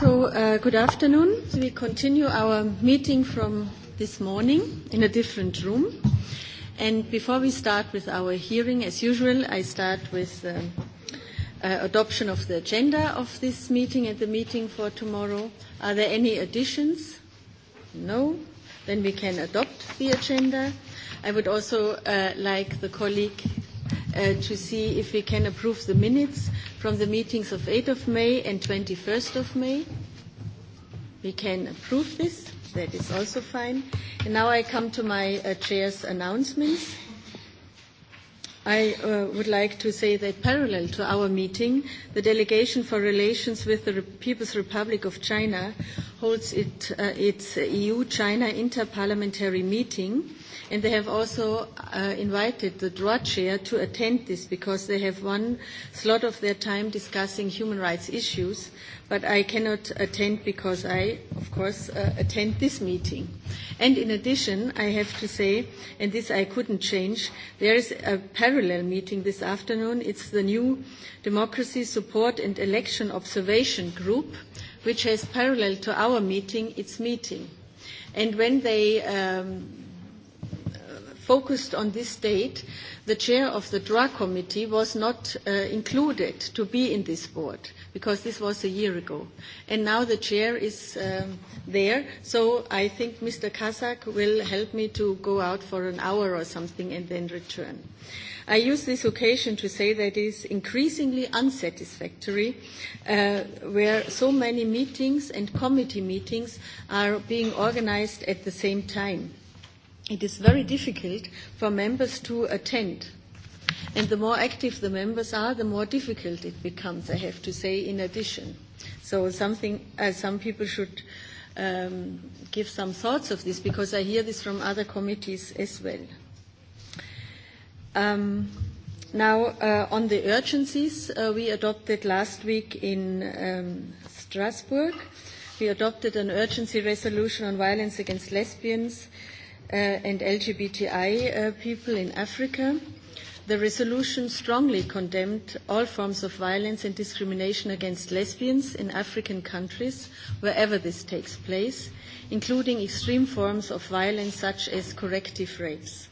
So, uh, good afternoon. We continue our meeting from this morning in a different room. And before we start with our hearing, as usual, I start with the um, uh, adoption of the agenda of this meeting and the meeting for tomorrow. Are there any additions? No? Then we can adopt the agenda. I would also uh, like the colleague uh, to see if we can approve the minutes from the meetings of 8th of May and 21st of May. We can approve this. That is also fine. And now I come to my uh, chair's announcements. I uh, would like to say that parallel to our meeting, the Delegation for Relations with the Re People's Republic of China holds it, uh, its EU-China interparliamentary meeting And they have also uh, invited the Drua Chair to attend this because they have one slot of their time discussing human rights issues, but I cannot attend because I, of course, uh, attend this meeting. And in addition, I have to say, and this I couldn't change, there is a parallel meeting this afternoon. It's the new Democracy Support and Election Observation Group, which has parallel to our meeting, its meeting. And when they um, focused on this date, the chair of the DRA committee was not uh, included to be in this board because this was a year ago. And now the chair is um, there, so I think Mr. Kazak will help me to go out for an hour or something and then return. I use this occasion to say that it is increasingly unsatisfactory uh, where so many meetings and committee meetings are being organized at the same time it is very difficult for members to attend. And the more active the members are, the more difficult it becomes, I have to say, in addition. So something, uh, some people should um, give some thoughts of this, because I hear this from other committees as well. Um, now, uh, on the urgencies, uh, we adopted last week in um, Strasbourg, we adopted an urgency resolution on violence against lesbians, uh, and LGBTI uh, people in Africa. The resolution strongly condemned all forms of violence and discrimination against lesbians in African countries, wherever this takes place, including extreme forms of violence such as corrective rapes.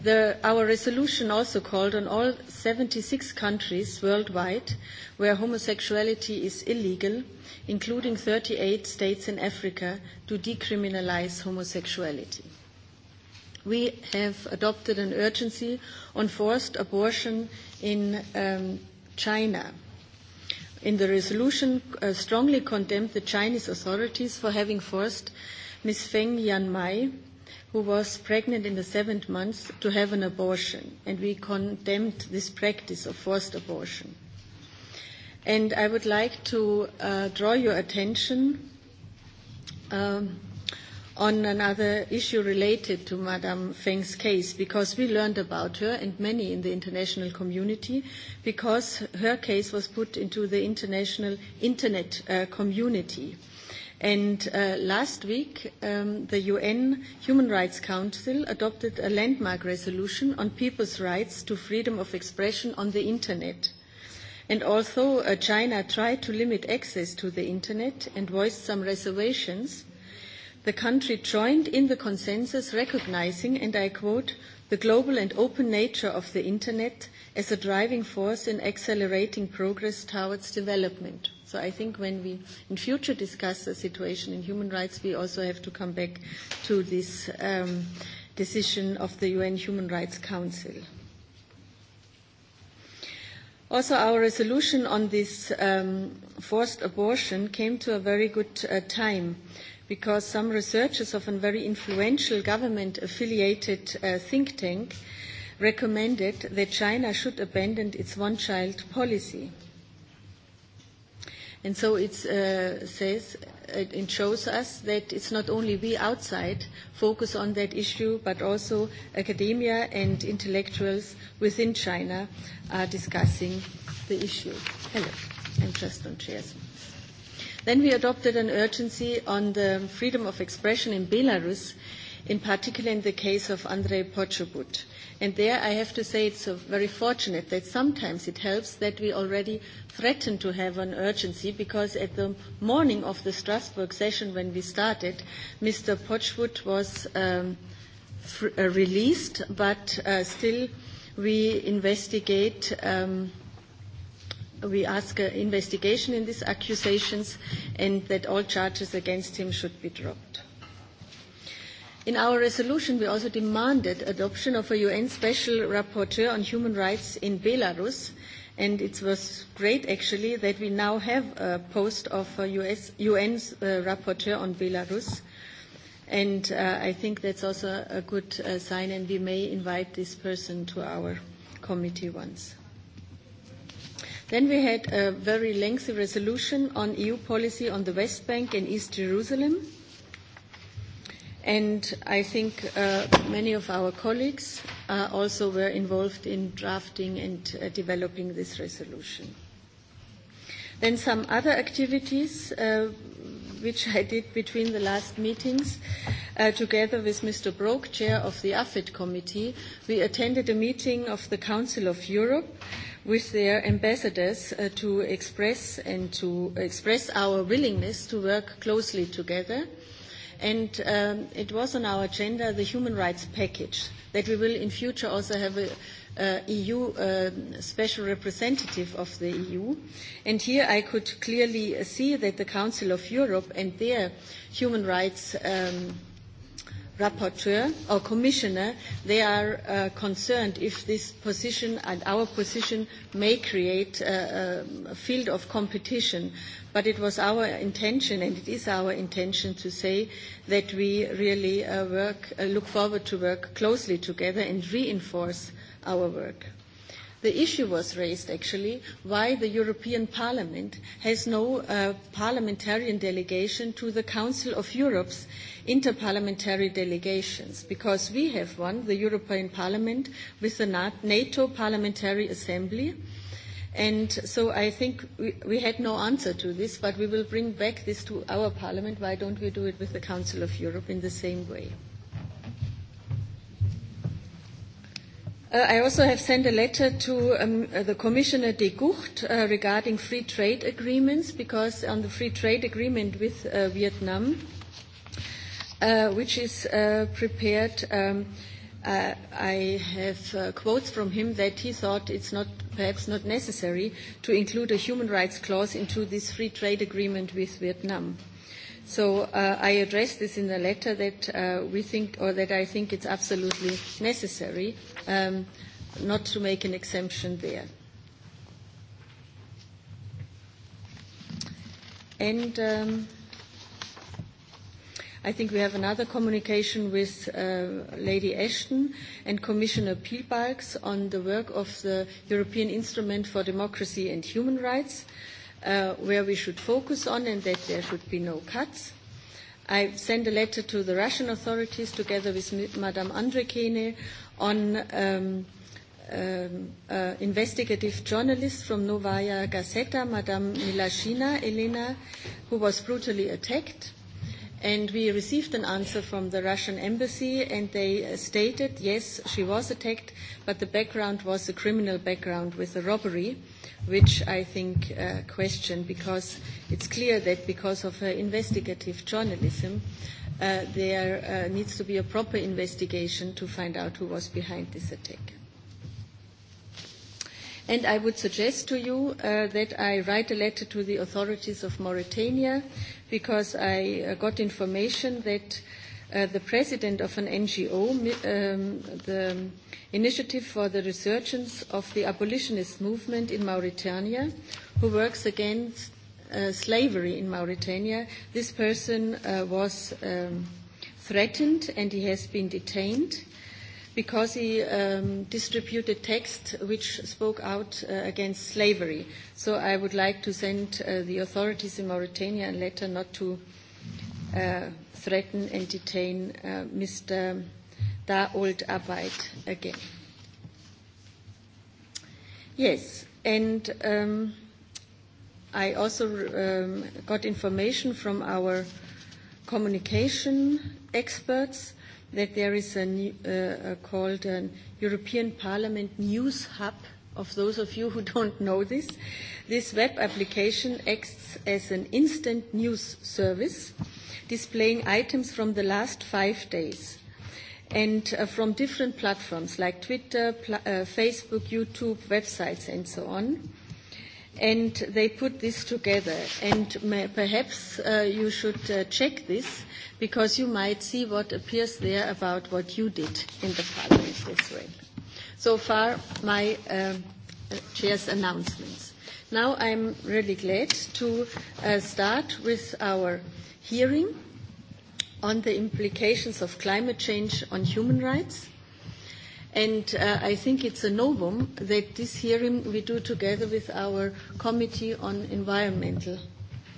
The, our resolution also called on all 76 countries worldwide where homosexuality is illegal, including 38 states in Africa, to decriminalize homosexuality. We have adopted an urgency on forced abortion in um, China. In the resolution, uh, strongly condemned the Chinese authorities for having forced Ms. Feng Yanmai, who was pregnant in the seventh month to have an abortion, and we condemned this practice of forced abortion. And I would like to uh, draw your attention um, on another issue related to Madame Feng's case, because we learned about her and many in the international community, because her case was put into the international internet uh, community. And uh, last week, um, the UN Human Rights Council adopted a landmark resolution on people's rights to freedom of expression on the Internet. And also, uh, China tried to limit access to the Internet and voiced some reservations. The country joined in the consensus recognizing, and I quote, the global and open nature of the Internet as a driving force in accelerating progress towards development. So I think when we in future discuss the situation in human rights, we also have to come back to this um, decision of the UN Human Rights Council. Also, our resolution on this um, forced abortion came to a very good uh, time because some researchers of a very influential government-affiliated uh, think tank recommended that China should abandon its one-child policy. And so it uh, says, it, it shows us that it's not only we outside focus on that issue, but also academia and intellectuals within China are discussing the issue. Hello, I'm just on chairs. Then we adopted an urgency on the freedom of expression in Belarus, in particular in the case of Andrei Pochobut. And there I have to say it's very fortunate that sometimes it helps that we already threaten to have an urgency because at the morning of the Strasbourg session when we started, Mr. Potchwood was um, fr- uh, released, but uh, still we investigate. Um, we ask an uh, investigation in these accusations and that all charges against him should be dropped. In our resolution, we also demanded adoption of a UN Special Rapporteur on Human Rights in Belarus, and it was great, actually, that we now have a post of a US, UN uh, Rapporteur on Belarus. And uh, I think that's also a good uh, sign, and we may invite this person to our committee once. Then we had a very lengthy resolution on EU policy on the West Bank and East Jerusalem. And I think uh, many of our colleagues uh, also were involved in drafting and uh, developing this resolution. Then some other activities uh, which I did between the last meetings, uh, together with Mr. Brok, chair of the AFID committee, we attended a meeting of the Council of Europe with their ambassadors uh, to express and to express our willingness to work closely together And um, it was on our agenda, the human rights package, that we will in future also have a uh, EU uh, um, special representative of the EU. And here I could clearly see that the Council of Europe and their human rights um, rapporteur or commissioner, they are uh, concerned if this position and our position may create a, a field of competition. But it was our intention, and it is our intention to say that we really uh, work, uh, look forward to work closely together and reinforce our work. The issue was raised actually why the European Parliament has no uh, parliamentarian delegation to the Council of Europe's interparliamentary delegations because we have one, the European Parliament, with the NATO Parliamentary Assembly. And so I think we, we had no answer to this, but we will bring back this to our Parliament. Why don't we do it with the Council of Europe in the same way? Uh, I also have sent a letter to um, uh, the Commissioner de Gucht uh, regarding free trade agreements because on the free trade agreement with uh, Vietnam, uh, which is uh, prepared, um, uh, I have uh, quotes from him that he thought it's not perhaps not necessary to include a human rights clause into this free trade agreement with Vietnam. So uh, I addressed this in the letter that uh, we think, or that I think it's absolutely necessary um, not to make an exemption there. And um, I think we have another communication with uh, Lady Ashton and Commissioner Piebalgs on the work of the European Instrument for Democracy and Human Rights. Uh, uh, where we should focus on and that there should be no cuts. I sent a letter to the Russian authorities together with Madame Andrekene on um, um, uh, investigative journalist from Novaya Gazeta, Madame Milashina Elena, who was brutally attacked. And we received an answer from the Russian embassy, and they uh, stated, yes, she was attacked, but the background was a criminal background with a robbery which I think uh, question because it's clear that because of uh, investigative journalism, uh, there uh, needs to be a proper investigation to find out who was behind this attack. And I would suggest to you uh, that I write a letter to the authorities of Mauritania because I uh, got information that Uh, the president of an NGO, um, the Initiative for the Resurgence of the Abolitionist Movement in Mauritania, who works against uh, slavery in Mauritania. This person uh, was um, threatened and he has been detained because he um, distributed text which spoke out uh, against slavery. So I would like to send uh, the authorities in Mauritania a letter not to uh, threaten and detain uh, Mr. old Arbeit again. Yes, and um, I also um, got information from our communication experts that there is a new, uh, a called an European Parliament News Hub of those of you who don't know this. This web application acts as an instant news service displaying items from the last five days and uh, from different platforms like Twitter, pl uh, Facebook, YouTube, websites, and so on. And they put this together. And may, perhaps uh, you should uh, check this because you might see what appears there about what you did in the Parliament this way. So far, my um, uh, chair's announcements. Now I'm really glad to uh, start with our hearing on the implications of climate change on human rights. And uh, I think it's a novum that this hearing we do together with our Committee on Environmental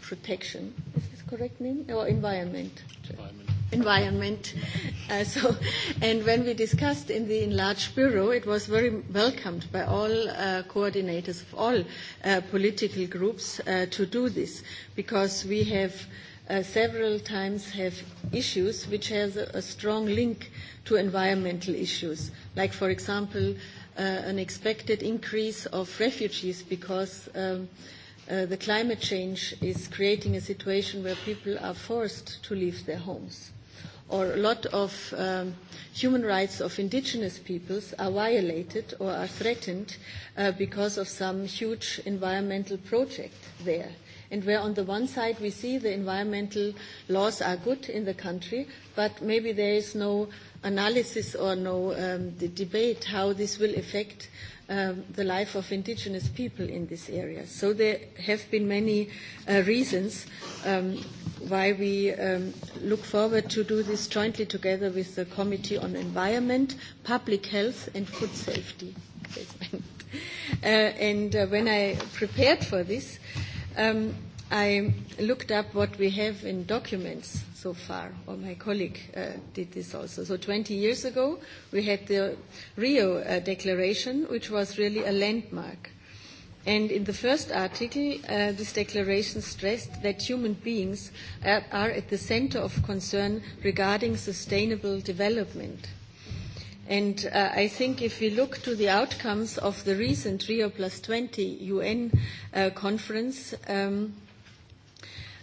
Protection. Is this the correct name? Or Environment. environment environment. Uh, so, and when we discussed in the enlarged bureau, it was very welcomed by all uh, coordinators of all uh, political groups uh, to do this, because we have uh, several times have issues which has a, a strong link to environmental issues, like for example, uh, an expected increase of refugees because. Um, Uh, the climate change is creating a situation where people are forced to leave their homes or a lot of um, human rights of indigenous peoples are violated or are threatened uh, because of some huge environmental project there. And where on the one side we see the environmental laws are good in the country, but maybe there is no analysis or no um, debate how this will affect um, the life of indigenous people in this area. So there have been many uh, reasons um, why we um, look forward to do this jointly together with the Committee on Environment, Public Health and Food Safety. uh, and uh, when I prepared for this, um, I looked up what we have in documents so far, or my colleague uh, did this also. So 20 years ago, we had the Rio uh, Declaration, which was really a landmark. And in the first article, uh, this declaration stressed that human beings are, uh, are at the center of concern regarding sustainable development. And uh, I think if we look to the outcomes of the recent Rio plus 20 UN uh, conference, um,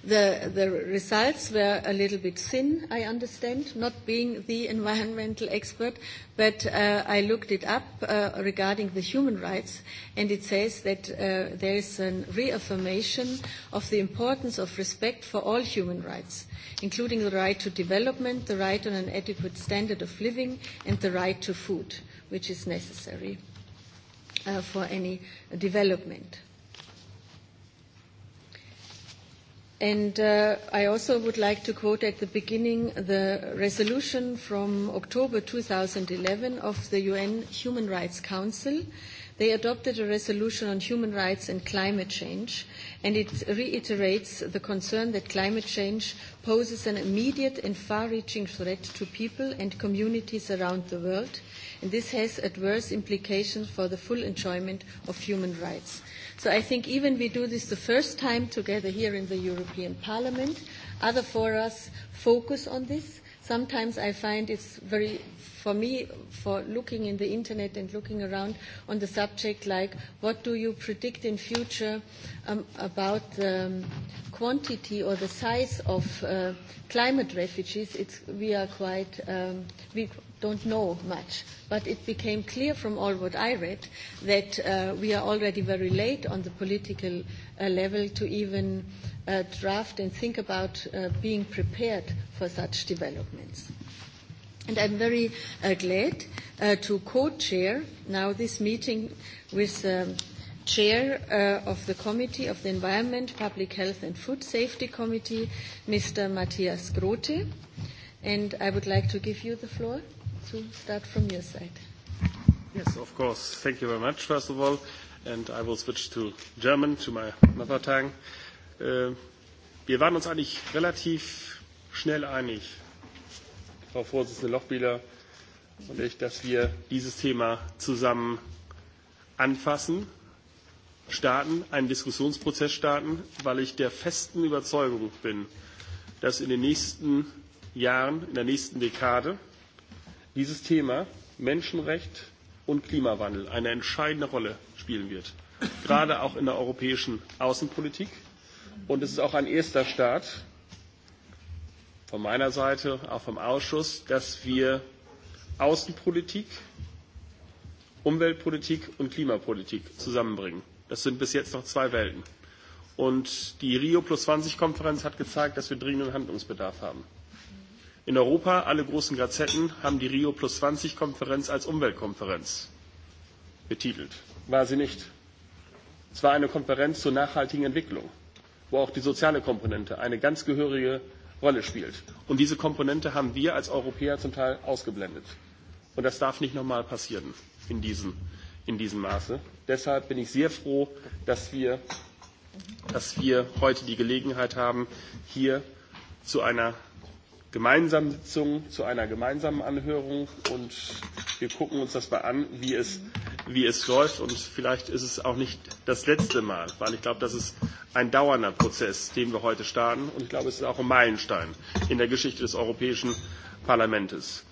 The, the results were a little bit thin, I understand, not being the environmental expert, but uh, I looked it up uh, regarding the human rights, and it says that uh, there is a reaffirmation of the importance of respect for all human rights, including the right to development, the right on an adequate standard of living, and the right to food, which is necessary uh, for any development. And uh, I also would like to quote at the beginning the resolution from October 2011 of the UN Human Rights Council. They adopted a resolution on human rights and climate change, and it reiterates the concern that climate change poses an immediate and far-reaching threat to people and communities around the world, and this has adverse implications for the full enjoyment of human rights. So I think even we do this the first time together here in the European Parliament, other forums focus on this. Sometimes I find it's very, for me, for looking in the internet and looking around on the subject like what do you predict in future um, about the um, quantity or the size of uh, climate refugees, it's, we are quite, um, we don't know much, but it became clear from all what I read that uh, we are already very late on the political uh, level to even uh, draft and think about uh, being prepared for such developments. And I'm very uh, glad uh, to co-chair now this meeting with um, chair uh, of the Committee of the Environment, Public Health and Food Safety Committee, Mr. Matthias Grote. And I would like to give you the floor to start from your side. Yes, of course. Thank you very much, first of all. And I will switch to German, to my mother tongue. Ähm, wir waren uns eigentlich relativ schnell einig, Frau Vorsitzende Lochbieler und ich, dass wir dieses Thema zusammen anfassen, starten, einen Diskussionsprozess starten, weil ich der festen Überzeugung bin, dass in den nächsten Jahren, in der nächsten Dekade dieses Thema Menschenrecht und Klimawandel eine entscheidende Rolle spielen wird, gerade auch in der europäischen Außenpolitik. Und es ist auch ein erster Start von meiner Seite, auch vom Ausschuss, dass wir Außenpolitik, Umweltpolitik und Klimapolitik zusammenbringen. Das sind bis jetzt noch zwei Welten. Und die Rio Plus 20 Konferenz hat gezeigt, dass wir dringenden Handlungsbedarf haben. In Europa, alle großen Gazetten haben die Rio Plus 20 Konferenz als Umweltkonferenz betitelt. War sie nicht. Es war eine Konferenz zur nachhaltigen Entwicklung, wo auch die soziale Komponente eine ganz gehörige Rolle spielt. Und diese Komponente haben wir als Europäer zum Teil ausgeblendet. Und das darf nicht nochmal passieren in diesem, in diesem Maße. Deshalb bin ich sehr froh, dass wir, dass wir heute die Gelegenheit haben, hier zu einer gemeinsamen Sitzung zu einer gemeinsamen Anhörung und wir gucken uns das mal an, wie es, wie es läuft und vielleicht ist es auch nicht das letzte Mal, weil ich glaube, das ist ein dauernder Prozess, den wir heute starten und ich glaube, es ist auch ein Meilenstein in der Geschichte des Europäischen Parlaments.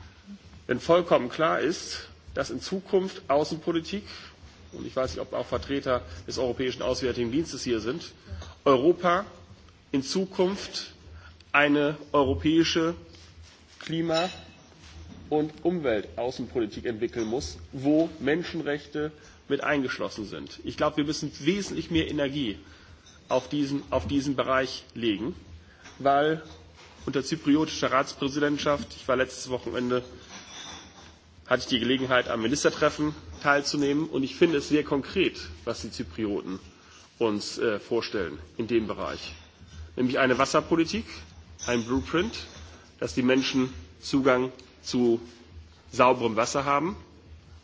Denn vollkommen klar ist, dass in Zukunft Außenpolitik und ich weiß nicht, ob auch Vertreter des Europäischen Auswärtigen Dienstes hier sind, Europa in Zukunft eine europäische Klima- und Umweltaußenpolitik entwickeln muss, wo Menschenrechte mit eingeschlossen sind. Ich glaube, wir müssen wesentlich mehr Energie auf diesen, auf diesen Bereich legen, weil unter zypriotischer Ratspräsidentschaft, ich war letztes Wochenende, hatte ich die Gelegenheit, am Ministertreffen teilzunehmen und ich finde es sehr konkret, was die Zyprioten uns äh, vorstellen in dem Bereich. Nämlich eine Wasserpolitik, ein Blueprint, dass die Menschen Zugang zu sauberem Wasser haben,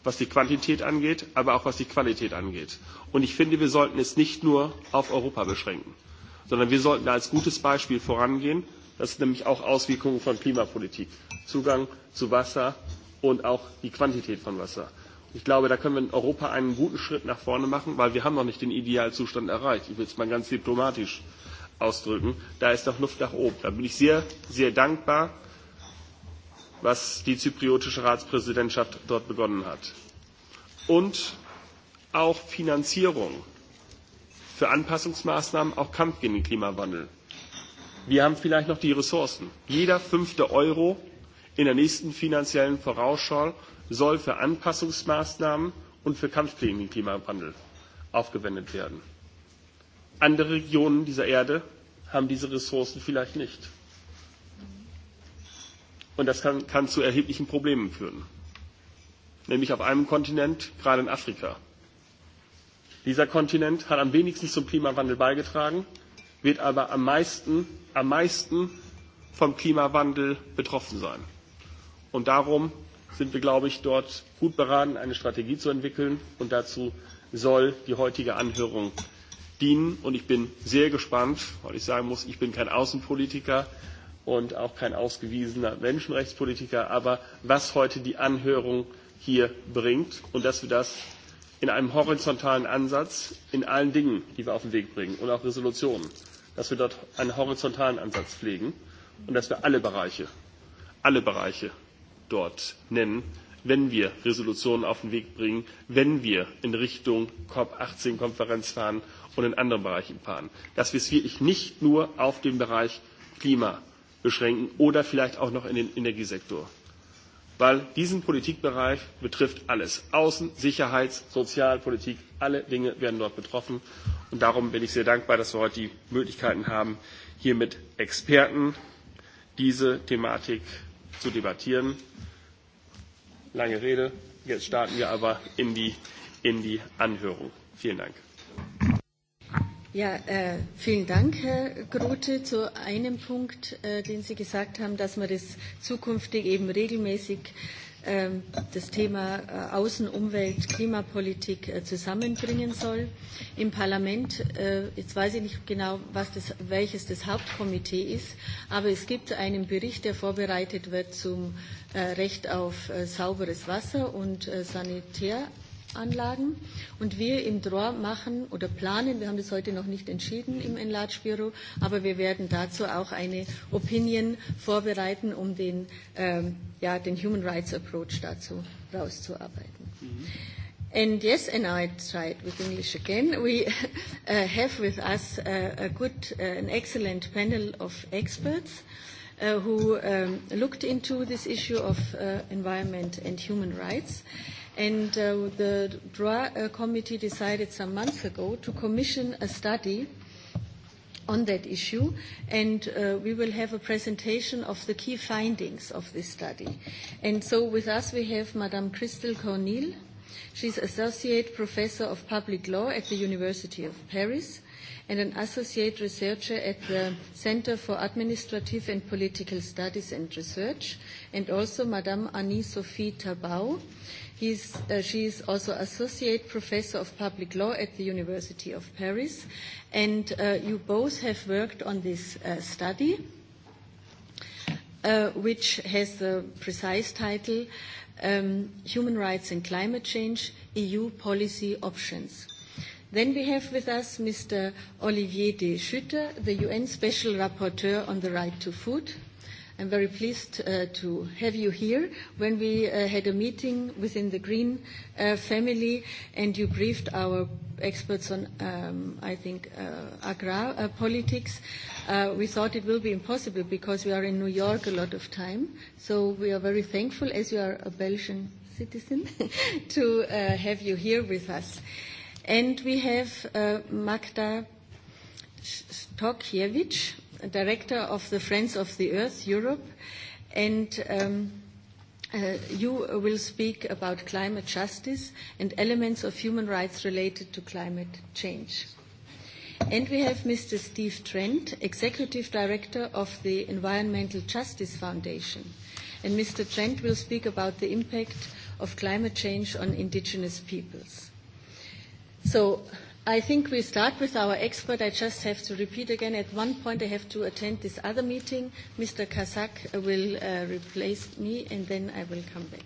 was die Quantität angeht, aber auch was die Qualität angeht. Und ich finde, wir sollten es nicht nur auf Europa beschränken, sondern wir sollten da als gutes Beispiel vorangehen. Das sind nämlich auch Auswirkungen von Klimapolitik. Zugang zu Wasser und auch die Quantität von Wasser. Ich glaube, da können wir in Europa einen guten Schritt nach vorne machen, weil wir haben noch nicht den Idealzustand erreicht. Ich will es mal ganz diplomatisch ausdrücken, da ist noch Luft nach oben. Da bin ich sehr, sehr dankbar, was die zypriotische Ratspräsidentschaft dort begonnen hat. Und auch Finanzierung für Anpassungsmaßnahmen, auch Kampf gegen den Klimawandel. Wir haben vielleicht noch die Ressourcen. Jeder fünfte Euro in der nächsten finanziellen Vorausschau soll für Anpassungsmaßnahmen und für Kampf gegen den Klimawandel aufgewendet werden. Andere Regionen dieser Erde haben diese Ressourcen vielleicht nicht. Und das kann, kann zu erheblichen Problemen führen. Nämlich auf einem Kontinent, gerade in Afrika. Dieser Kontinent hat am wenigsten zum Klimawandel beigetragen, wird aber am meisten, am meisten vom Klimawandel betroffen sein. Und darum sind wir, glaube ich, dort gut beraten, eine Strategie zu entwickeln. Und dazu soll die heutige Anhörung dienen. Und ich bin sehr gespannt, weil ich sagen muss, ich bin kein Außenpolitiker und auch kein ausgewiesener Menschenrechtspolitiker, aber was heute die Anhörung hier bringt und dass wir das in einem horizontalen Ansatz in allen Dingen, die wir auf den Weg bringen und auch Resolutionen, dass wir dort einen horizontalen Ansatz pflegen und dass wir alle Bereiche, alle Bereiche dort nennen, wenn wir Resolutionen auf den Weg bringen, wenn wir in Richtung COP18-Konferenz fahren und in anderen Bereichen planen. Dass wir es wirklich nicht nur auf den Bereich Klima beschränken oder vielleicht auch noch in den Energiesektor. Weil diesen Politikbereich betrifft alles. Außen-, Sicherheits-, Sozialpolitik, alle Dinge werden dort betroffen. Und darum bin ich sehr dankbar, dass wir heute die Möglichkeiten haben, hier mit Experten diese Thematik zu debattieren. Lange Rede, jetzt starten wir aber in die, in die Anhörung. Vielen Dank. Ja, äh, vielen Dank, Herr Grote. Zu einem Punkt, äh, den Sie gesagt haben, dass man das zukünftig eben regelmäßig äh, das Thema äh, Außen-, Umwelt-, Klimapolitik äh, zusammenbringen soll. Im Parlament, äh, jetzt weiß ich nicht genau, was das, welches das Hauptkomitee ist, aber es gibt einen Bericht, der vorbereitet wird zum äh, Recht auf äh, sauberes Wasser und äh, Sanitär Anlagen. Und wir im DROR machen oder planen, wir haben das heute noch nicht entschieden im Bureau, aber wir werden dazu auch eine Opinion vorbereiten, um den, ähm, ja, den Human Rights Approach dazu rauszuarbeiten. Mhm. And yes, and I tried with English again. We uh, have with us uh, a good, uh, an excellent panel of experts uh, who um, looked into this issue of uh, environment and human rights. And uh, the DRA uh, committee decided some months ago to commission a study on that issue and uh, we will have a presentation of the key findings of this study. And so with us we have Madame Christel Cornil. She's Associate Professor of Public Law at the University of Paris and an Associate Researcher at the Center for Administrative and Political Studies and Research and also Madame Annie-Sophie Tabau. He's, uh, she is also Associate Professor of Public Law at the University of Paris, and uh, you both have worked on this uh, study, uh, which has the precise title um, Human Rights and Climate Change, EU Policy Options. Then we have with us Mr. Olivier de Schütter, the UN Special Rapporteur on the Right to Food. I'm very pleased uh, to have you here when we uh, had a meeting within the Green uh, family and you briefed our experts on, um, I think, uh, agra uh, politics. Uh, we thought it will be impossible because we are in New York a lot of time. So we are very thankful, as you are a Belgian citizen, to uh, have you here with us. And we have uh, Magda Stokiewicz director of the Friends of the Earth Europe, and um, uh, you will speak about climate justice and elements of human rights related to climate change. And we have Mr. Steve Trent, Executive Director of the Environmental Justice Foundation. And Mr. Trent will speak about the impact of climate change on indigenous peoples. So I think we start with our expert. I just have to repeat again, at one point I have to attend this other meeting. Mr. Kazak will uh, replace me and then I will come back.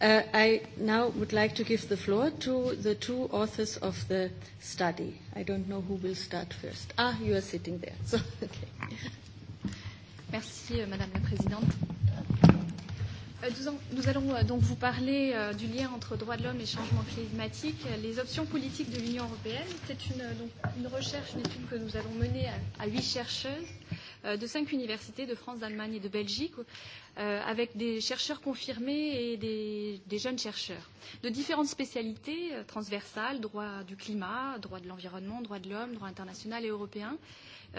Uh, I now would like to give the floor to the two authors of the study. I don't know who will start first. Ah, you are sitting there. So, okay. Merci, euh, Madame la Présidente. Euh, nous allons euh, donc vous parler euh, du lien entre droits de l'homme et changement climatique, les options politiques de l'Union européenne. C'est une, une recherche, une étude que nous allons mener à huit chercheuses de cinq universités de France, d'Allemagne et de Belgique, avec des chercheurs confirmés et des, des jeunes chercheurs, de différentes spécialités transversales, droit du climat, droit de l'environnement, droit de l'homme, droit international et européen,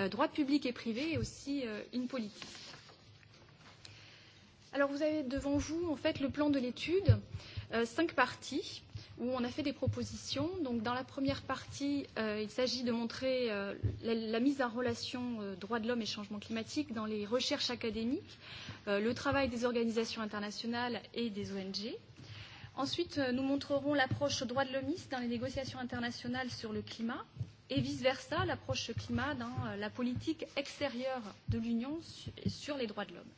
droit public et privé et aussi une politique. Alors vous avez devant vous en fait le plan de l'étude, euh, cinq parties où on a fait des propositions. Donc dans la première partie, euh, il s'agit de montrer euh, la, la mise en relation euh, droits de l'homme et changement climatique dans les recherches académiques, euh, le travail des organisations internationales et des ONG. Ensuite, euh, nous montrerons l'approche droits de l'hommiste dans les négociations internationales sur le climat et vice-versa, l'approche climat dans euh, la politique extérieure de l'Union sur, sur les droits de l'homme.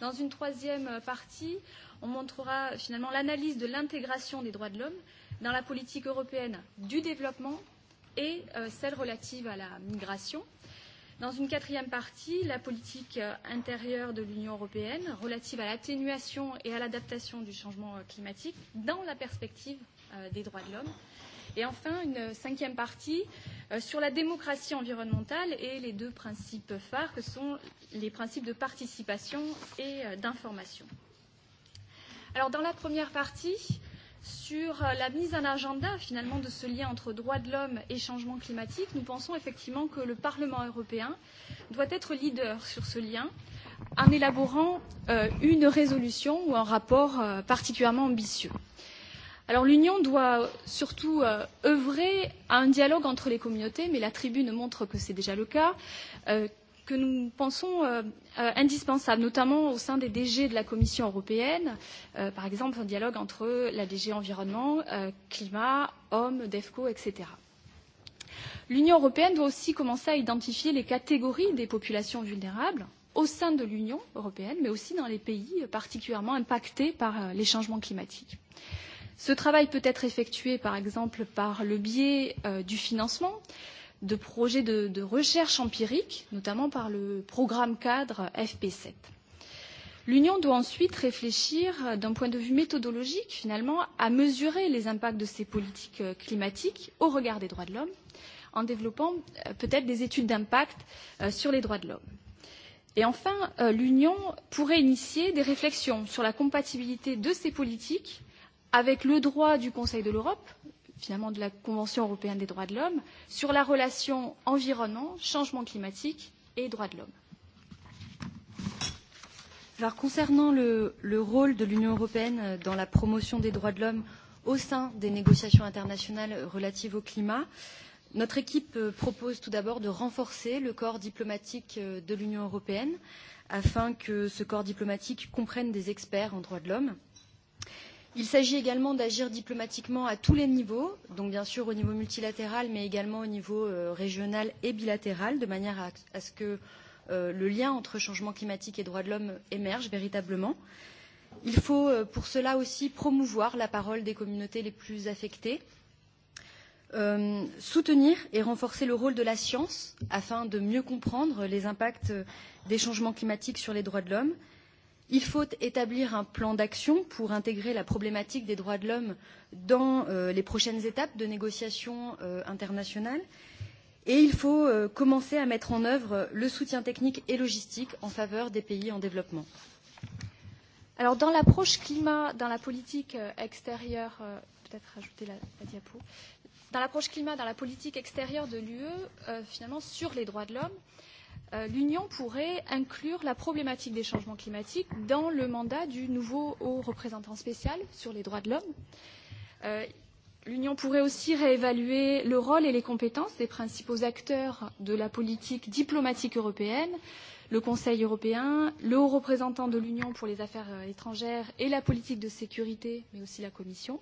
Dans une troisième euh, partie, on montrera finalement l'analyse de l'intégration des droits de l'homme dans la politique européenne du développement et euh, celle relative à la migration. Dans une quatrième partie, la politique euh, intérieure de l'Union européenne relative à l'atténuation et à l'adaptation du changement euh, climatique dans la perspective euh, des droits de l'homme. Et enfin, une cinquième partie euh, sur la démocratie environnementale et les deux principes phares que sont les principes de participation et euh, d'information. Alors dans la première partie, sur euh, la mise en agenda finalement de ce lien entre droits de l'homme et changement climatique, nous pensons effectivement que le Parlement européen doit être leader sur ce lien en élaborant euh, une résolution ou un rapport euh, particulièrement ambitieux. Alors l'Union doit euh, surtout euh, œuvrer à un dialogue entre les communautés, mais la tribune montre que c'est déjà le cas, euh, que nous pensons euh, euh, indispensable, notamment au sein des DG de la Commission européenne, euh, par exemple un dialogue entre la DG environnement, euh, climat, hommes, DEFCO, etc. L'Union européenne doit aussi commencer à identifier les catégories des populations vulnérables au sein de l'Union européenne, mais aussi dans les pays euh, particulièrement impactés par euh, les changements climatiques. Euh, Ce travail peut être effectué par exemple par le biais euh, du financement de projets de, de recherche empirique, notamment par le programme cadre FP7. L'Union doit ensuite réfléchir d'un point de vue méthodologique, finalement, à mesurer les impacts de ces politiques euh, climatiques au regard des droits de l'homme, en développant euh, peut-être des études d'impact euh, sur les droits de l'homme. Et enfin, l'Union pourrait initier des réflexions sur la compatibilité de ces politiques avec le droit du Conseil de l'Europe, finalement de la Convention européenne des droits de l'homme, sur la relation environnement, changement climatique et droits de l'homme. Alors, concernant le, le rôle de l'Union européenne dans la promotion des droits de l'homme au sein des négociations internationales relatives au climat, notre équipe euh, propose tout d'abord de renforcer le corps diplomatique euh, de l'Union européenne afin que ce corps diplomatique comprenne des experts en droits de l'homme. Il s'agit également d'agir diplomatiquement à tous les niveaux, donc bien sûr au niveau multilatéral, mais également au niveau euh, régional et bilatéral, de manière à, à ce que euh, le lien entre changement climatique et droits de l'homme émerge véritablement. Il faut euh, pour cela aussi promouvoir la parole des communautés les plus affectées, euh, soutenir et renforcer le rôle de la science afin de mieux comprendre les impacts euh, des changements climatiques sur les droits de l'homme, Il faut établir un plan d'action pour intégrer la problématique des droits de l'homme dans euh, les prochaines étapes de négociations euh, internationales. Et il faut euh, commencer à mettre en œuvre le soutien technique et logistique en faveur des pays en développement. Alors dans l'approche climat, dans la politique euh, extérieure, euh, peut-être rajouter la, la diapo, dans l'approche climat, dans la politique extérieure de l'UE, euh, finalement sur les droits de l'homme, euh, Euh, l'Union pourrait inclure la problématique des changements climatiques dans le mandat du nouveau haut représentant spécial sur les droits de l'homme. Euh, L'Union pourrait aussi réévaluer le rôle et les compétences des principaux acteurs de la politique diplomatique européenne, le Conseil européen, le haut représentant de l'Union pour les affaires euh, étrangères et la politique de sécurité, mais aussi la Commission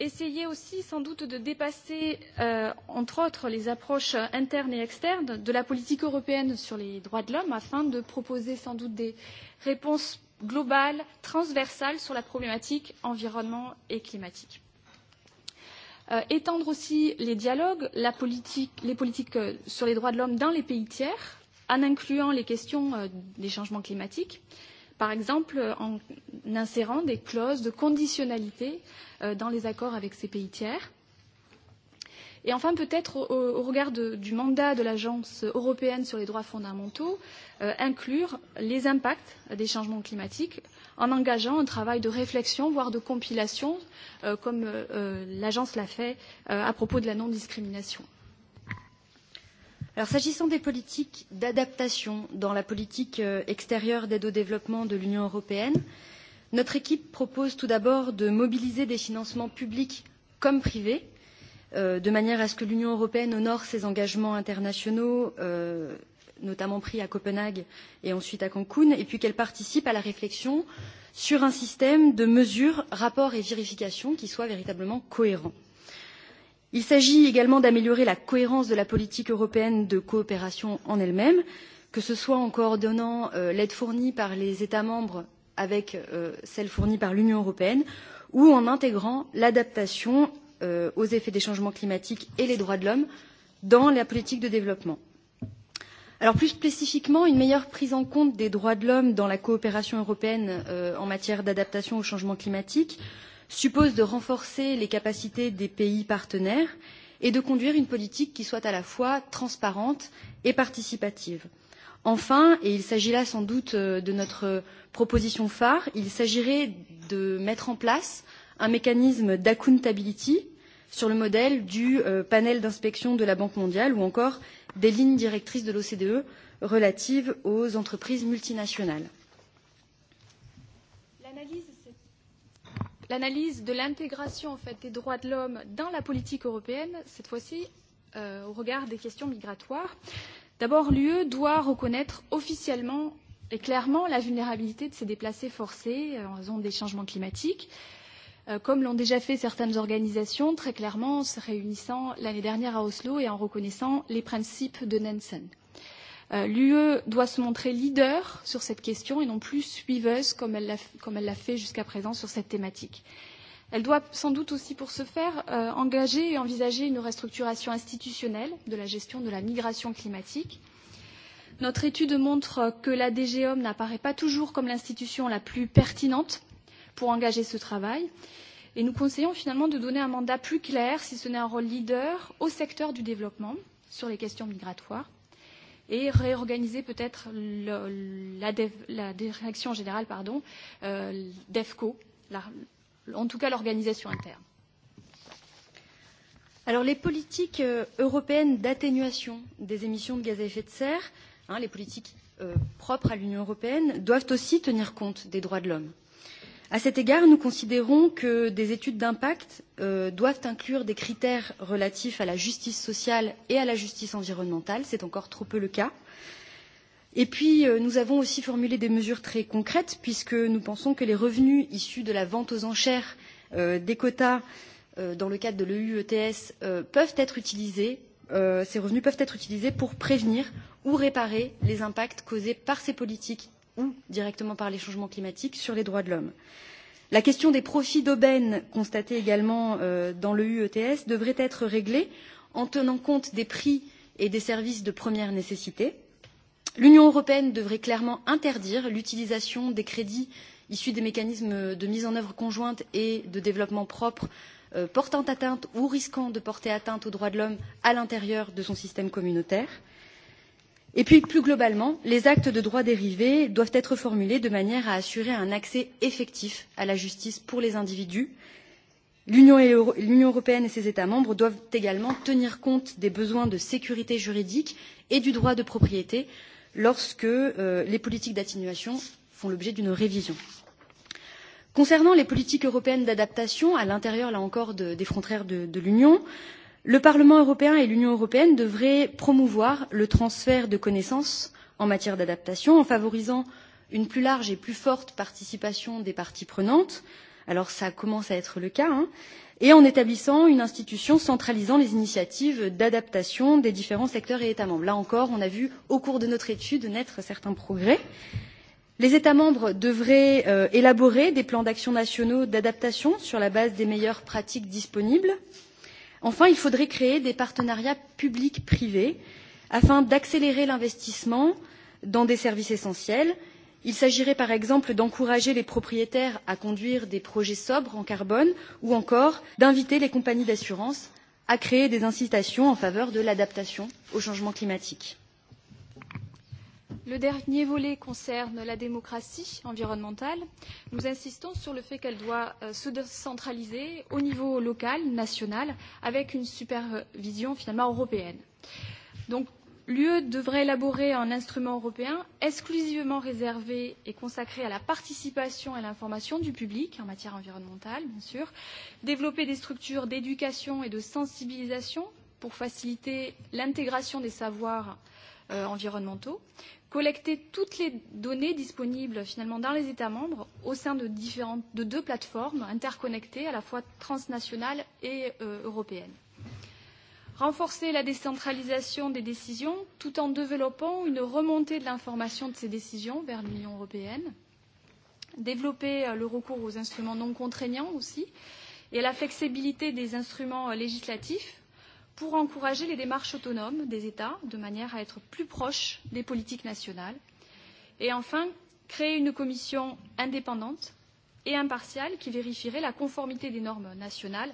essayer aussi sans doute de dépasser, euh, entre autres, les approches internes et externes de la politique européenne sur les droits de l'homme afin de proposer sans doute des réponses globales, transversales sur la problématique environnement et climatique. Euh, étendre aussi les dialogues, la politique, les politiques euh, sur les droits de l'homme dans les pays tiers, en incluant les questions euh, des changements climatiques. Euh, par exemple en insérant des clauses de conditionnalité euh, dans les accords avec ces pays tiers. Et enfin, peut-être au, au regard de, du mandat de l'Agence européenne sur les droits fondamentaux, euh, inclure les impacts des changements climatiques en engageant un travail de réflexion, voire de compilation, euh, comme euh, euh l'Agence l'a fait euh, à propos de la non-discrimination. Alors, s'agissant des politiques d'adaptation dans la politique euh, extérieure d'aide au développement de l'Union européenne, notre équipe propose tout d'abord de mobiliser des financements publics comme privés, euh, de manière à ce que l'Union européenne honore ses engagements internationaux, euh, notamment pris à Copenhague et ensuite à Cancun, et puis qu'elle participe à la réflexion sur un système de mesures, rapports et vérifications qui soit véritablement cohérent. Il s'agit également d'améliorer la cohérence de la politique européenne de coopération en elle-même, que ce soit en coordonnant euh, l'aide fournie par les États membres avec euh, celle fournie par l'Union européenne ou en intégrant l'adaptation euh, aux effets des changements climatiques et les droits de l'homme dans la politique de développement. Alors plus spécifiquement, une meilleure prise en compte des droits de l'homme dans la coopération européenne euh, en matière d'adaptation au changement climatique euh, suppose de renforcer les capacités des pays partenaires et de conduire une politique qui soit à la fois transparente et participative. Enfin, et il s'agit là sans doute euh, de notre proposition phare, il s'agirait de mettre en place un mécanisme d'accountability sur le modèle du euh, panel d'inspection de la Banque mondiale ou encore des lignes directrices de l'OCDE relatives aux entreprises multinationales. l'analyse de l'intégration en fait, des droits de l'homme dans la politique européenne, cette fois-ci euh, au regard des questions migratoires. D'abord, l'UE doit reconnaître officiellement et clairement la vulnérabilité de ces déplacés forcés euh, en raison des changements climatiques, euh, comme l'ont déjà fait certaines organisations, très clairement en se réunissant l'année dernière à Oslo et en reconnaissant les principes de Nansen. Euh, Euh, L'UE doit se montrer leader sur cette question et non plus suiveuse comme elle l'a fait jusqu'à présent sur cette thématique. Elle doit sans doute aussi pour ce faire euh, engager et envisager une restructuration institutionnelle de la gestion de la migration climatique. Notre étude montre que la DGOM n'apparaît pas toujours comme l'institution la plus pertinente pour engager ce travail et nous conseillons finalement de donner un mandat plus clair, si ce n'est un rôle leader, au secteur du développement sur les questions migratoires et réorganiser peut-être la, la direction générale pardon, euh, d'EFCO, en tout cas l'organisation interne. Alors les politiques euh, européennes d'atténuation des émissions de gaz à effet de serre, hein, les politiques euh, propres à l'Union européenne, doivent aussi tenir compte des droits de l'homme. À cet égard, nous considérons que des études d'impact euh, doivent inclure des critères relatifs à la justice sociale et à la justice environnementale. C'est encore trop peu le cas. Et puis, euh, nous avons aussi formulé des mesures très concrètes, puisque nous pensons que les revenus issus de la vente aux enchères euh, des quotas euh, dans le cadre de l'EUETS euh, peuvent être utilisés euh, ces revenus peuvent être utilisés pour prévenir ou réparer les impacts causés par ces politiques ou directement par les changements climatiques sur les droits de l'homme. La question des profits d'aubaine constatée également euh, dans le UETS devrait être réglée en tenant compte des prix et des services de première nécessité. L'Union européenne devrait clairement interdire l'utilisation des crédits issus des mécanismes de mise en œuvre conjointe et de développement propre euh, portant atteinte ou risquant de porter atteinte aux droits de l'homme à l'intérieur de son système communautaire. Et puis, plus globalement, les actes de droit dérivé doivent être formulés de manière à assurer un accès effectif à la justice pour les individus. L'Union européenne et ses États membres doivent également tenir compte des besoins de sécurité juridique et du droit de propriété lorsque euh, les politiques d'atténuation font l'objet d'une révision. Concernant les politiques européennes d'adaptation, à l'intérieur, là encore, de, des frontières de, de l'Union, euh, Le Parlement européen et l'Union européenne devraient promouvoir le transfert de connaissances en matière d'adaptation en favorisant une plus large et plus forte participation des parties prenantes alors ça commence à être le cas hein, et en établissant une institution centralisant les initiatives d'adaptation des différents secteurs et États membres. Là encore, on a vu au cours de notre étude naître certains progrès. Les États membres devraient euh, élaborer des plans d'action nationaux d'adaptation sur la base des meilleures pratiques disponibles. Enfin, il faudrait créer des partenariats publics-privés afin d'accélérer l'investissement dans des services essentiels. Il s'agirait par exemple d'encourager les propriétaires à conduire des projets sobres en carbone ou encore d'inviter les compagnies d'assurance à créer des incitations en faveur de l'adaptation au changement climatique. Le dernier volet concerne la démocratie environnementale. Nous insistons sur le fait qu'elle doit euh, se décentraliser au niveau local, national, avec une supervision finalement européenne. Donc l'UE devrait élaborer un instrument européen exclusivement réservé et consacré à la participation et à l'information du public en matière environnementale, bien sûr, développer des structures d'éducation et de sensibilisation pour faciliter l'intégration des savoirs euh, euh, environnementaux, collecter toutes les données disponibles finalement dans les États membres au sein de, différentes, de deux plateformes interconnectées à la fois transnationales et euh, européennes. Renforcer la décentralisation des décisions tout en développant une remontée de l'information de ces décisions vers l'Union européenne. Développer euh, le recours aux instruments non contraignants aussi et à la flexibilité des instruments euh, législatifs pour encourager les démarches autonomes des États de manière à être plus proches des politiques nationales. Et enfin, créer une commission indépendante et impartiale qui vérifierait la conformité des normes nationales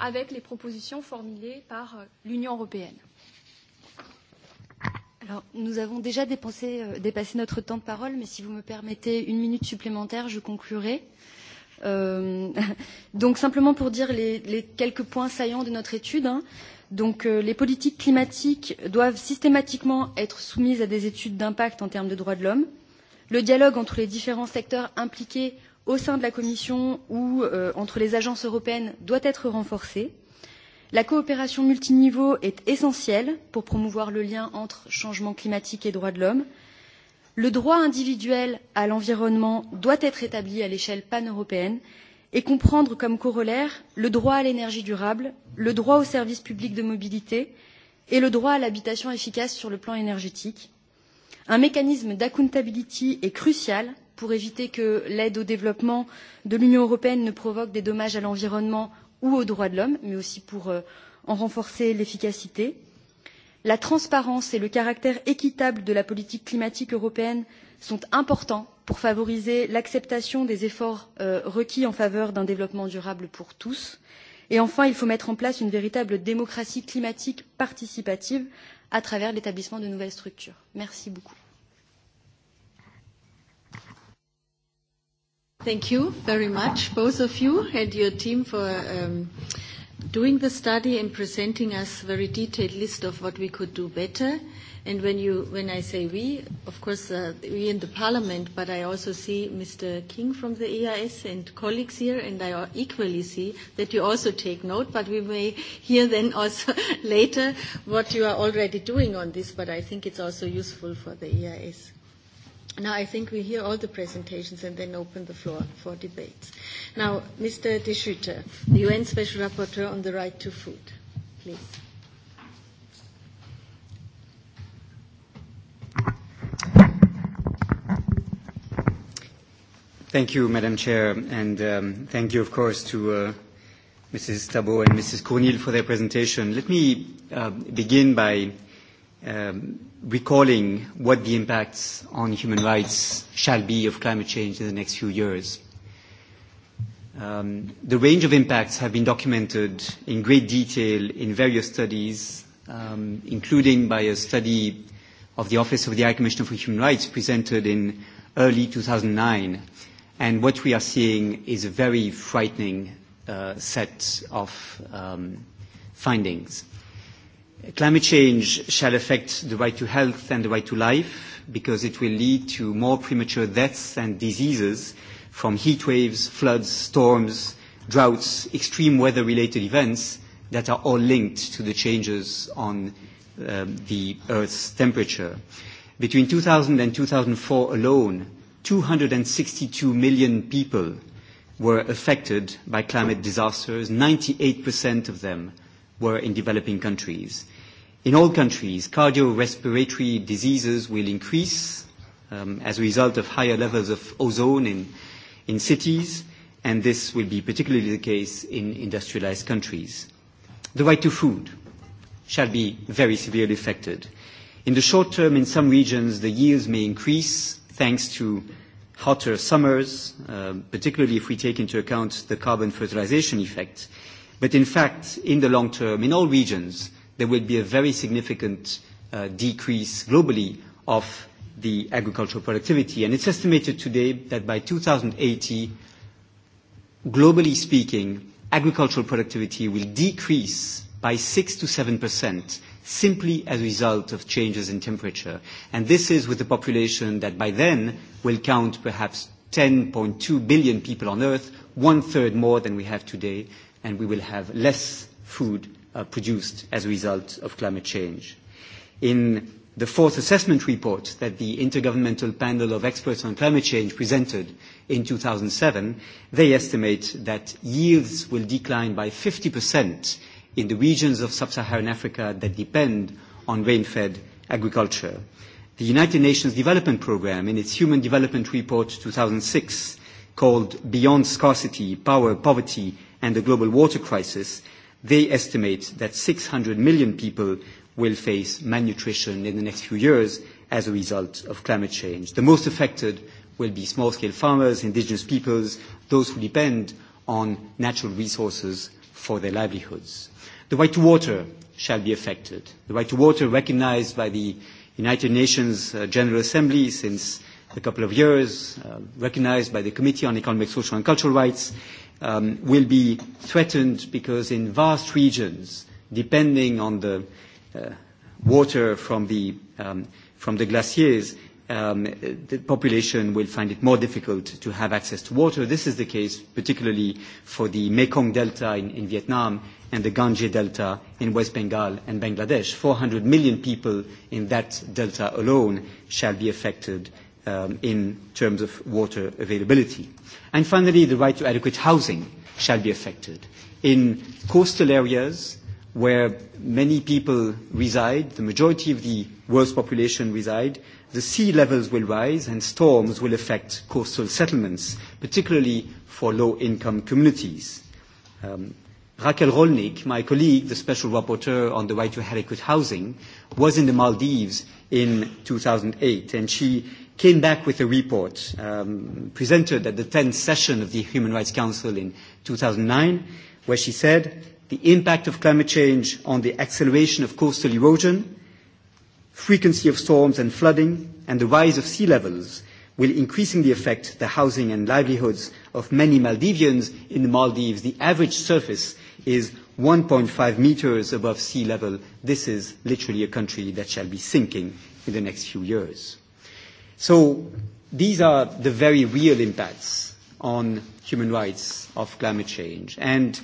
avec les propositions formulées par euh, l'Union européenne. Alors, nous avons déjà dépensé, euh, dépassé notre temps de parole, mais si vous me permettez une minute supplémentaire, je conclurai. Euh, donc, simplement pour dire les, les quelques points saillants de notre étude. Hein. Donc euh, les politiques climatiques doivent systématiquement être soumises à des études d'impact en termes de droits de l'homme. Le dialogue entre les différents secteurs impliqués au sein de la Commission ou euh, entre les agences européennes doit être renforcé. La coopération multiniveau est essentielle pour promouvoir le lien entre changement climatique et droits de l'homme. Le droit individuel à l'environnement doit être établi à l'échelle paneuropéenne européenne et comprendre comme corollaire le droit à l'énergie durable, le droit aux services publics de mobilité et le droit à l'habitation efficace sur le plan énergétique. Un mécanisme d'accountability est crucial pour éviter que l'aide au développement de l'Union européenne ne provoque des dommages à l'environnement ou aux droits de l'homme, mais aussi pour euh, en renforcer l'efficacité. La transparence et le caractère équitable de la politique climatique européenne sont importants pour favoriser l'acceptation des efforts euh, requis en faveur d'un développement durable pour tous. Et enfin, il faut mettre en place une véritable démocratie climatique participative à travers l'établissement de nouvelles structures. Merci beaucoup. Thank you very much, both of you and your team, for um, doing the study and presenting us very detailed list of what we could do better. And when, you, when I say we, of course, uh, we in the Parliament, but I also see Mr. King from the EIS and colleagues here, and I equally see that you also take note, but we may hear then also later what you are already doing on this, but I think it's also useful for the EIS. Now, I think we hear all the presentations and then open the floor for debates. Now, Mr. De Schutter, the UN Special Rapporteur on the Right to Food, please. Thank you, Madam Chair, and um, thank you, of course, to uh, Mrs. Tabot and Mrs. Cornil for their presentation. Let me uh, begin by um, recalling what the impacts on human rights shall be of climate change in the next few years. Um, the range of impacts have been documented in great detail in various studies, um, including by a study of the Office of the High Commissioner for Human Rights presented in early 2009. And what we are seeing is a very frightening uh, set of um, findings. Climate change shall affect the right to health and the right to life because it will lead to more premature deaths and diseases from heat waves, floods, storms, droughts, extreme weather-related events that are all linked to the changes on um, the Earth's temperature. Between 2000 and 2004 alone, 262 million people were affected by climate disasters, 98% of them were in developing countries. In all countries, cardiorespiratory diseases will increase um, as a result of higher levels of ozone in, in cities, and this will be particularly the case in industrialized countries. The right to food shall be very severely affected. In the short term, in some regions, the yields may increase thanks to hotter summers, uh, particularly if we take into account the carbon fertilization effect. But in fact, in the long term, in all regions, there will be a very significant uh, decrease globally of the agricultural productivity. And it's estimated today that by 2080, globally speaking, agricultural productivity will decrease by 6 to 7 percent simply as a result of changes in temperature. And this is with a population that by then will count perhaps 10.2 billion people on Earth, one third more than we have today, and we will have less food uh, produced as a result of climate change. In the fourth assessment report that the Intergovernmental Panel of Experts on Climate Change presented in 2007, they estimate that yields will decline by 50% in the regions of sub-Saharan Africa that depend on rain-fed agriculture. The United Nations Development Programme, in its Human Development Report 2006, called Beyond Scarcity, Power, Poverty and the Global Water Crisis, They estimate that 600 million people will face malnutrition in the next few years as a result of climate change. The most affected will be small-scale farmers, indigenous peoples, those who depend on natural resources for their livelihoods. The right to water shall be affected. The right to water recognized by the United Nations uh, General Assembly since a couple of years, uh, recognized by the Committee on Economic, Social and Cultural Rights, um, will be threatened because in vast regions, depending on the uh, water from the, um, from the glaciers, um, the population will find it more difficult to have access to water. This is the case particularly for the Mekong Delta in, in Vietnam and the Ganges Delta in West Bengal and Bangladesh. 400 million people in that delta alone shall be affected um, in terms of water availability. And finally, the right to adequate housing shall be affected. In coastal areas where many people reside, the majority of the world's population reside, the sea levels will rise and storms will affect coastal settlements, particularly for low-income communities. Um, Raquel Rolnik, my colleague, the special rapporteur on the right to adequate housing, was in the Maldives in 2008, and she came back with a report um, presented at the 10th session of the Human Rights Council in 2009, where she said the impact of climate change on the acceleration of coastal erosion, frequency of storms and flooding, and the rise of sea levels will increasingly affect the housing and livelihoods of many Maldivians. In the Maldives, the average surface is 1.5 meters above sea level. This is literally a country that shall be sinking in the next few years. So these are the very real impacts on human rights of climate change. And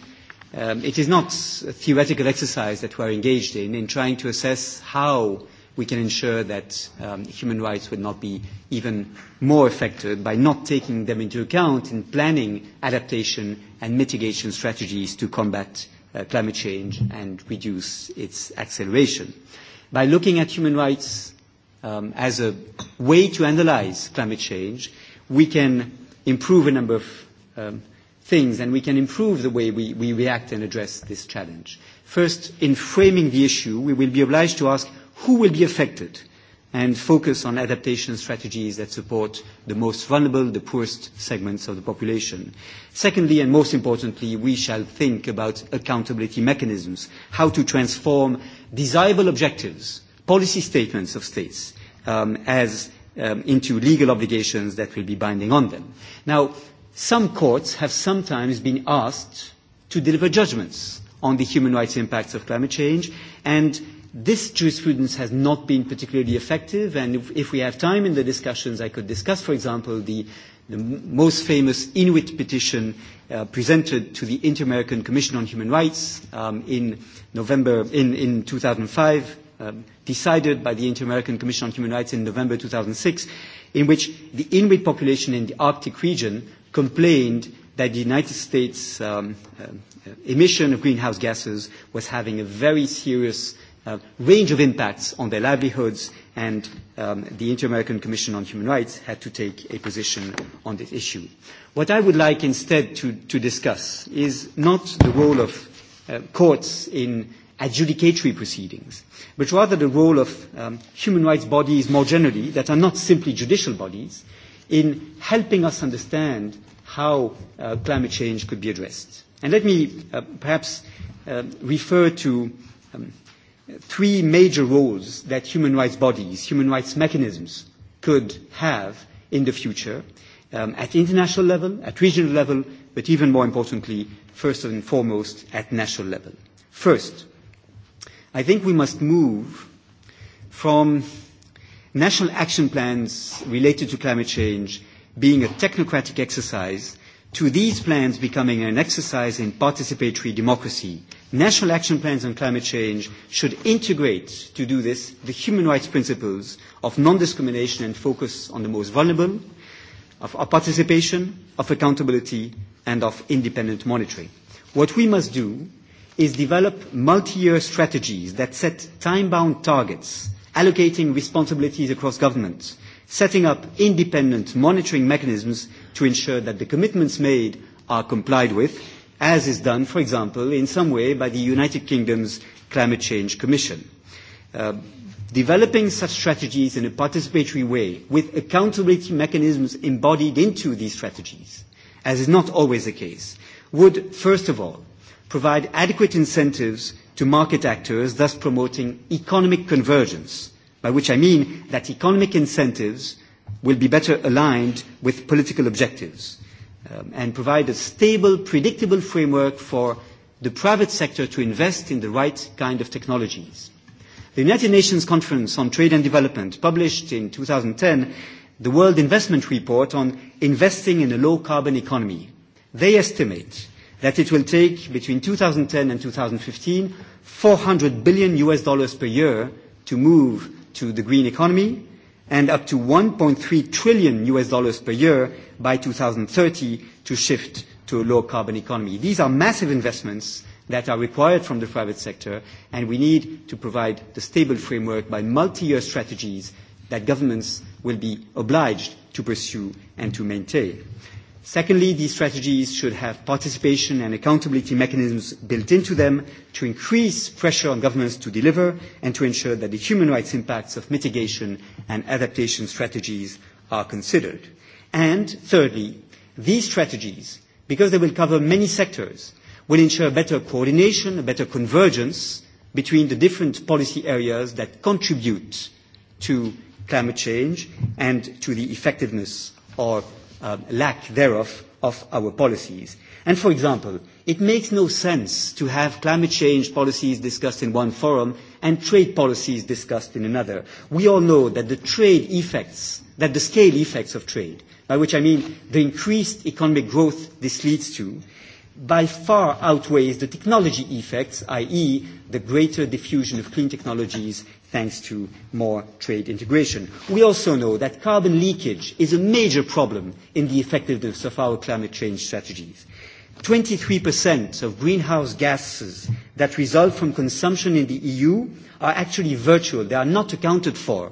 um, it is not a theoretical exercise that we're engaged in, in trying to assess how we can ensure that um, human rights would not be even more affected by not taking them into account in planning adaptation and mitigation strategies to combat uh, climate change and reduce its acceleration. By looking at human rights um, as a way to analyze climate change, we can improve a number of um, things and we can improve the way we, we react and address this challenge. First, in framing the issue, we will be obliged to ask who will be affected and focus on adaptation strategies that support the most vulnerable, the poorest segments of the population. Secondly, and most importantly, we shall think about accountability mechanisms, how to transform desirable objectives policy statements of states um, as um, into legal obligations that will be binding on them. Now, some courts have sometimes been asked to deliver judgments on the human rights impacts of climate change, and this jurisprudence has not been particularly effective, and if, if we have time in the discussions, I could discuss, for example, the, the most famous Inuit petition uh, presented to the Inter-American Commission on Human Rights um, in November, in, in 2005, um, decided by the Inter-American Commission on Human Rights in November 2006, in which the Inuit population in the Arctic region complained that the United States um, uh, emission of greenhouse gases was having a very serious uh, range of impacts on their livelihoods, and um, the Inter-American Commission on Human Rights had to take a position on this issue. What I would like instead to, to discuss is not the role of uh, courts in adjudicatory proceedings, but rather the role of um, human rights bodies more generally, that are not simply judicial bodies, in helping us understand how uh, climate change could be addressed. And let me uh, perhaps uh, refer to um, three major roles that human rights bodies, human rights mechanisms could have in the future um, at international level, at regional level, but even more importantly, first and foremost, at national level. First, I think we must move from national action plans related to climate change being a technocratic exercise to these plans becoming an exercise in participatory democracy. National action plans on climate change should integrate, to do this, the human rights principles of non-discrimination and focus on the most vulnerable, of participation, of accountability, and of independent monitoring. What we must do is develop multi-year strategies that set time-bound targets, allocating responsibilities across government, setting up independent monitoring mechanisms to ensure that the commitments made are complied with, as is done, for example, in some way by the United Kingdom's Climate Change Commission. Uh, developing such strategies in a participatory way with accountability mechanisms embodied into these strategies, as is not always the case, would, first of all, provide adequate incentives to market actors, thus promoting economic convergence, by which I mean that economic incentives will be better aligned with political objectives um, and provide a stable, predictable framework for the private sector to invest in the right kind of technologies. The United Nations Conference on Trade and Development published in 2010 the World Investment Report on investing in a low-carbon economy. They estimate that it will take between 2010 and 2015 400 billion US dollars per year to move to the green economy and up to 1.3 trillion US dollars per year by 2030 to shift to a low carbon economy. These are massive investments that are required from the private sector and we need to provide the stable framework by multi-year strategies that governments will be obliged to pursue and to maintain. Secondly, these strategies should have participation and accountability mechanisms built into them to increase pressure on governments to deliver and to ensure that the human rights impacts of mitigation and adaptation strategies are considered. And thirdly, these strategies, because they will cover many sectors, will ensure better coordination, a better convergence between the different policy areas that contribute to climate change and to the effectiveness of um, lack thereof of our policies. And for example, it makes no sense to have climate change policies discussed in one forum and trade policies discussed in another. We all know that the trade effects, that the scale effects of trade, by which I mean the increased economic growth this leads to, by far outweighs the technology effects, i.e. the greater diffusion of clean technologies thanks to more trade integration. We also know that carbon leakage is a major problem in the effectiveness of our climate change strategies. 23% of greenhouse gases that result from consumption in the EU are actually virtual. They are not accounted for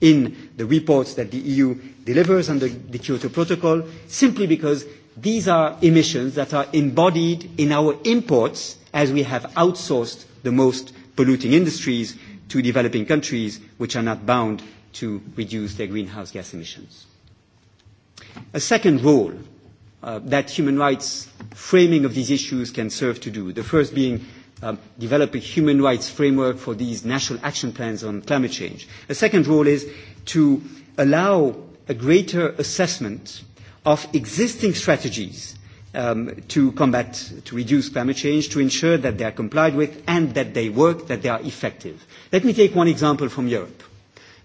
in the reports that the EU delivers under the Kyoto Protocol simply because these are emissions that are embodied in our imports as we have outsourced the most polluting industries to developing countries which are not bound to reduce their greenhouse gas emissions. A second role uh, that human rights framing of these issues can serve to do, the first being um, develop a human rights framework for these national action plans on climate change. A second role is to allow a greater assessment of existing strategies um, to combat, to reduce climate change, to ensure that they are complied with and that they work, that they are effective. Let me take one example from Europe.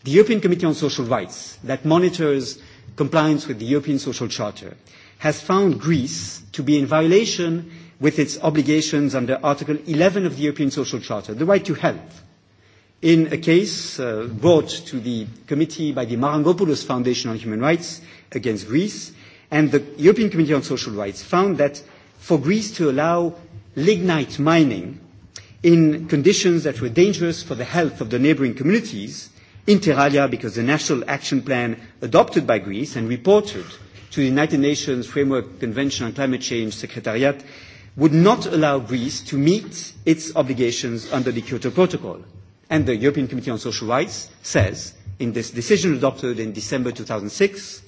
The European Committee on Social Rights, that monitors compliance with the European Social Charter, has found Greece to be in violation with its obligations under Article 11 of the European Social Charter, the right to health, in a case uh, brought to the committee by the Marangopoulos Foundation on Human Rights against Greece, And the European Committee on Social Rights found that for Greece to allow lignite mining in conditions that were dangerous for the health of the neighboring communities, inter alia because the National Action Plan adopted by Greece and reported to the United Nations Framework Convention on Climate Change Secretariat would not allow Greece to meet its obligations under the Kyoto Protocol. And the European Committee on Social Rights says, in this decision adopted in December 2006,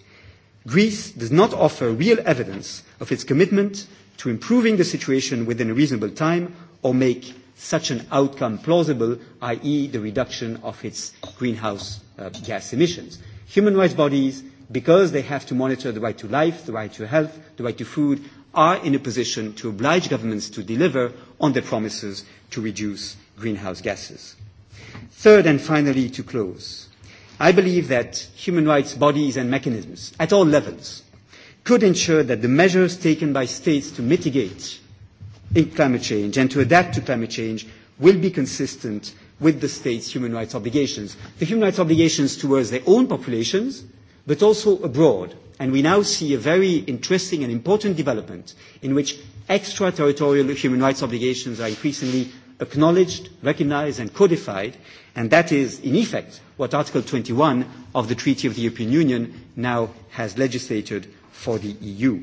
Greece does not offer real evidence of its commitment to improving the situation within a reasonable time or make such an outcome plausible, i.e. the reduction of its greenhouse uh, gas emissions. Human rights bodies, because they have to monitor the right to life, the right to health, the right to food, are in a position to oblige governments to deliver on their promises to reduce greenhouse gases. Third and finally, to close, I believe that human rights bodies and mechanisms at all levels could ensure that the measures taken by states to mitigate climate change and to adapt to climate change will be consistent with the state's human rights obligations. The human rights obligations towards their own populations, but also abroad. And we now see a very interesting and important development in which extraterritorial human rights obligations are increasingly acknowledged, recognized, and codified, and that is, in effect, what Article 21 of the Treaty of the European Union now has legislated for the EU.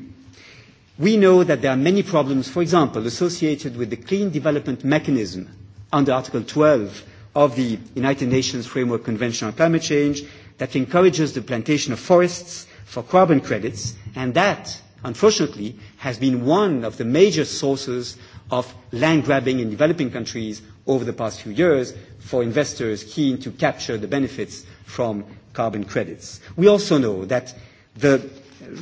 We know that there are many problems, for example, associated with the clean development mechanism under Article 12 of the United Nations Framework Convention on Climate Change that encourages the plantation of forests for carbon credits, and that, unfortunately, has been one of the major sources of land grabbing in developing countries over the past few years for investors keen to capture the benefits from carbon credits. We also know that the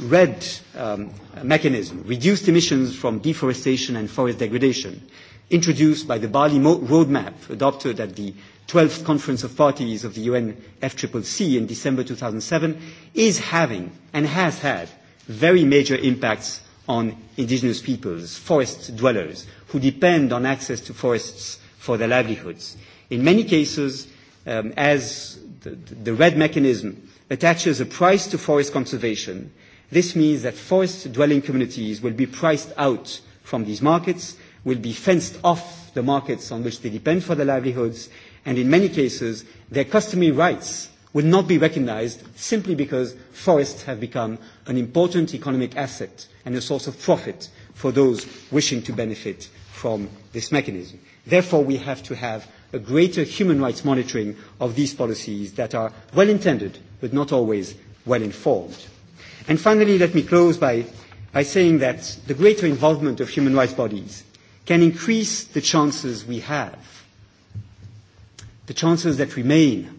red um, mechanism, reduced emissions from deforestation and forest degradation, introduced by the Bali Roadmap adopted at the 12th Conference of Parties of the UN FCCC in December 2007, is having and has had very major impacts on indigenous peoples, forest dwellers, who depend on access to forests for their livelihoods. In many cases, um, as the, the red mechanism attaches a price to forest conservation, this means that forest dwelling communities will be priced out from these markets, will be fenced off the markets on which they depend for their livelihoods, and in many cases, their customary rights will not be recognized simply because forests have become an important economic asset and a source of profit for those wishing to benefit from this mechanism. Therefore, we have to have a greater human rights monitoring of these policies that are well intended but not always well informed. And finally, let me close by, by saying that the greater involvement of human rights bodies can increase the chances we have, the chances that remain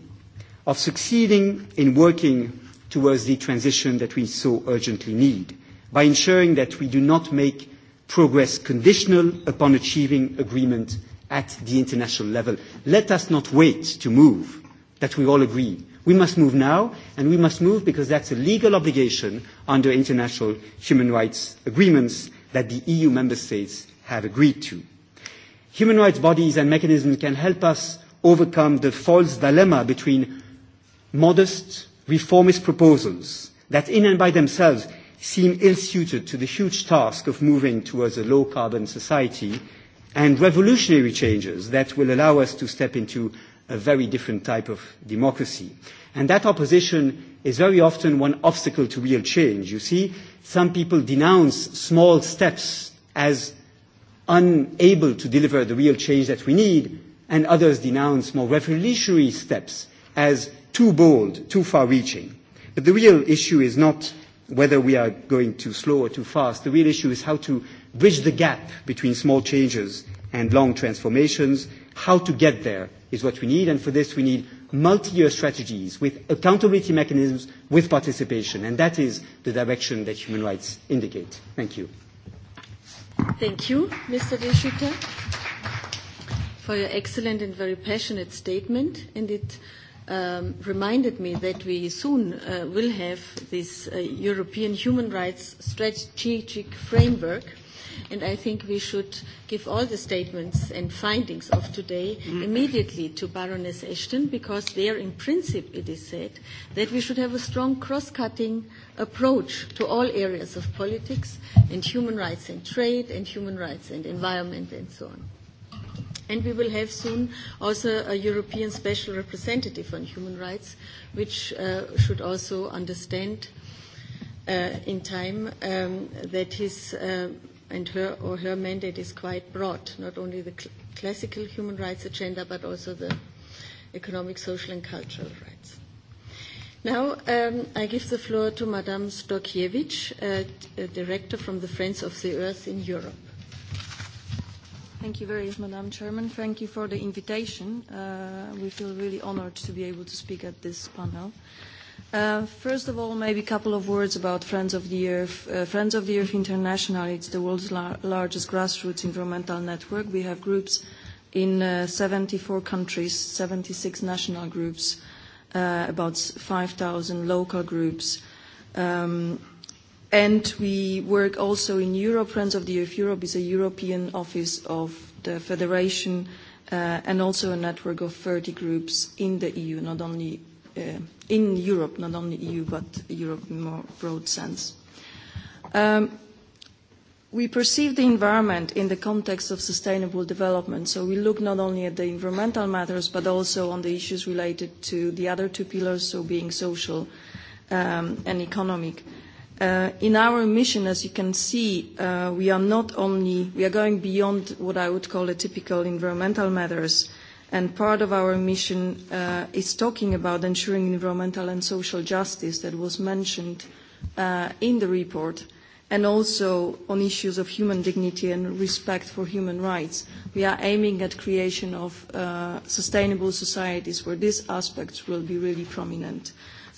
of succeeding in working towards the transition that we so urgently need by ensuring that we do not make progress conditional upon achieving agreement at the international level. Let us not wait to move that we all agree. We must move now, and we must move because that's a legal obligation under international human rights agreements that the EU member states have agreed to. Human rights bodies and mechanisms can help us overcome the false dilemma between modest reformist proposals that in and by themselves seem ill-suited to the huge task of moving towards a low-carbon society and revolutionary changes that will allow us to step into a very different type of democracy. And that opposition is very often one obstacle to real change. You see, some people denounce small steps as unable to deliver the real change that we need, and others denounce more revolutionary steps as too bold, too far-reaching. But the real issue is not whether we are going too slow or too fast. The real issue is how to bridge the gap between small changes and long transformations. How to get there is what we need, and for this we need multi-year strategies with accountability mechanisms, with participation, and that is the direction that human rights indicate. Thank you. Thank you, Mr. De Schutter, for your excellent and very passionate statement, and it um, reminded me that we soon uh, will have this uh, European human rights strategic framework. And I think we should give all the statements and findings of today mm-hmm. immediately to Baroness Ashton because there in principle it is said that we should have a strong cross-cutting approach to all areas of politics and human rights and trade and human rights and environment and so on. And we will have soon also a European Special Representative on Human Rights, which uh, should also understand uh, in time um, that his uh, and her or her mandate is quite broad, not only the cl classical human rights agenda, but also the economic, social and cultural rights. Now um, I give the floor to Madame Stokiewicz, uh, Director from the Friends of the Earth in Europe. Thank you very much, Madam Chairman. Thank you for the invitation. Uh, we feel really honored to be able to speak at this panel. Uh, first of all, maybe a couple of words about Friends of the Earth. Uh, Friends of the Earth International, it's the world's lar largest grassroots environmental network. We have groups in uh, 74 countries, 76 national groups, uh, about 5,000 local groups, um, And we work also in Europe. Friends of the Earth Europe is a European office of the Federation uh, and also a network of 30 groups in the EU, not only uh, in Europe, not only EU, but Europe in more broad sense. Um, we perceive the environment in the context of sustainable development, so we look not only at the environmental matters, but also on the issues related to the other two pillars, so being social um, and economic. Uh, in our mission, as you can see, uh, we are not only, we are going beyond what I would call a typical environmental matters, and part of our mission uh, is talking about ensuring environmental and social justice that was mentioned uh, in the report and also on issues of human dignity and respect for human rights. We are aiming at creation of uh, sustainable societies where these aspects will be really prominent.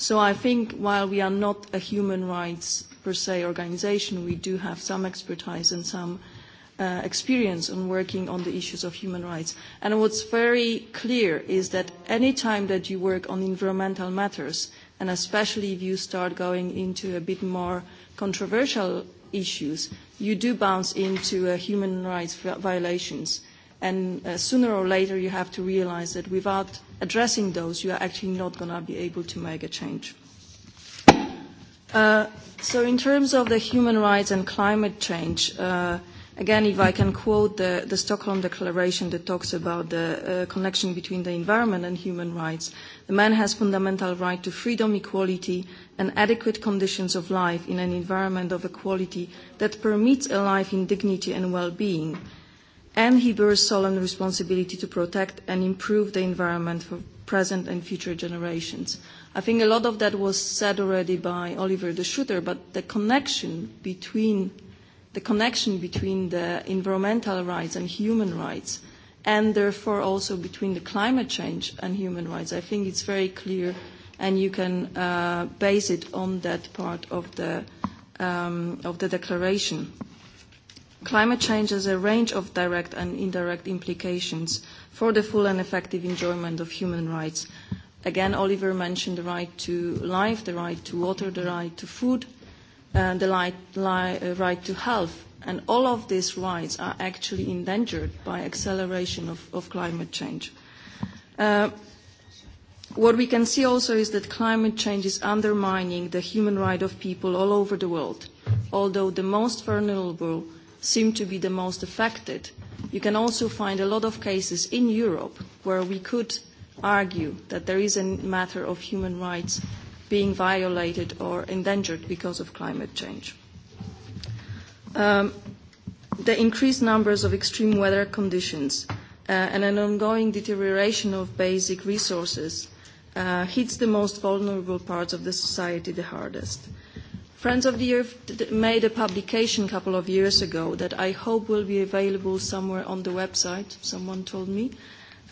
So I think while we are not a human rights per se organization, we do have some expertise and some uh, experience on working on the issues of human rights. And what's very clear is that any time that you work on environmental matters, and especially if you start going into a bit more controversial issues, you do bounce into uh, human rights violations And uh, sooner or later, you have to realize that without addressing those, you are actually not going to be able to make a change. Uh, so in terms of the human rights and climate change, uh, again, if I can quote the, the Stockholm Declaration that talks about the uh, connection between the environment and human rights, the man has fundamental right to freedom, equality, and adequate conditions of life in an environment of equality that permits a life in dignity and well-being and he bears solemn responsibility to protect and improve the environment for present and future generations. I think a lot of that was said already by Oliver the Shooter, but the connection between the connection between the environmental rights and human rights, and therefore also between the climate change and human rights, I think it's very clear, and you can uh, base it on that part of the um, of the declaration. Climate change has a range of direct and indirect implications for the full and effective enjoyment of human rights. Again, Oliver mentioned the right to life, the right to water, the right to food, and the right, li, uh, right to health. And all of these rights are actually endangered by acceleration of, of climate change. Uh, what we can see also is that climate change is undermining the human right of people all over the world, although the most vulnerable seem to be the most affected, you can also find a lot of cases in Europe where we could argue that there is a matter of human rights being violated or endangered because of climate change. Um, the increased numbers of extreme weather conditions uh, and an ongoing deterioration of basic resources uh, hits the most vulnerable parts of the society the hardest. Friends of the Earth made a publication a couple of years ago that I hope will be available somewhere on the website, someone told me,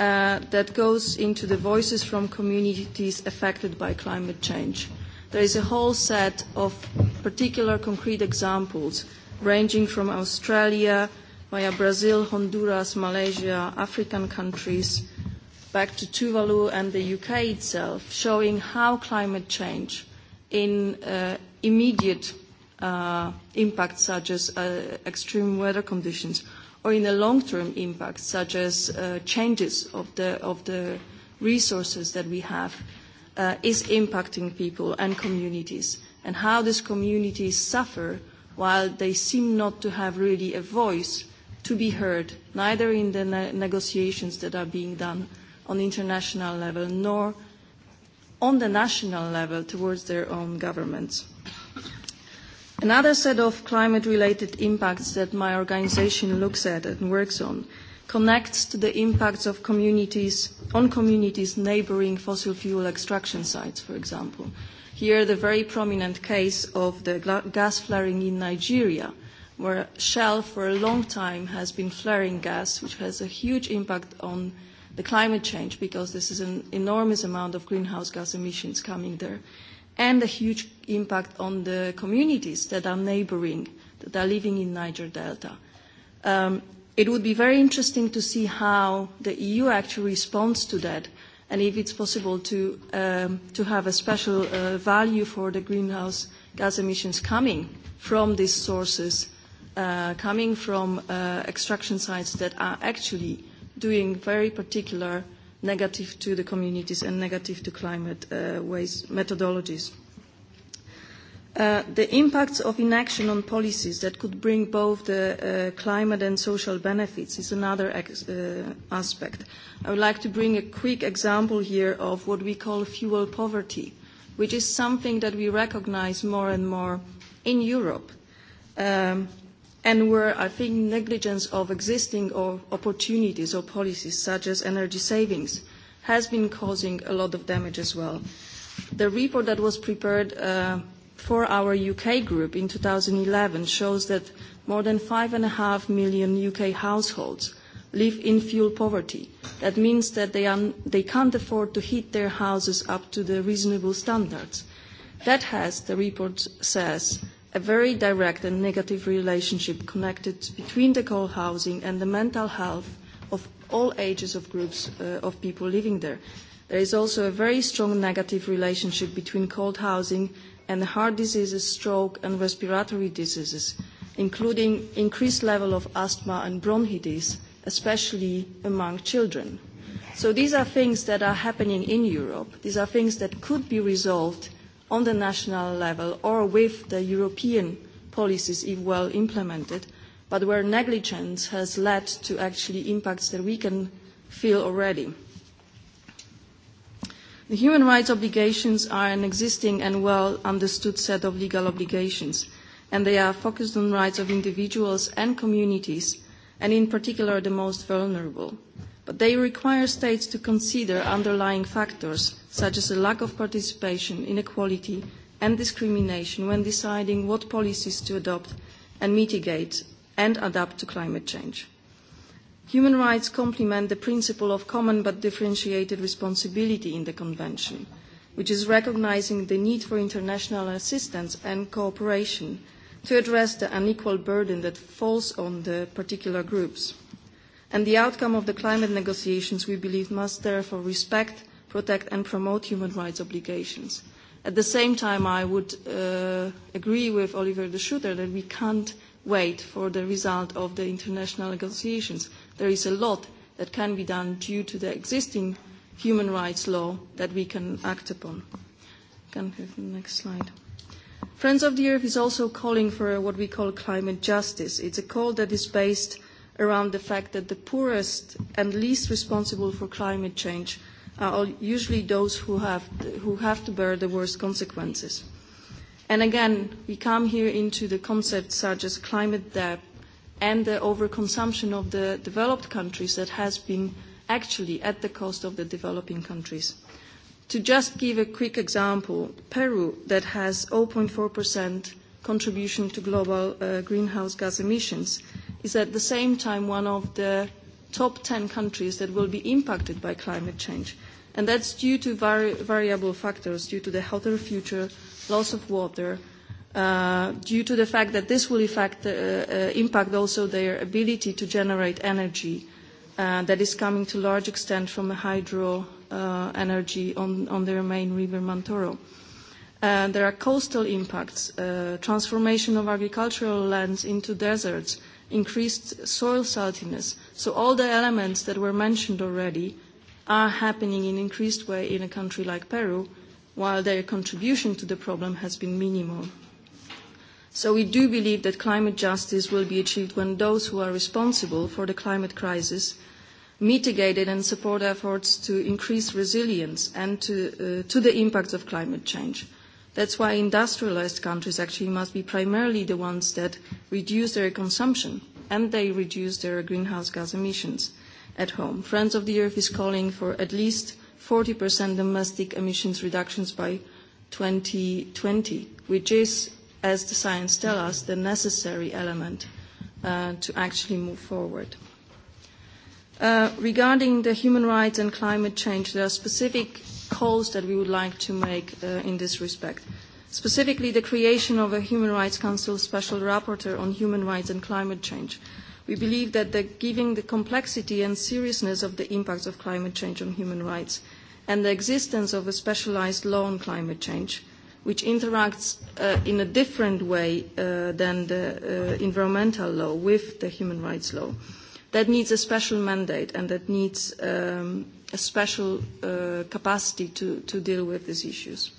uh, that goes into the voices from communities affected by climate change. There is a whole set of particular concrete examples ranging from Australia via Brazil, Honduras, Malaysia, African countries, back to Tuvalu and the UK itself, showing how climate change in uh, immediate uh, impacts such as uh, extreme weather conditions or in a long-term impact such as uh, changes of the, of the resources that we have uh, is impacting people and communities and how these communities suffer while they seem not to have really a voice to be heard, neither in the ne negotiations that are being done on international level nor on the national level towards their own governments. Another set of climate-related impacts that my organization looks at and works on connects to the impacts of communities, on communities neighboring fossil fuel extraction sites, for example. Here, the very prominent case of the gas flaring in Nigeria, where Shell for a long time has been flaring gas, which has a huge impact on the climate change because this is an enormous amount of greenhouse gas emissions coming there and a huge impact on the communities that are neighboring, that are living in Niger Delta. Um, it would be very interesting to see how the EU actually responds to that and if it's possible to, um, to have a special uh, value for the greenhouse gas emissions coming from these sources, uh, coming from uh, extraction sites that are actually doing very particular negative to the communities and negative to climate uh, waste methodologies. Uh, the impacts of inaction on policies that could bring both the uh, climate and social benefits is another ex uh, aspect. I would like to bring a quick example here of what we call fuel poverty, which is something that we recognize more and more in Europe. Um, and were, I think, negligence of existing or opportunities or policies such as energy savings has been causing a lot of damage as well. The report that was prepared uh, for our UK group in 2011 shows that more than five and a half million UK households live in fuel poverty. That means that they, un they can't afford to heat their houses up to the reasonable standards. That has, the report says, a very direct and negative relationship connected between the coal housing and the mental health of all ages of groups uh, of people living there. There is also a very strong negative relationship between cold housing and heart diseases, stroke and respiratory diseases, including increased level of asthma and bronchitis, especially among children. So these are things that are happening in Europe. These are things that could be resolved on the national level or with the European policies if well implemented, but where negligence has led to actually impacts that we can feel already. The human rights obligations are an existing and well understood set of legal obligations, and they are focused on rights of individuals and communities, and in particular the most vulnerable but they require states to consider underlying factors such as a lack of participation, inequality and discrimination when deciding what policies to adopt and mitigate and adapt to climate change. Human rights complement the principle of common but differentiated responsibility in the Convention, which is recognizing the need for international assistance and cooperation to address the unequal burden that falls on the particular groups and the outcome of the climate negotiations we believe must therefore respect, protect and promote human rights obligations. At the same time, I would uh, agree with Oliver de Schutter that we can't wait for the result of the international negotiations. There is a lot that can be done due to the existing human rights law that we can act upon. Can have the next slide. Friends of the Earth is also calling for what we call climate justice. It's a call that is based around the fact that the poorest and least responsible for climate change are usually those who have, who have to bear the worst consequences. And again, we come here into the concepts such as climate debt and the overconsumption of the developed countries that has been actually at the cost of the developing countries. To just give a quick example, Peru, that has 0.4% contribution to global uh, greenhouse gas emissions, is at the same time one of the top 10 countries that will be impacted by climate change. And that's due to vari variable factors, due to the healthier future, loss of water, uh, due to the fact that this will affect, uh, uh, impact also their ability to generate energy uh, that is coming to a large extent from hydro uh, energy on, on their main river Mantoro. Uh, there are coastal impacts, uh, transformation of agricultural lands into deserts, increased soil saltiness. So all the elements that were mentioned already are happening in increased way in a country like Peru, while their contribution to the problem has been minimal. So we do believe that climate justice will be achieved when those who are responsible for the climate crisis mitigate it and support efforts to increase resilience and to, uh, to the impacts of climate change. That's why industrialized countries actually must be primarily the ones that reduce their consumption and they reduce their greenhouse gas emissions at home. Friends of the Earth is calling for at least 40% domestic emissions reductions by 2020, which is, as the science tells us, the necessary element uh, to actually move forward. Uh, regarding the human rights and climate change, there are specific calls that we would like to make uh, in this respect. Specifically, the creation of a Human Rights Council Special Rapporteur on Human Rights and Climate Change. We believe that the, given the complexity and seriousness of the impacts of climate change on human rights and the existence of a specialized law on climate change, which interacts uh, in a different way uh, than the uh, environmental law with the human rights law. That needs a special mandate and that needs um, a special uh, capacity to, to deal with these issues.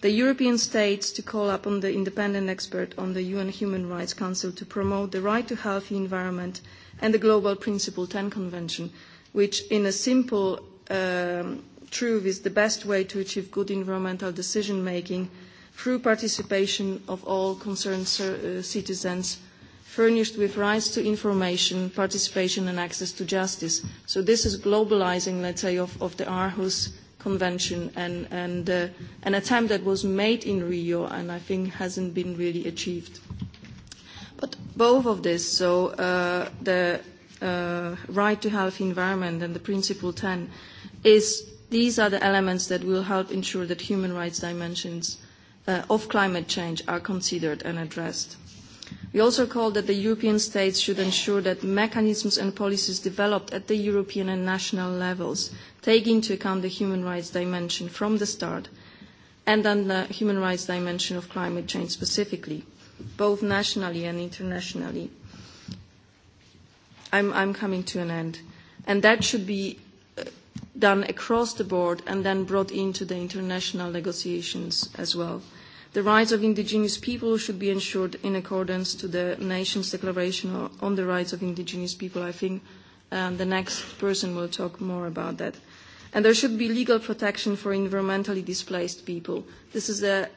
The European states to call upon the independent expert on the UN Human Rights Council to promote the right to healthy environment and the Global Principle 10 Convention, which in a simple um, truth is the best way to achieve good environmental decision making through participation of all concerned uh, citizens furnished with rights to information, participation and access to justice. So this is globalizing, let's say, of, of the Aarhus Convention and, and uh, an attempt that was made in Rio and I think hasn't been really achieved. But both of this, so uh, the uh, right to health environment and the principle 10, is these are the elements that will help ensure that human rights dimensions uh, of climate change are considered and addressed. We also call that the European states should ensure that mechanisms and policies developed at the European and national levels take into account the human rights dimension from the start and then the human rights dimension of climate change specifically, both nationally and internationally. I'm, I'm coming to an end. And that should be uh, done across the board and then brought into the international negotiations as well. The rights of indigenous people should be ensured in accordance to the nation's declaration on the rights of indigenous people. I think um, the next person will talk more about that. And there should be legal protection for environmentally displaced people. This is an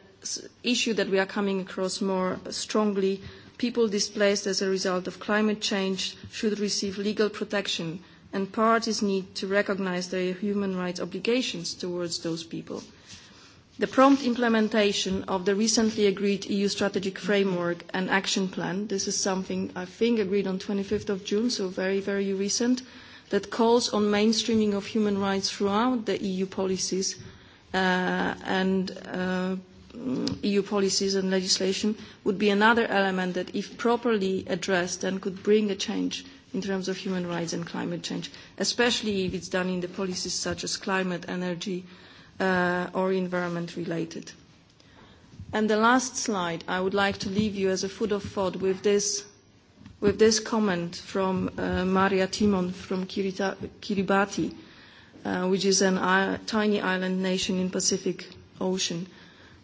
issue that we are coming across more strongly. People displaced as a result of climate change should receive legal protection and parties need to recognize their human rights obligations towards those people. The prompt implementation of the recently agreed EU strategic framework and action plan, this is something I think agreed on 25th of June, so very, very recent, that calls on mainstreaming of human rights throughout the EU policies uh, and uh, EU policies and legislation would be another element that, if properly addressed, then could bring a change in terms of human rights and climate change, especially if it's done in the policies such as climate, energy, uh, or environment related. And the last slide, I would like to leave you as a food of thought with this, with this comment from uh, Maria Timon from Kirita, Kiribati, uh, which is a uh, tiny island nation in Pacific Ocean.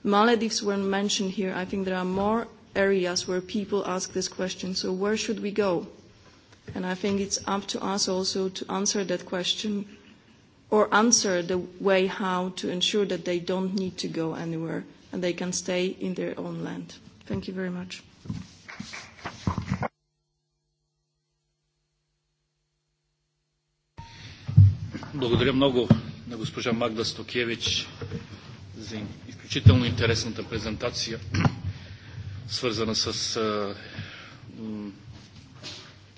Maldives were mentioned here. I think there are more areas where people ask this question, so where should we go? And I think it's up to us also to answer that question or answer the way how to ensure that they don't need to go anywhere and they can stay in their own land. Thank you very much. Благодаря много на госпожа Магда Стокевич за изключително интересната презентация, свързана с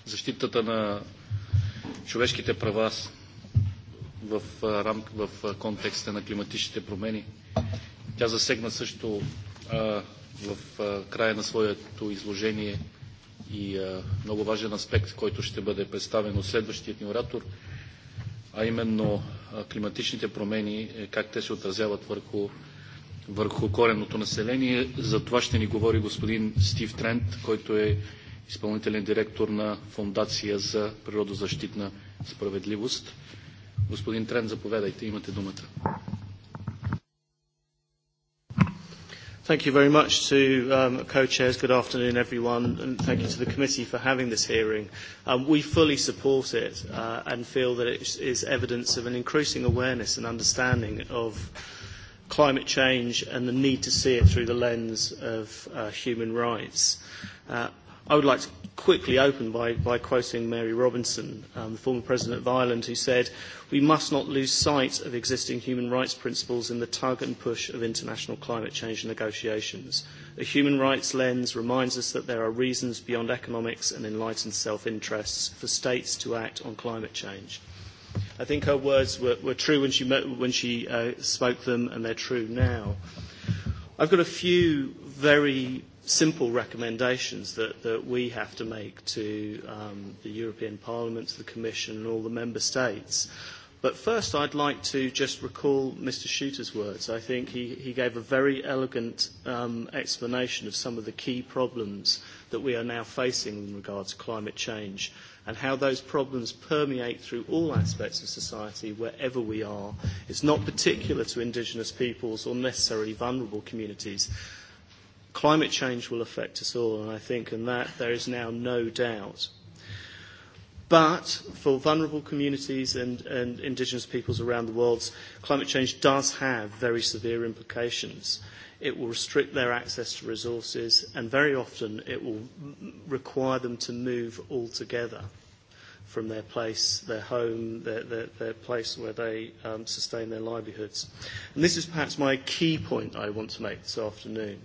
защитата на човешките права, в, рамк, в контекста на климатичните промени. Тя засегна също а, в а, края на своето изложение и а, много важен аспект, който ще бъде представен от следващият ни оратор, а именно а, климатичните промени, как те се отразяват върху, върху коренното население. За това ще ни говори господин Стив Трент, който е изпълнителен директор на Фундация за природозащитна справедливост. Господин Трен, заповядайте, имате думата. Thank you very much to um, co-chairs. Good afternoon, everyone, and thank you to the committee for having this hearing. Um, we fully support it uh, and feel that it is evidence of an increasing awareness and understanding of climate change and the need to see it through the lens of uh, human rights. Uh, I would like to quickly open by, by quoting Mary Robinson, um, the former President of Ireland, who said, We must not lose sight of existing human rights principles in the tug and push of international climate change negotiations. A human rights lens reminds us that there are reasons beyond economics and enlightened self-interests for states to act on climate change. I think her words were, were true when she, met, when she uh, spoke them, and they're true now. I've got a few very simple recommendations that, that we have to make to um, the European Parliament, to the Commission and all the Member States. But first I'd like to just recall Mr Shooter's words. I think he, he gave a very elegant um, explanation of some of the key problems that we are now facing in regard to climate change and how those problems permeate through all aspects of society wherever we are. It's not particular to indigenous peoples or necessarily vulnerable communities. Climate change will affect us all, and I think and that there is now no doubt. But for vulnerable communities and, and indigenous peoples around the world, climate change does have very severe implications. It will restrict their access to resources, and very often it will require them to move altogether from their place, their home, their, their, their place where they um, sustain their livelihoods. And this is perhaps my key point I want to make this afternoon,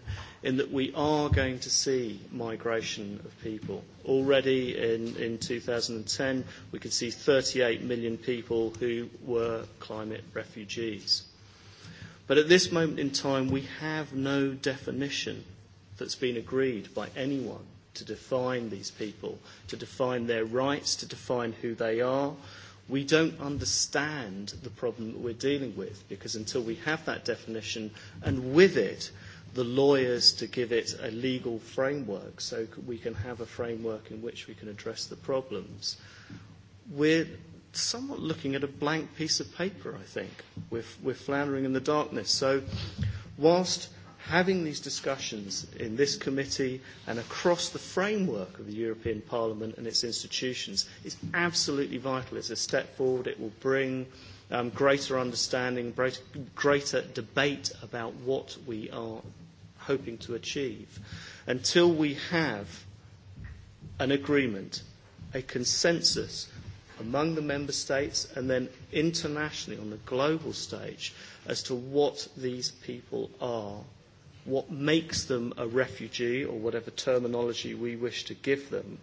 in that we are going to see migration of people. Already in, in 2010, we could see 38 million people who were climate refugees. But at this moment in time, we have no definition that's been agreed by anyone to define these people, to define their rights, to define who they are. We don't understand the problem that we're dealing with because until we have that definition and with it the lawyers to give it a legal framework so we can have a framework in which we can address the problems. We're somewhat looking at a blank piece of paper, I think. We're, we're floundering in the darkness. So whilst having these discussions in this committee and across the framework of the European Parliament and its institutions is absolutely vital. It's a step forward. It will bring um, greater understanding, greater debate about what we are hoping to achieve. Until we have an agreement, a consensus among the member states and then internationally on the global stage as to what these people are, what makes them a refugee or whatever terminology we wish to give them,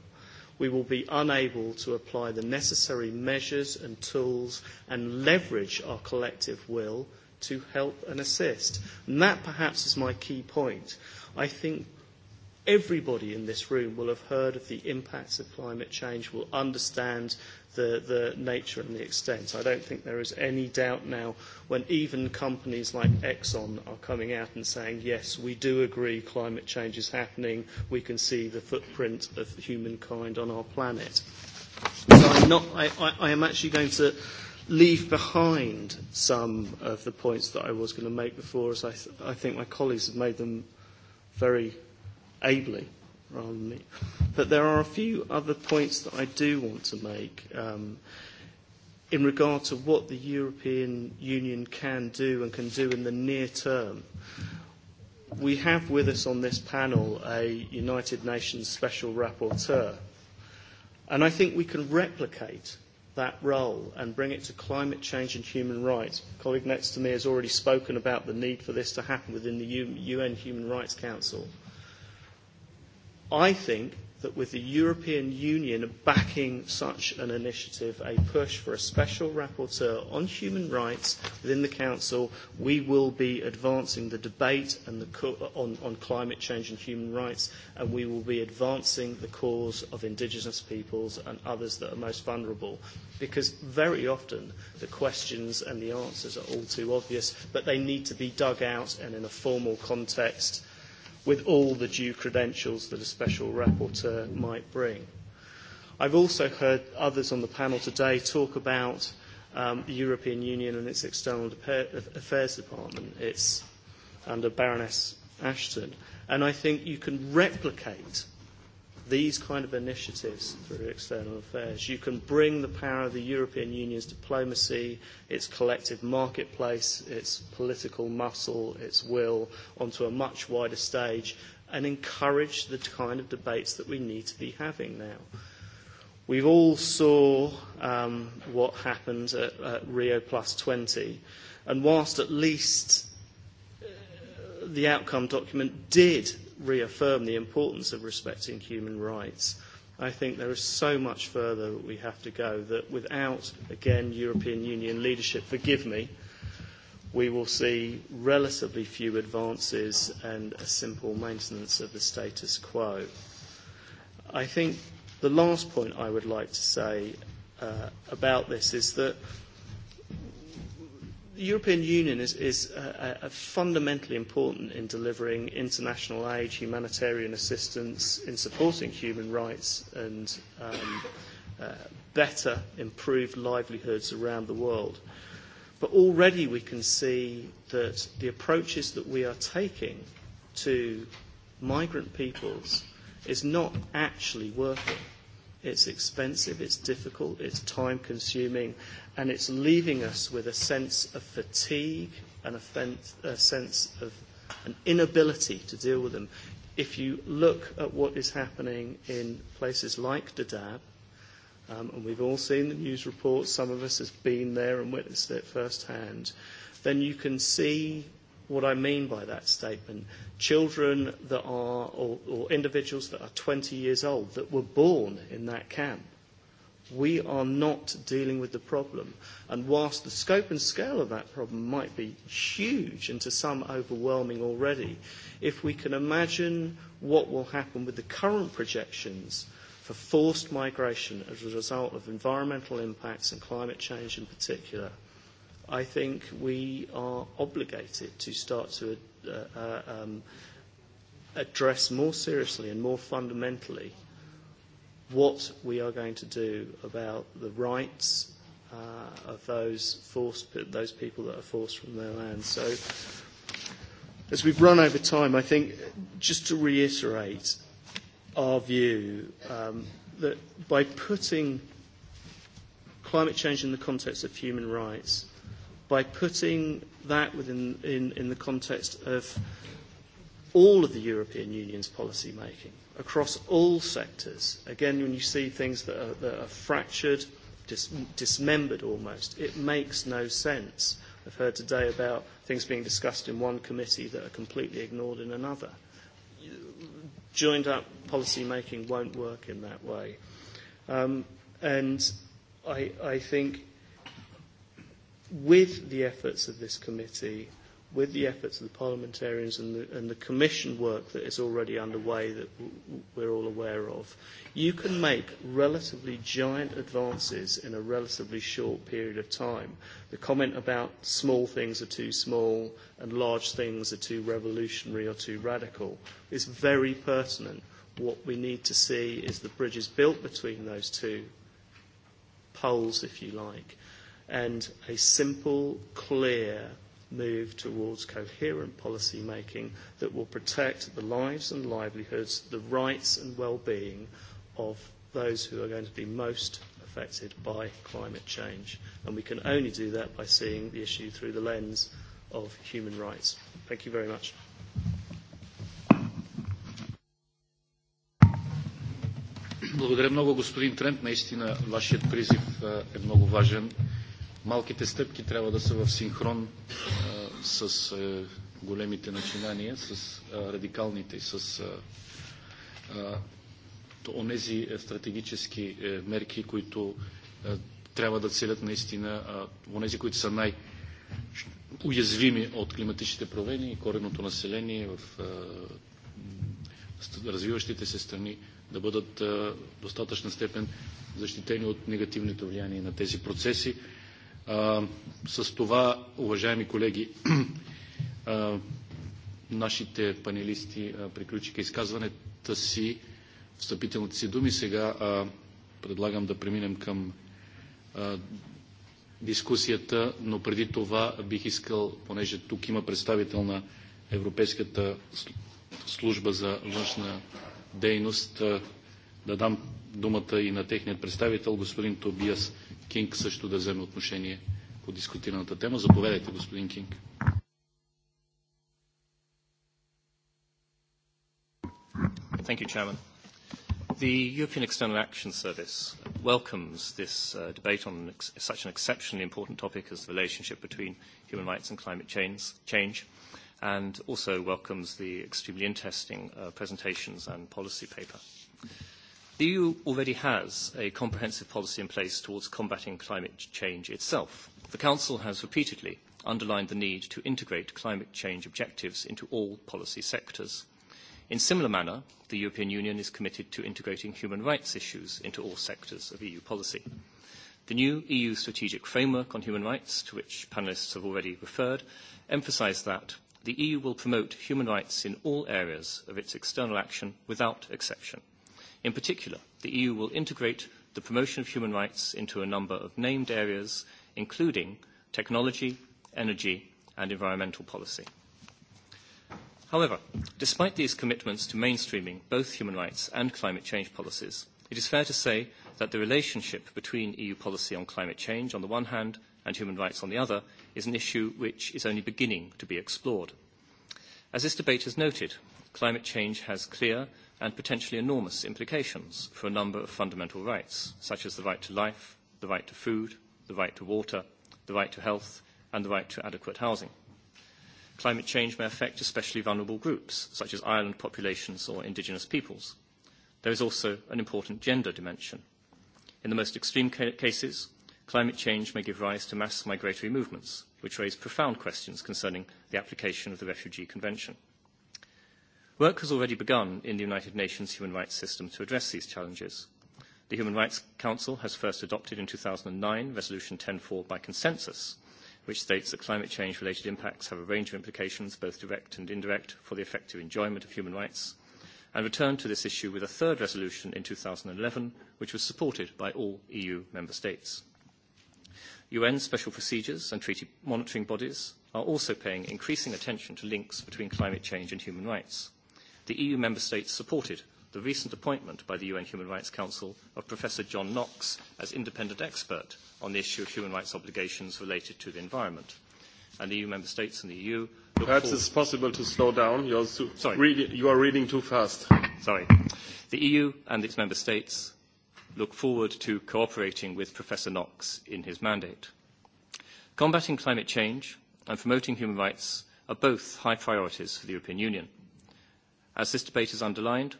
we will be unable to apply the necessary measures and tools and leverage our collective will – to help and assist. And that perhaps is my key point. I think everybody in this room will have heard of the impacts of climate change, will understand the, the nature and the extent. I don't think there is any doubt now when even companies like Exxon are coming out and saying, yes, we do agree climate change is happening. We can see the footprint of humankind on our planet. So I'm not, I, I, I am actually going to leave behind some of the points that I was going to make before, as I, th I think my colleagues have made them very ably rather than me. But there are a few other points that I do want to make um, in regard to what the European Union can do and can do in the near term. We have with us on this panel a United Nations Special Rapporteur, and I think we can replicate that role and bring it to climate change and human rights. A colleague next to me has already spoken about the need for this to happen within the UN Human Rights Council. I think that with the European Union backing such an initiative, a push for a special rapporteur on human rights within the Council, we will be advancing the debate and the co- on, on climate change and human rights, and we will be advancing the cause of indigenous peoples and others that are most vulnerable. Because very often the questions and the answers are all too obvious, but they need to be dug out and in a formal context with all the due credentials that a special rapporteur might bring. I've also heard others on the panel today talk about um, the European Union and its External Affairs Department. It's under Baroness Ashton. And I think you can replicate these kind of initiatives through external affairs. You can bring the power of the European Union's diplomacy, its collective marketplace, its political muscle, its will onto a much wider stage and encourage the kind of debates that we need to be having now. We've all saw um, what happened at, at Rio Plus 20, and whilst at least uh, the outcome document did reaffirm the importance of respecting human rights. I think there is so much further that we have to go that without, again, European Union leadership, forgive me, we will see relatively few advances and a simple maintenance of the status quo. I think the last point I would like to say uh, about this is that the European Union is, is uh, uh, fundamentally important in delivering international aid, humanitarian assistance, in supporting human rights and um, uh, better, improved livelihoods around the world. But already we can see that the approaches that we are taking to migrant peoples is not actually working. It's expensive, it's difficult, it's time consuming, and it's leaving us with a sense of fatigue and a, a sense of an inability to deal with them. If you look at what is happening in places like Dadaab, um, and we've all seen the news reports, some of us have been there and witnessed it firsthand, then you can see what I mean by that statement. Children that are, or, or individuals that are 20 years old, that were born in that camp. We are not dealing with the problem. And whilst the scope and scale of that problem might be huge and to some overwhelming already, if we can imagine what will happen with the current projections for forced migration as a result of environmental impacts and climate change in particular, I think we are obligated to start to uh, uh, um, address more seriously and more fundamentally what we are going to do about the rights uh, of those forced, those people that are forced from their land. So, as we've run over time, I think just to reiterate our view um, that by putting climate change in the context of human rights, by putting that within in, in the context of all of the European Union's policy making across all sectors. Again, when you see things that are, that are fractured, dis, dismembered almost, it makes no sense. I've heard today about things being discussed in one committee that are completely ignored in another. Joined up policy making won't work in that way. Um, and I, I think with the efforts of this committee, with the efforts of the parliamentarians and the, and the commission work that is already underway that we're all aware of, you can make relatively giant advances in a relatively short period of time. The comment about small things are too small and large things are too revolutionary or too radical is very pertinent. What we need to see is the bridges built between those two poles, if you like and a simple, clear move towards coherent policy making that will protect the lives and livelihoods, the rights and well-being of those who are going to be most affected by climate change. And we can only do that by seeing the issue through the lens of human rights. Thank you very much. Благодаря много, господин Трент. Наистина, вашият призив е много важен малките стъпки трябва да са в синхрон с големите начинания, с радикалните и с онези стратегически мерки, които трябва да целят наистина онези, които са най- уязвими от климатичните провени и коренното население в развиващите се страни да бъдат достатъчна степен защитени от негативните влияния на тези процеси. С това, уважаеми колеги, нашите панелисти приключиха изказването си, встъпителните си думи. Сега предлагам да преминем към дискусията, но преди това бих искал, понеже тук има представител на Европейската служба за външна дейност, да дам думата и на техният представител, господин Тобиас Кинг също да вземе отношение по дискутираната тема. Заповядайте, господин Кинг. Thank you, Chairman. The European External Action Service welcomes this uh, debate on an ex such an exceptionally important topic as the relationship between human rights and climate change, change and also welcomes the extremely interesting uh, presentations and policy paper. The EU already has a comprehensive policy in place towards combating climate change itself. The Council has repeatedly underlined the need to integrate climate change objectives into all policy sectors. In similar manner, the European Union is committed to integrating human rights issues into all sectors of EU policy. The new EU strategic framework on human rights, to which panellists have already referred, emphasised that the EU will promote human rights in all areas of its external action without exception. In particular, the EU will integrate the promotion of human rights into a number of named areas, including technology, energy, and environmental policy. However, despite these commitments to mainstreaming both human rights and climate change policies, it is fair to say that the relationship between EU policy on climate change on the one hand and human rights on the other is an issue which is only beginning to be explored. As this debate has noted, climate change has clear and potentially enormous implications for a number of fundamental rights, such as the right to life, the right to food, the right to water, the right to health, and the right to adequate housing. Climate change may affect especially vulnerable groups, such as island populations or indigenous peoples. There is also an important gender dimension. In the most extreme ca cases, climate change may give rise to mass migratory movements, which raise profound questions concerning the application of the Refugee Convention. Work has already begun in the United Nations human rights system to address these challenges. The Human Rights Council has first adopted in 2009 Resolution 10.4 by consensus, which states that climate change-related impacts have a range of implications, both direct and indirect, for the effective enjoyment of human rights, and returned to this issue with a third resolution in 2011, which was supported by all EU member states. UN special procedures and treaty monitoring bodies are also paying increasing attention to links between climate change and human rights the EU member states supported the recent appointment by the UN Human Rights Council of Professor John Knox as independent expert on the issue of human rights obligations related to the environment. And the EU member states and the EU look Perhaps forward... it's possible to slow down. You're su- Sorry. Read- you are reading too fast. Sorry. The EU and its member states look forward to cooperating with Professor Knox in his mandate. Combating climate change and promoting human rights are both high priorities for the European Union. As this debate has underlined,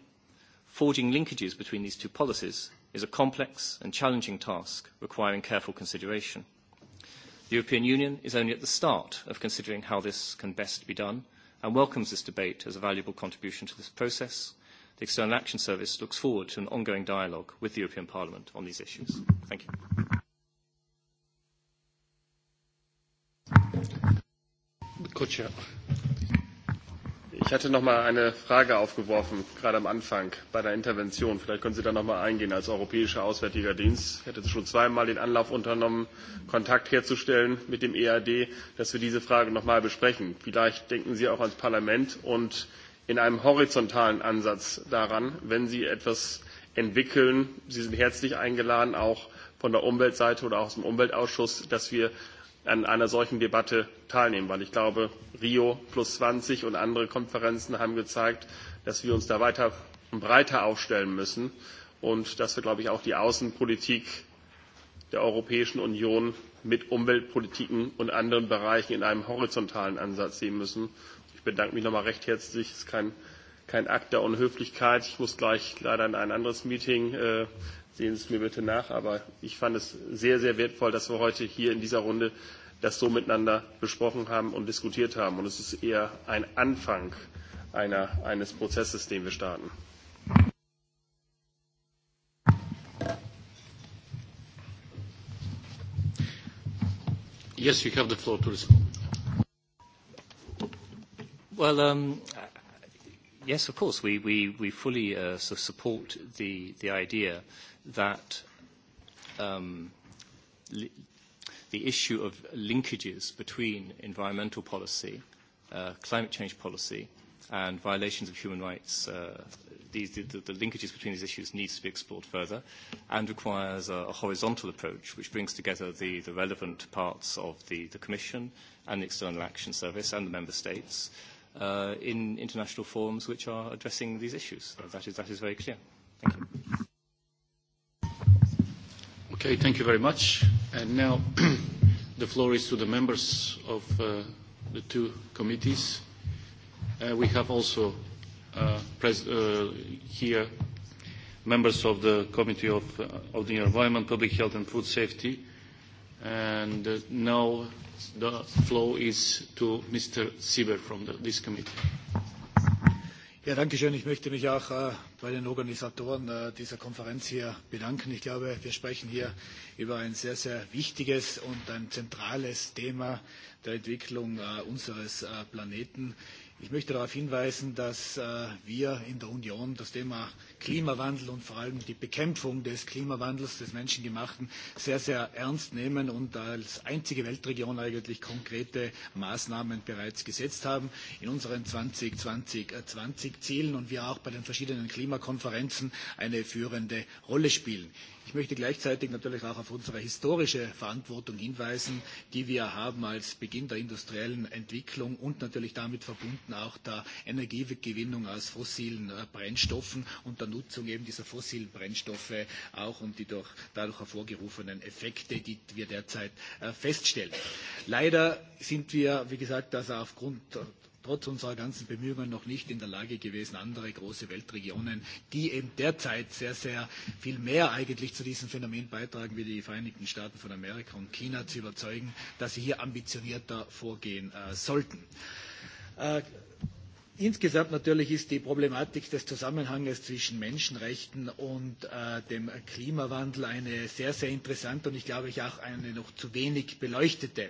forging linkages between these two policies is a complex and challenging task requiring careful consideration. The European Union is only at the start of considering how this can best be done and welcomes this debate as a valuable contribution to this process. The External Action Service looks forward to an ongoing dialogue with the European Parliament on these issues. Thank you. Good job. Ich hatte noch mal eine Frage aufgeworfen, gerade am Anfang bei der Intervention. Vielleicht können Sie da noch mal eingehen. Als Europäischer Auswärtiger Dienst hätte schon zweimal den Anlauf unternommen, Kontakt herzustellen mit dem EAD, dass wir diese Frage noch mal besprechen. Vielleicht denken Sie auch ans Parlament und in einem horizontalen Ansatz daran, wenn Sie etwas entwickeln. Sie sind herzlich eingeladen, auch von der Umweltseite oder auch aus dem Umweltausschuss, dass wir an einer solchen Debatte teilnehmen, weil ich glaube, Rio plus 20 und andere Konferenzen haben gezeigt, dass wir uns da weiter und breiter aufstellen müssen und dass wir, glaube ich, auch die Außenpolitik der Europäischen Union mit Umweltpolitiken und anderen Bereichen in einem horizontalen Ansatz sehen müssen. Ich bedanke mich nochmal recht herzlich. Es ist kein, kein Akt der Unhöflichkeit. Ich muss gleich leider in ein anderes Meeting. Äh, Sehen Sie es mir bitte nach, aber ich fand es sehr, sehr wertvoll, dass wir heute hier in dieser Runde das so miteinander besprochen haben und diskutiert haben. Und es ist eher ein Anfang einer, eines Prozesses, den wir starten. Yes, you have the floor to respond. Well, um, yes, of course, we, we, we fully uh, support the, the idea that um, the issue of linkages between environmental policy, uh, climate change policy, and violations of human rights, uh, these, the, the linkages between these issues needs to be explored further and requires a, a horizontal approach which brings together the, the relevant parts of the, the Commission and the External Action Service and the Member States uh, in international forums which are addressing these issues. So that, is, that is very clear. Thank you. Okay, thank you very much. And now the floor is to the members of uh, the two committees. Uh, we have also uh, pres uh, here members of the Committee of, uh, of the Environment, Public Health and Food Safety. And uh, now the floor is to Mr. Sieber from the, this committee. Ja, danke schön. Ich möchte mich auch äh, bei den Organisatoren äh, dieser Konferenz hier bedanken. Ich glaube, wir sprechen hier über ein sehr, sehr wichtiges und ein zentrales Thema der Entwicklung äh, unseres äh, Planeten. Ich möchte darauf hinweisen, dass äh, wir in der Union das Thema Klimawandel und vor allem die Bekämpfung des Klimawandels, des menschengemachten, sehr, sehr ernst nehmen und als einzige Weltregion eigentlich konkrete Maßnahmen bereits gesetzt haben in unseren 2020-Zielen äh, und wir auch bei den verschiedenen Klimakonferenzen eine führende Rolle spielen. Ich möchte gleichzeitig natürlich auch auf unsere historische Verantwortung hinweisen, die wir haben als Beginn der industriellen Entwicklung und natürlich damit verbunden auch der Energiegewinnung aus fossilen äh, Brennstoffen und der Nutzung eben dieser fossilen Brennstoffe auch und die durch, dadurch hervorgerufenen Effekte, die wir derzeit äh, feststellen. Leider sind wir, wie gesagt, also aufgrund trotz unserer ganzen Bemühungen noch nicht in der Lage gewesen, andere große Weltregionen, die eben derzeit sehr, sehr viel mehr eigentlich zu diesem Phänomen beitragen, wie die Vereinigten Staaten von Amerika und China, zu überzeugen, dass sie hier ambitionierter vorgehen äh, sollten. Äh, Insgesamt natürlich ist die Problematik des Zusammenhanges zwischen Menschenrechten und äh, dem Klimawandel eine sehr, sehr interessante und ich glaube ich auch eine noch zu wenig beleuchtete.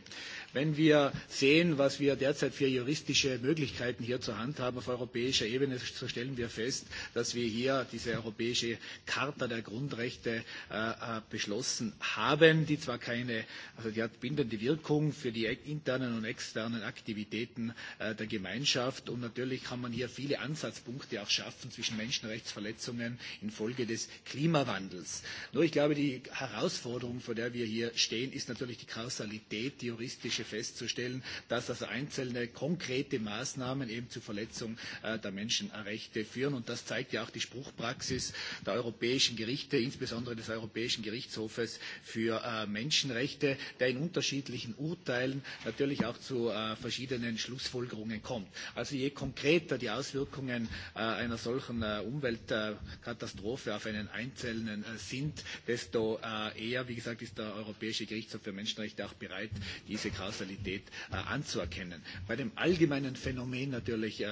Wenn wir sehen, was wir derzeit für juristische Möglichkeiten hier zur Hand haben auf europäischer Ebene, so stellen wir fest, dass wir hier diese europäische Charta der Grundrechte äh, äh beschlossen haben, die zwar keine, also die hat bindende Wirkung für die internen und externen Aktivitäten äh, der Gemeinschaft und natürlich natürlich kann man hier viele Ansatzpunkte auch schaffen zwischen Menschenrechtsverletzungen infolge des Klimawandels. Nur ich glaube, die Herausforderung, vor der wir hier stehen, ist natürlich die Kausalität, die juristische festzustellen, dass also einzelne konkrete Maßnahmen eben zu Verletzung äh, der Menschenrechte führen. Und das zeigt ja auch die Spruchpraxis der europäischen Gerichte, insbesondere des Europäischen Gerichtshofes für äh, Menschenrechte, der in unterschiedlichen Urteilen natürlich auch zu äh, verschiedenen Schlussfolgerungen kommt. Also je konkreter konkreter die Auswirkungen äh, einer solchen äh, Umweltkatastrophe auf einen Einzelnen äh, sind, desto eher, wie gesagt, ist der Europäische Gerichtshof für Menschenrechte auch bereit, diese Kausalität anzuerkennen. Bei dem allgemeinen Phänomen natürlich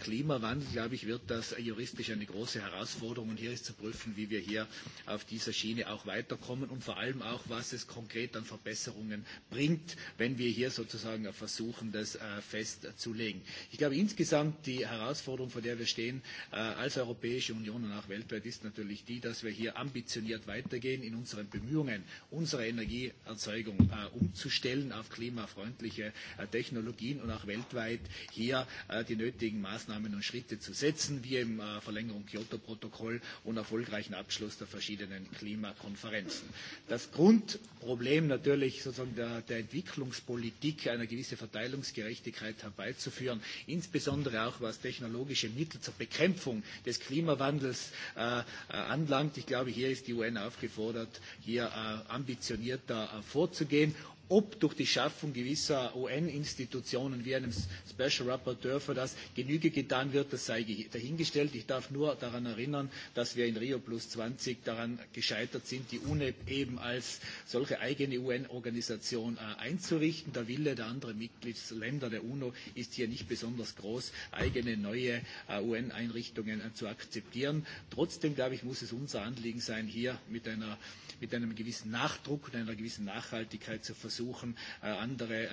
Klimawandel, glaube ich, wird das juristisch eine große Herausforderung und hier ist zu prüfen, wie wir hier auf dieser Schiene auch weiterkommen und vor allem auch, was es konkret an Verbesserungen bringt, wenn wir hier sozusagen versuchen, das festzulegen. Ich glaube, insgesamt insgesamt die Herausforderung, vor der wir stehen äh, als Europäische Union und auch weltweit, ist natürlich die, dass wir hier ambitioniert weitergehen in unseren Bemühungen, unsere Energieerzeugung äh, umzustellen auf klimafreundliche äh, Technologien und auch weltweit hier äh, die nötigen Maßnahmen und Schritte zu setzen, wie im äh, Verlängerung Kyoto-Protokoll und erfolgreichen Abschluss der verschiedenen Klimakonferenzen. Das Grundproblem natürlich sozusagen der, der Entwicklungspolitik, eine gewisse Verteilungsgerechtigkeit herbeizuführen, insbesondere insbesondere auch was technologische Mittel zur Bekämpfung des Klimawandels äh, äh anlangt. Ich glaube, hier ist die UN aufgefordert, hier äh, ambitionierter äh, vorzugehen ob durch die Schaffung gewisser UN-Institutionen wie einem Special Rapporteur für das Genüge getan wird, das sei dahingestellt. Ich darf nur daran erinnern, dass wir in Rio plus 20 daran gescheitert sind, die UNEP eben als solche eigene UN-Organisation äh, einzurichten. Der Wille der anderen Mitgliedsländer der UNO ist hier nicht besonders groß, eigene neue äh, UN-Einrichtungen äh, zu akzeptieren. Trotzdem, glaube ich, muss es unser Anliegen sein, hier mit, einer, mit einem gewissen Nachdruck und einer gewissen Nachhaltigkeit zu versuchen, versuchen, äh, andere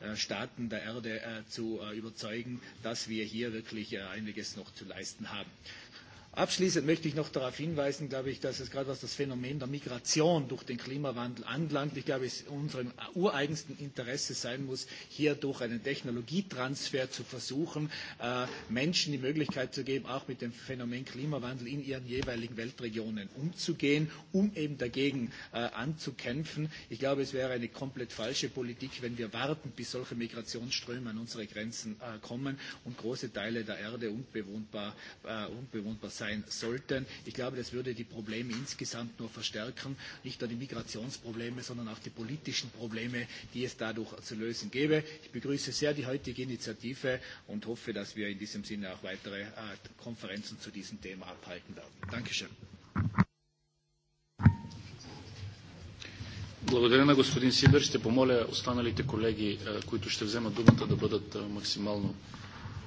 äh, äh, Staaten der Erde zu überzeugen, dass wir hier wirklich einiges noch zu leisten haben. Abschließend möchte ich noch darauf hinweisen, glaube ich, dass es gerade was das Phänomen der Migration durch den Klimawandel anlangt, ich glaube, es unserem ureigensten Interesse sein muss, hier durch einen Technologietransfer zu versuchen, äh, Menschen die Möglichkeit zu geben, auch mit dem Phänomen Klimawandel in ihren jeweiligen Weltregionen umzugehen, um eben dagegen äh, anzukämpfen. Ich glaube, es wäre eine komplett falsche Politik, wenn wir warten, bis solche Migrationsströme an unsere Grenzen äh, kommen und große Teile der Erde unbewohnbar, unbewohnbar sind sein sollten. Ich glaube, das würde die Probleme insgesamt nur verstärken, nicht nur die Migrationsprobleme, sondern auch die politischen Probleme, die es dadurch zu lösen gäbe. Ich begrüße sehr die heutige Initiative und hoffe, dass wir in diesem Sinne auch weitere äh, Konferenzen zu diesem Thema abhalten werden. Dankeschön. Благодаря на господин Сидър. Ще помоля останалите колеги, които ще вземат думата, да бъдат максимално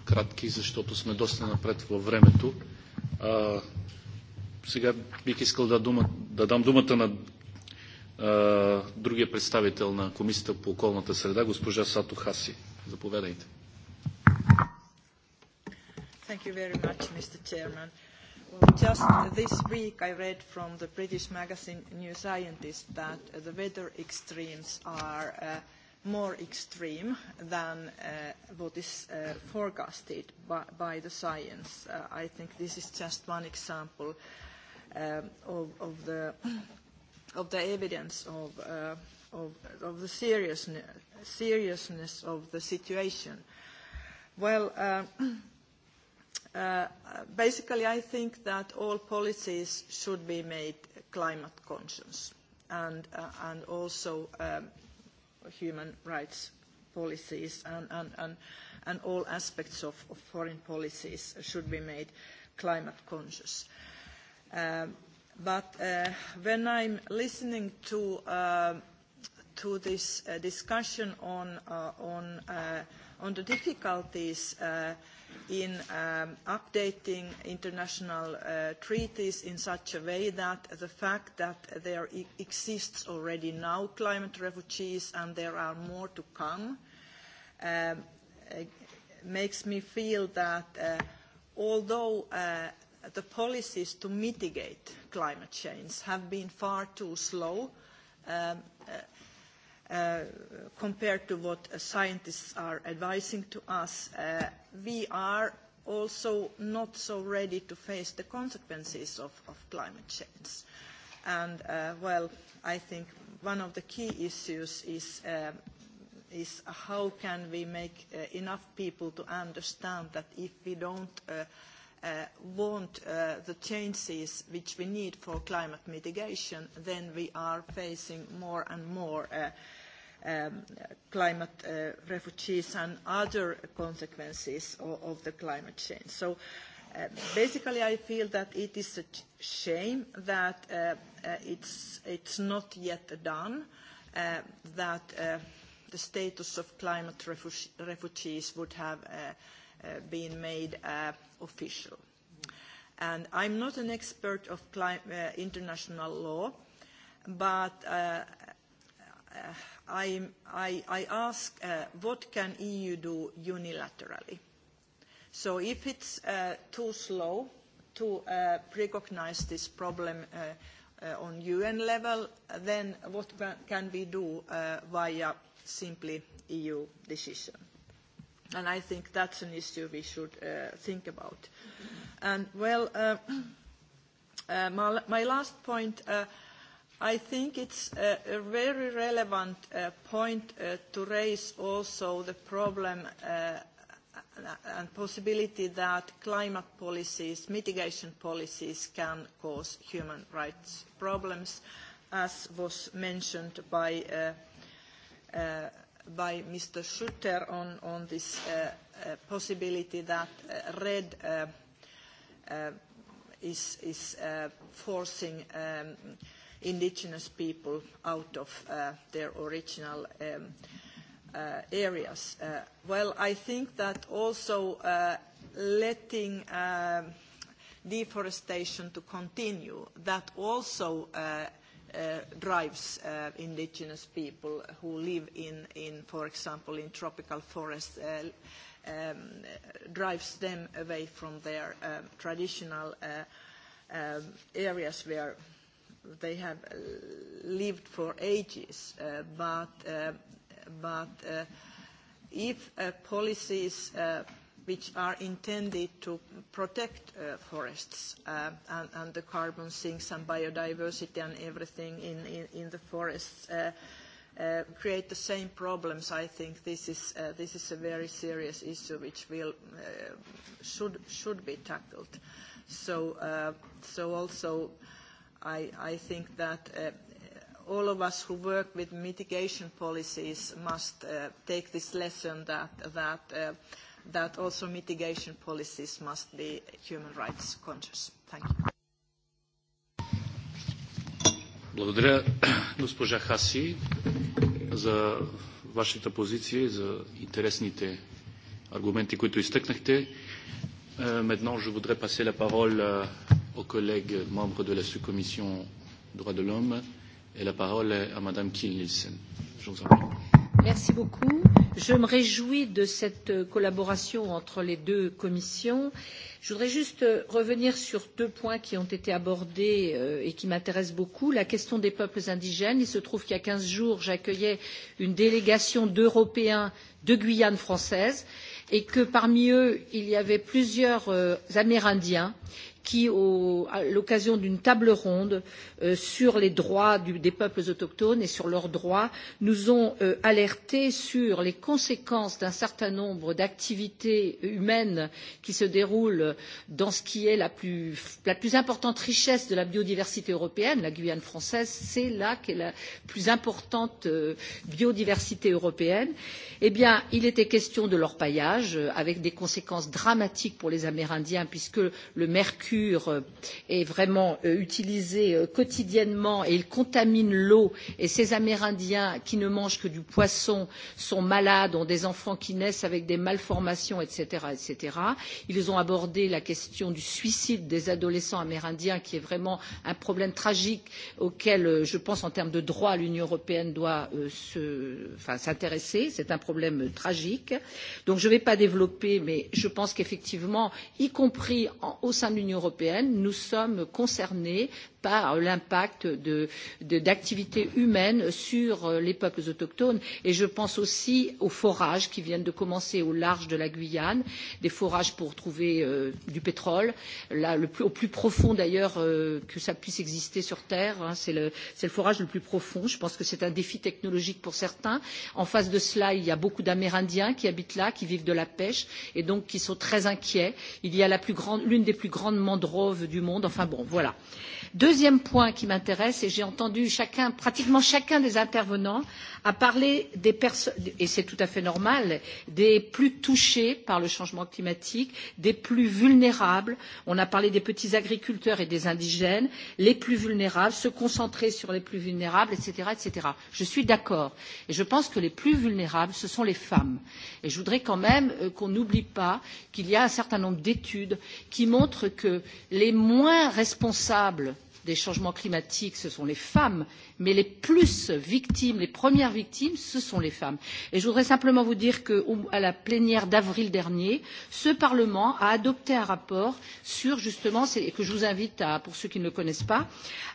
кратки, защото сме доста напред във времето сега бих искал да, дума, да дам думата на а, другия представител на Комисията по околната среда, госпожа Сато Хаси. Заповядайте. Thank you very much, Mr. Chairman. Well, just this week I read from the British magazine New Scientist that the weather extremes are uh, more extreme than uh, what is uh, forecasted by, by the science. Uh, I think this is just one example um, of, of, the, of the evidence of, uh, of, of the seriousness, seriousness of the situation. Well, uh, uh, basically I think that all policies should be made climate conscious and, uh, and also um, human rights policies and, and, and, and all aspects of, of foreign policies should be made climate conscious. Um, but uh, when I'm listening to, uh, to this uh, discussion on, uh, on, uh, on the difficulties uh, in um, updating international uh, treaties in such a way that the fact that there e-, exists already now climate refugees and there are more to come um, uh, makes me feel that uh, although uh, the policies to mitigate climate change have been far too slow, um, uh, uh, compared to what uh, scientists are advising to us, uh, we are also not so ready to face the consequences of, of climate change. And, uh, well, I think one of the key issues is, uh, is how can we make uh, enough people to understand that if we don't uh, uh, want uh, the changes which we need for climate mitigation, then we are facing more and more uh, um, climate uh, refugees and other consequences of, of the climate change. So uh, basically I feel that it is a shame that uh, uh, it's, it's not yet done, uh, that uh, the status of climate refu refugees would have uh, uh, being made uh, official. And I'm not an expert of uh, international law, but uh, uh I, I, I ask uh, what can EU do unilaterally? So if it's uh, too slow to uh, recognize this problem uh, uh, on UN level, then what can we do uh, via simply EU decision? And I think that's an issue we should uh, think about. And well, uh, uh, my, my last point, uh, I think it's a, a very relevant uh, point uh, to raise also the problem uh, and possibility that climate policies, mitigation policies can cause human rights problems, as was mentioned by uh, uh, by Mr. Schutter on, on this uh, uh, possibility that uh, red uh, uh, is, is uh, forcing um, indigenous people out of uh, their original um, uh, areas. Uh, well, I think that also uh, letting uh, deforestation to continue, that also uh, uh, drives uh, indigenous people who live in, in, for example, in tropical forests, uh, um, drives them away from their um, traditional uh, um, areas where they have uh, lived for ages. Uh, but uh, but uh, if uh, policies uh, which are intended to protect uh, forests uh, and, and the carbon sinks and biodiversity and everything in, in, in the forests uh, uh, create the same problems. I think this is, uh, this is a very serious issue which will, uh, should, should be tackled. So, uh, so also I, I think that uh, all of us who work with mitigation policies must uh, take this lesson that, that uh, that also mitigation policies must be human rights conscious. Thank you. Благодаря, госпожа Хаси, за вашата позиция и за интересните аргументи, които изтъкнахте. Maintenant, je voudrais passer la parole euh, aux collègues membres de la sous-commission droits de l'homme et la parole à Madame Kiel Nielsen. Je vous en prie. Merci beaucoup. Je me réjouis de cette collaboration entre les deux commissions. Je voudrais juste revenir sur deux points qui ont été abordés euh, et qui m'intéressent beaucoup. La question des peuples indigènes. Il se trouve qu'il y a quinze jours, j'accueillais une délégation d'Européens de Guyane française et que parmi eux, il y avait plusieurs euh, Amérindiens qui, au, à l'occasion d'une table ronde euh, sur les droits du, des peuples autochtones et sur leurs droits, nous ont euh, alertés sur les conséquences d'un certain nombre d'activités humaines qui se déroulent dans ce qui est la plus, la plus importante richesse de la biodiversité européenne, la Guyane française, c'est là qu'est la plus importante euh, biodiversité européenne. Eh bien, il était question de leur paillage, euh, avec des conséquences dramatiques pour les Amérindiens, puisque le mercure mercure euh, est vraiment euh, utilisé euh, quotidiennement et il contamine l'eau et ces Amérindiens qui ne mangent que du poisson sont malades, ont des enfants qui naissent avec des malformations, etc. etc. Ils ont abordé la question du suicide des adolescents amérindiens qui est vraiment un problème tragique auquel je pense en termes de droit l'Union européenne doit euh, s'intéresser. C'est un problème tragique. Donc je ne vais pas développer, mais je pense qu'effectivement, y compris en, au sein de l'Union européenne, nous sommes concernés pas euh, l'impact d'activités humaines sur euh, les peuples autochtones. Et je pense aussi aux forages qui viennent de commencer au large de la Guyane, des forages pour trouver euh, du pétrole, là, le plus, au plus profond d'ailleurs euh, que ça puisse exister sur Terre. Hein, c'est le, le forage le plus profond. Je pense que c'est un défi technologique pour certains. En face de cela, il y a beaucoup d'Amérindiens qui habitent là, qui vivent de la pêche et donc qui sont très inquiets. Il y a l'une des plus grandes mangroves du monde. Enfin bon, voilà. Euh, Deuxième point qui m'intéresse, et j'ai entendu chacun, pratiquement chacun des intervenants, a parlé des personnes, et c'est tout à fait normal, des plus touchés par le changement climatique, des plus vulnérables. On a parlé des petits agriculteurs et des indigènes, les plus vulnérables, se concentrer sur les plus vulnérables, etc., etc. Je suis d'accord. Et je pense que les plus vulnérables, ce sont les femmes. Et je voudrais quand même euh, qu'on n'oublie pas qu'il y a un certain nombre d'études qui montrent que les moins responsables des changements climatiques, ce sont les femmes mais les plus victimes, les premières victimes, ce sont les femmes. Et je voudrais simplement vous dire qu'à la plénière d'avril dernier, ce Parlement a adopté un rapport sur justement, que je vous invite à, pour ceux qui ne le connaissent pas,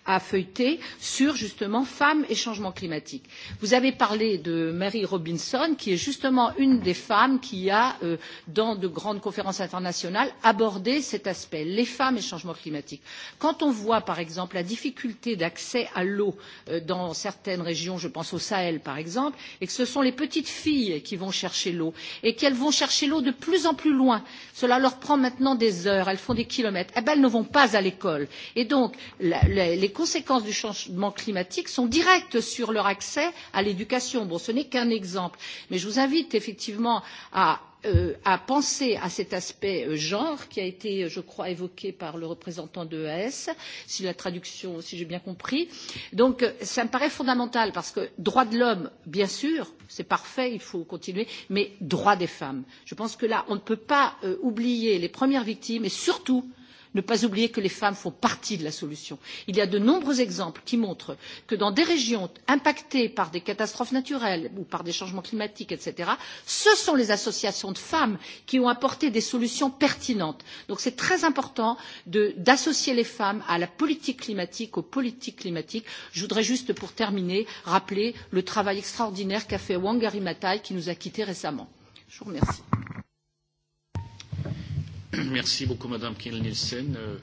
à feuilleter, sur justement femmes et changement climatique. Vous avez parlé de Mary Robinson, qui est justement une des femmes qui a, euh, dans de grandes conférences internationales, abordé cet aspect, les femmes et changement climatique. Quand on voit par exemple la difficulté d'accès à l'eau Euh, dans certaines régions, je pense au Sahel par exemple, et que ce sont les petites filles qui vont chercher l'eau et qu'elles vont chercher l'eau de plus en plus loin. Cela leur prend maintenant des heures, elles font des kilomètres. et eh bien, elles ne vont pas à l'école. Et donc, la, la, les conséquences du changement climatique sont directes sur leur accès à l'éducation. Bon, ce n'est qu'un exemple, mais je vous invite effectivement à euh, à penser à cet aspect euh, genre qui a été, euh, je crois, évoqué par le représentant de l'EAS, si la traduction, si j'ai bien compris. Donc, euh, ça me paraît fondamental parce que droits de l'homme, bien sûr, c'est parfait, il faut continuer, mais droits des femmes. Je pense que là, on ne peut pas euh, oublier les premières victimes et surtout ne pas oublier que les femmes font partie de la solution. Il y a de nombreux exemples qui montrent que dans des régions impactées par des catastrophes naturelles ou par des changements climatiques, etc., ce sont les associations de femmes qui ont apporté des solutions pertinentes. Donc c'est très important d'associer les femmes à la politique climatique, aux politiques climatiques. Je voudrais juste, pour terminer, rappeler le travail extraordinaire qu'a fait Wangari Matai, qui nous a quittés récemment. Je vous remercie. Merci beaucoup, Madame Kiel-Nielsen. Euh,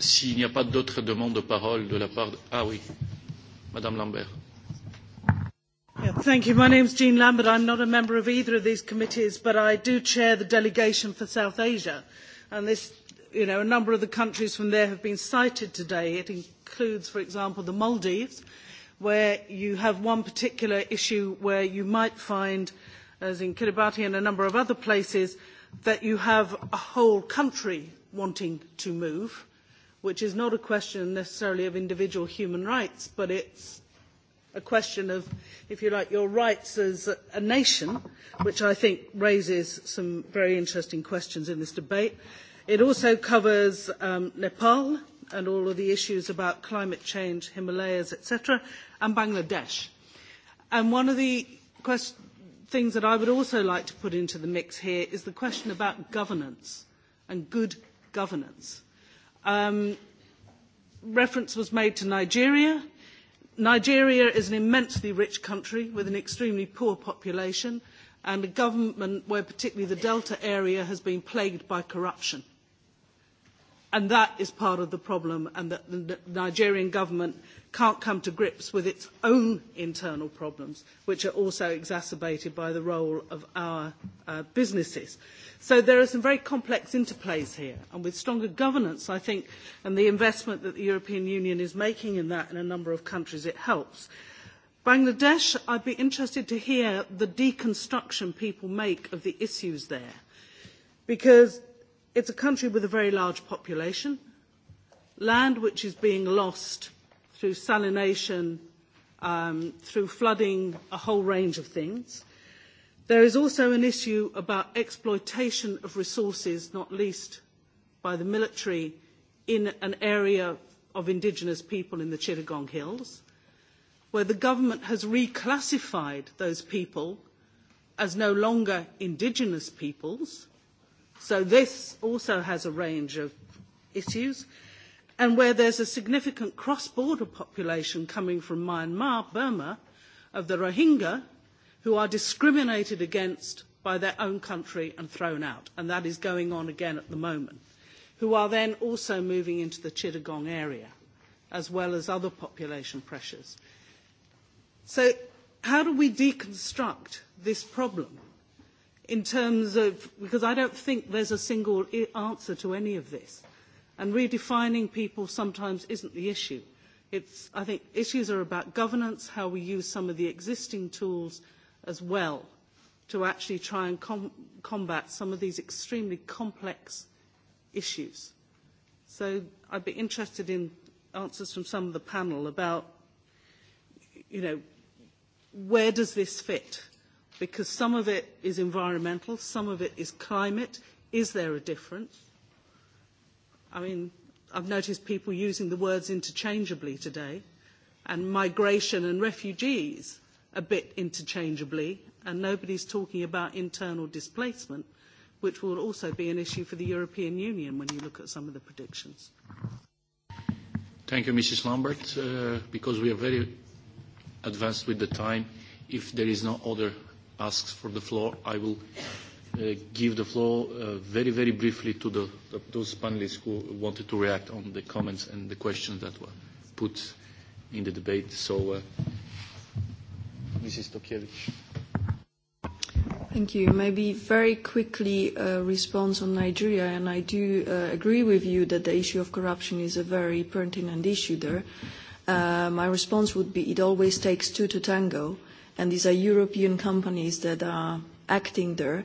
s'il n'y a pas d'autres demandes de parole de la part... De... Ah oui, Madame Lambert. Yeah, thank you. My name is Jean Lambert. I'm not a member of either of these committees, but I do chair the delegation for South Asia. And this, you know, a number of the countries from there have been cited today. It includes, for example, the Maldives, where you have one particular issue where you might find, as in Kiribati and a number of other places, that you have a whole country wanting to move, which is not a question necessarily of individual human rights, but it's a question of, if you like, your rights as a nation, which I think raises some very interesting questions in this debate. It also covers um, Nepal and all of the issues about climate change, Himalayas, etc., and Bangladesh. And one of the questions things that I would also like to put into the mix here is the question about governance and good governance. Um, reference was made to Nigeria. Nigeria is an immensely rich country with an extremely poor population and a government where particularly the Delta area has been plagued by corruption and that is part of the problem and that the Nigerian government can't come to grips with its own internal problems, which are also exacerbated by the role of our uh, businesses. So there are some very complex interplays here, and with stronger governance, I think, and the investment that the European Union is making in that in a number of countries, it helps. Bangladesh, I'd be interested to hear the deconstruction people make of the issues there, because It is a country with a very large population, land which is being lost through salination, um, through flooding, a whole range of things. There is also an issue about exploitation of resources, not least by the military, in an area of indigenous people in the Chittagong Hills, where the government has reclassified those people as no longer indigenous peoples So this also has a range of issues. And where there's a significant cross-border population coming from Myanmar, Burma, of the Rohingya, who are discriminated against by their own country and thrown out. And that is going on again at the moment. Who are then also moving into the Chittagong area, as well as other population pressures. So how do we deconstruct this problem? in terms of, because I don't think there's a single answer to any of this. And redefining people sometimes isn't the issue. It's, I think issues are about governance, how we use some of the existing tools as well to actually try and com combat some of these extremely complex issues. So I'd be interested in answers from some of the panel about, you know, where does this fit? because some of it is environmental, some of it is climate. Is there a difference? I mean, I've noticed people using the words interchangeably today, and migration and refugees a bit interchangeably, and nobody's talking about internal displacement, which will also be an issue for the European Union when you look at some of the predictions. Thank you, Mrs. Lambert. Uh, because we are very advanced with the time, if there is no other asks for the floor, I will uh, give the floor uh, very, very briefly to the, the, those panelists who wanted to react on the comments and the questions that were put in the debate. So, uh, Mrs. Tokiewicz. Thank you. Maybe very quickly uh, response on Nigeria, and I do uh, agree with you that the issue of corruption is a very pertinent issue there. Uh, my response would be it always takes two to tango and these are European companies that are acting there.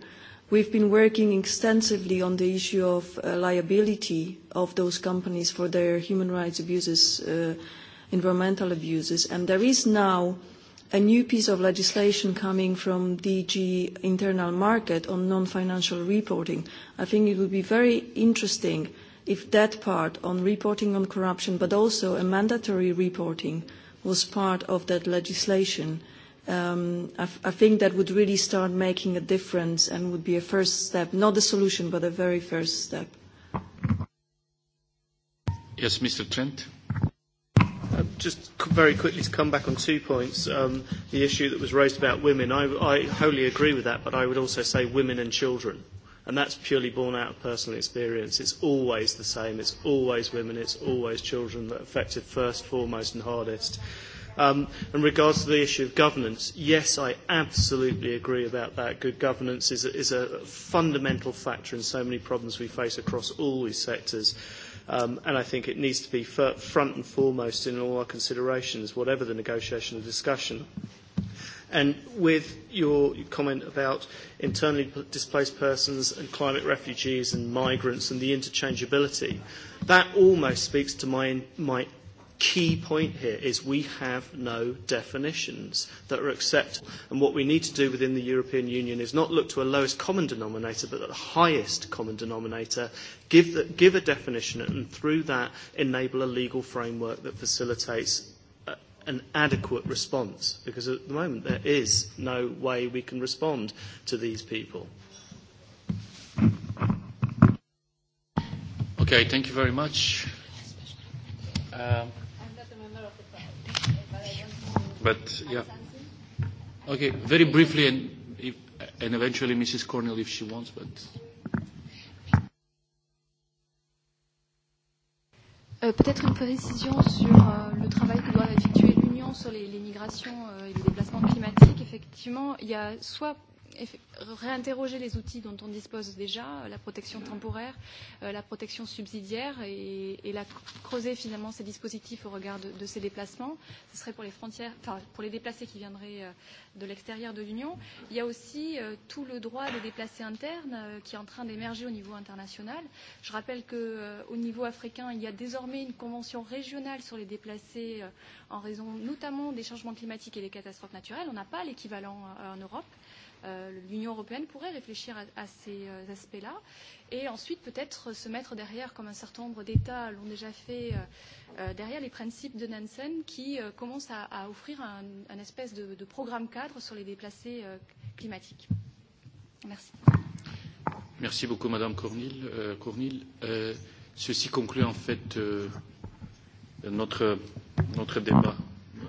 We've been working extensively on the issue of uh, liability of those companies for their human rights abuses, uh, environmental abuses, and there is now a new piece of legislation coming from DG Internal Market on non-financial reporting. I think it would be very interesting if that part on reporting on corruption, but also a mandatory reporting, was part of that legislation um, I, I think that would really start making a difference and would be a first step, not the solution, but a very first step. Yes, Mr. Trent. Uh, just very quickly to come back on two points. Um, the issue that was raised about women, I, I wholly agree with that, but I would also say women and children. And that's purely born out of personal experience. It's always the same. It's always women. It's always children that are affected first, foremost, and hardest. Um, in regards to the issue of governance, yes, I absolutely agree about that. Good governance is a, is a fundamental factor in so many problems we face across all these sectors. Um, and I think it needs to be front and foremost in all our considerations, whatever the negotiation or discussion. And with your comment about internally displaced persons and climate refugees and migrants and the interchangeability, that almost speaks to my, my key point here is we have no definitions that are acceptable. And what we need to do within the European Union is not look to a lowest common denominator, but the highest common denominator, give, the, give a definition, and through that enable a legal framework that facilitates uh, an adequate response. Because at the moment, there is no way we can respond to these people. Okay, thank you very much. Um, But, yeah. Okay, very briefly, and, if, and eventually Mrs. Cornell if she wants, but... Euh, Peut-être une précision sur euh, le travail que doit effectuer l'Union sur les, les migrations euh, et les déplacements climatiques. Effectivement, il y a soit réinterroger les outils dont on dispose déjà, euh, la protection temporaire, euh, la protection subsidiaire et, et la, creuser finalement ces dispositifs au regard de, de ces déplacements. Ce serait pour les frontières, enfin pour les déplacés qui viendraient euh, de l'extérieur de l'Union. Il y a aussi euh, tout le droit des déplacés internes euh, qui est en train d'émerger au niveau international. Je rappelle que euh, au niveau africain, il y a désormais une convention régionale sur les déplacés euh, en raison notamment des changements climatiques et des catastrophes naturelles. On n'a pas l'équivalent euh, en Europe. Euh, euh, l'Union européenne pourrait réfléchir à, à ces euh, aspects-là et ensuite peut-être se mettre derrière, comme un certain nombre d'États l'ont déjà fait, euh, euh, derrière les principes de Nansen qui euh, commencent à, à offrir un, un espèce de, de programme cadre sur les déplacés euh, climatiques. Merci. Merci beaucoup, Madame Cornil. Euh, Cornil euh, ceci conclut en fait euh, notre, notre débat,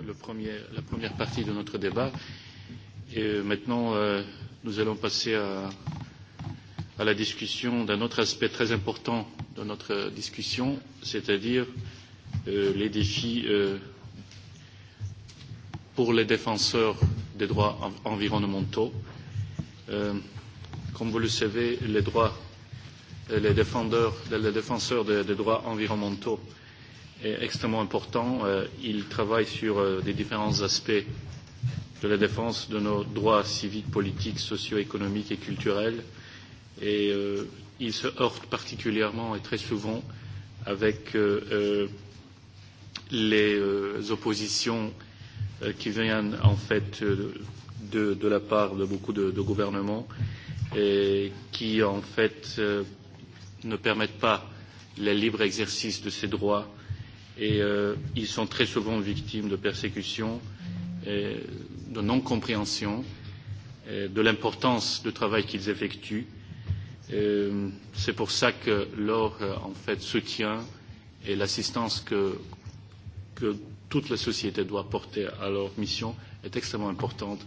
le premier, la première partie de notre débat. Et maintenant, euh, nous allons passer à, à la discussion d'un autre aspect très important de notre discussion, c'est-à-dire euh, les défis euh, pour les défenseurs des droits environnementaux. Euh, comme vous le savez, les droits, euh, les défendeurs, les défenseurs des, des droits environnementaux est extrêmement important. Euh, ils travaillent sur euh, des différents aspects de la défense de nos droits civiques, politiques, socio-économiques et culturels. Et euh, il se heurte particulièrement et très souvent avec euh, euh, les euh, oppositions euh, qui viennent en fait euh, de, de la part de beaucoup de, de gouvernements et qui en fait euh, ne permettent pas le libre exercice de ces droits et euh, ils sont très souvent victimes de persécutions. Et de non-compréhension euh, de l'importance du travail qu'ils effectuent. Euh, C'est pour ça que leur euh, en fait, soutien et l'assistance que, que toute la société doit porter à leur mission est extrêmement importante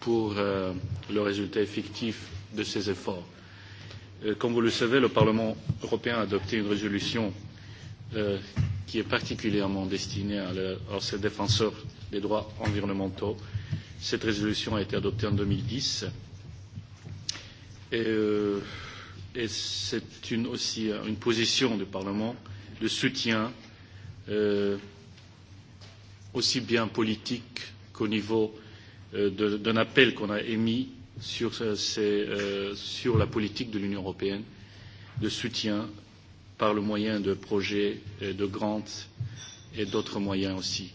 pour euh, le résultat effectif de ces efforts. Euh, comme vous le savez, le Parlement européen a adopté une résolution euh, qui est particulièrement destinée à, le, à défenseurs des droits environnementaux. Cette résolution a été adoptée en 2010. Et, euh, et c'est une, aussi euh, une position du Parlement de soutien euh, aussi bien politique qu'au niveau euh, d'un appel qu'on a émis sur, euh, ces, euh, sur la politique de l'Union européenne de soutien par le moyen de projets, euh, de grants et d'autres moyens aussi.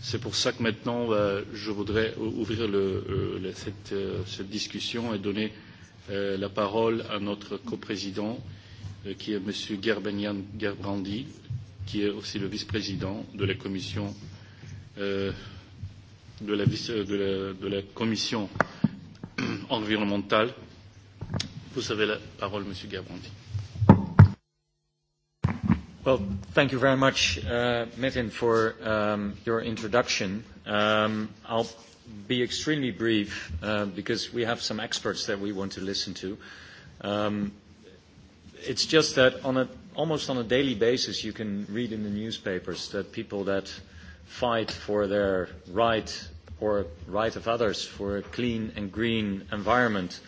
C'est pour ça que maintenant, euh, je voudrais ouvrir le, euh, le, cette, euh, cette discussion et donner euh, la parole à notre coprésident, euh, qui est M. Gerbenian Gerbrandi, qui est aussi le vice-président de la commission euh, de, la vice, euh, de, la, de la commission environnementale. Vous avez la parole, Monsieur Gabrandi. Well, thank you very much, uh, Metin, for um, your introduction. Um, I'll be extremely brief uh, because we have some experts that we want to listen to. Um, it's just that on a, almost on a daily basis you can read in the newspapers that people that fight for their right or right of others for a clean and green environment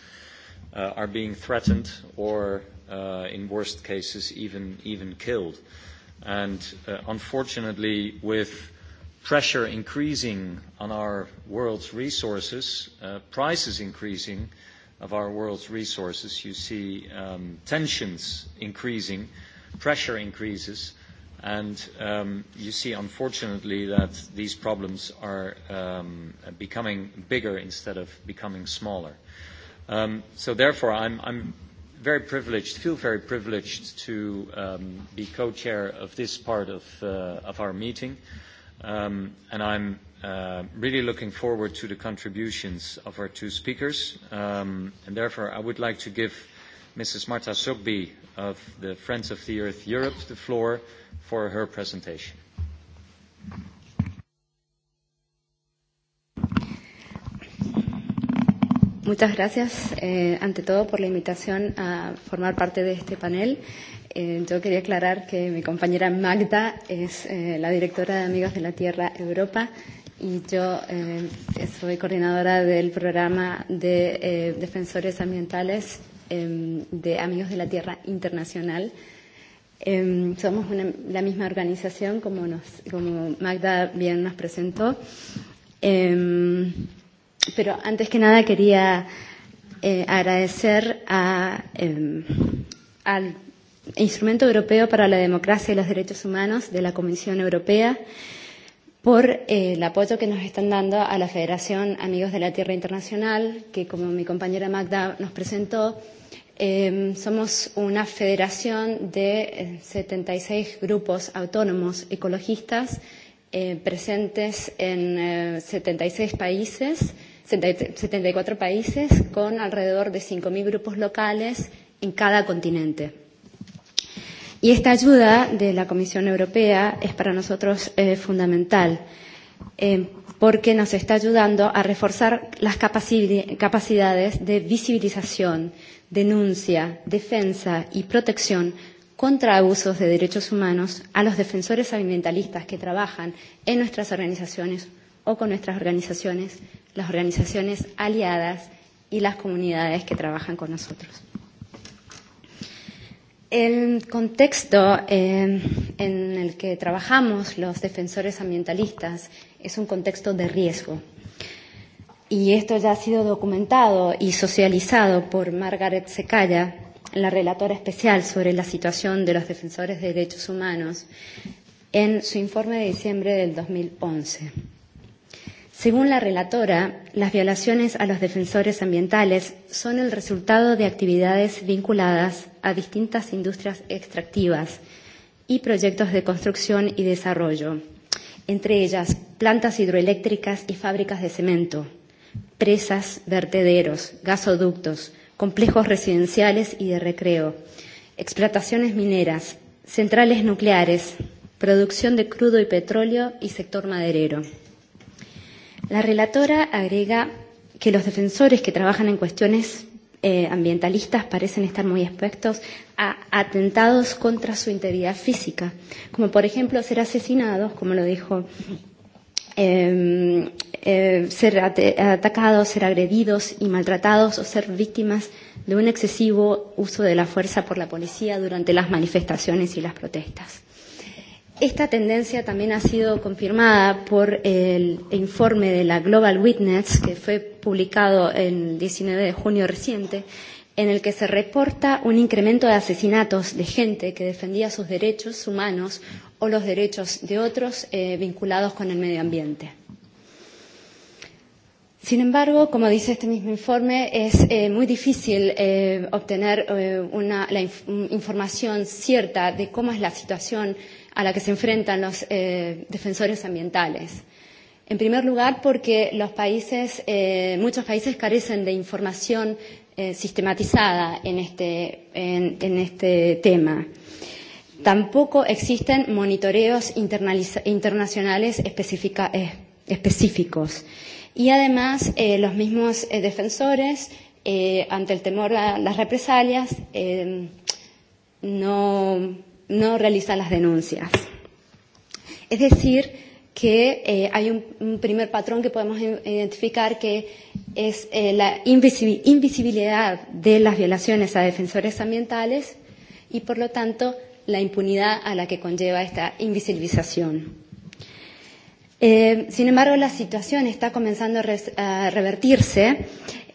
uh, are being threatened or uh, in worst cases even, even killed. And uh, unfortunately, with pressure increasing on our world's resources, uh, prices increasing of our world's resources, you see um, tensions increasing, pressure increases, and um, you see unfortunately that these problems are um, becoming bigger instead of becoming smaller. Um, so therefore, I'm, I'm very privileged, feel very privileged to um, be co-chair of this part of, uh, of our meeting. Um, and I'm uh, really looking forward to the contributions of our two speakers. Um, and therefore, I would like to give Mrs. Marta Sogbi of the Friends of the Earth Europe the floor for her presentation. Thank you. Muchas gracias, eh, ante todo, por la invitación a formar parte de este panel. Eh, yo quería aclarar que mi compañera Magda es eh, la directora de Amigos de la Tierra Europa y yo eh, soy coordinadora del programa de eh, defensores ambientales eh, de Amigos de la Tierra Internacional. Eh, somos una, la misma organización como, nos, como Magda bien nos presentó. Eh, Pero antes que nada quería eh, agradecer a, eh, al Instrumento Europeo para la Democracia y los Derechos Humanos de la Comisión Europea por eh, el apoyo que nos están dando a la Federación Amigos de la Tierra Internacional, que como mi compañera Magda nos presentó, eh, somos una federación de 76 eh, grupos autónomos ecologistas eh, presentes en eh, 76 países 74 países con alrededor de 5.000 grupos locales en cada continente. Y esta ayuda de la Comisión Europea es para nosotros eh, fundamental eh, porque nos está ayudando a reforzar las capaci capacidades de visibilización, denuncia, defensa y protección contra abusos de derechos humanos a los defensores ambientalistas que trabajan en nuestras organizaciones o con nuestras organizaciones las organizaciones aliadas y las comunidades que trabajan con nosotros. El contexto eh, en el que trabajamos los defensores ambientalistas es un contexto de riesgo. Y esto ya ha sido documentado y socializado por Margaret Secaya, la relatora especial sobre la situación de los defensores de derechos humanos, en su informe de diciembre del 2011. Según la relatora, las violaciones a los defensores ambientales son el resultado de actividades vinculadas a distintas industrias extractivas y proyectos de construcción y desarrollo, entre ellas plantas hidroeléctricas y fábricas de cemento, presas, vertederos, gasoductos, complejos residenciales y de recreo, explotaciones mineras, centrales nucleares, producción de crudo y petróleo y sector maderero. La relatora agrega que los defensores que trabajan en cuestiones eh, ambientalistas parecen estar muy expuestos a atentados contra su integridad física, como por ejemplo ser asesinados, como lo dijo, eh, eh, ser at atacados, ser agredidos y maltratados o ser víctimas de un excesivo uso de la fuerza por la policía durante las manifestaciones y las protestas. Esta tendencia también ha sido confirmada por el informe de la Global Witness, que fue publicado el 19 de junio reciente, en el que se reporta un incremento de asesinatos de gente que defendía sus derechos humanos o los derechos de otros eh, vinculados con el medio ambiente. Sin embargo, como dice este mismo informe, es eh, muy difícil eh, obtener eh, una, la inf información cierta de cómo es la situación a la que se enfrentan los eh, defensores ambientales. En primer lugar, porque los países, eh, muchos países carecen de información eh, sistematizada en este, en, en este tema. Tampoco existen monitoreos internacionales específica, eh, específicos. Y además, eh, los mismos eh, defensores, eh, ante el temor a las represalias, eh, no no realiza las denuncias. Es decir, que eh, hay un, un primer patrón que podemos identificar que es eh, la invisibilidad de las violaciones a defensores ambientales y, por lo tanto, la impunidad a la que conlleva esta invisibilización. Eh, sin embargo, la situación está comenzando a, re a revertirse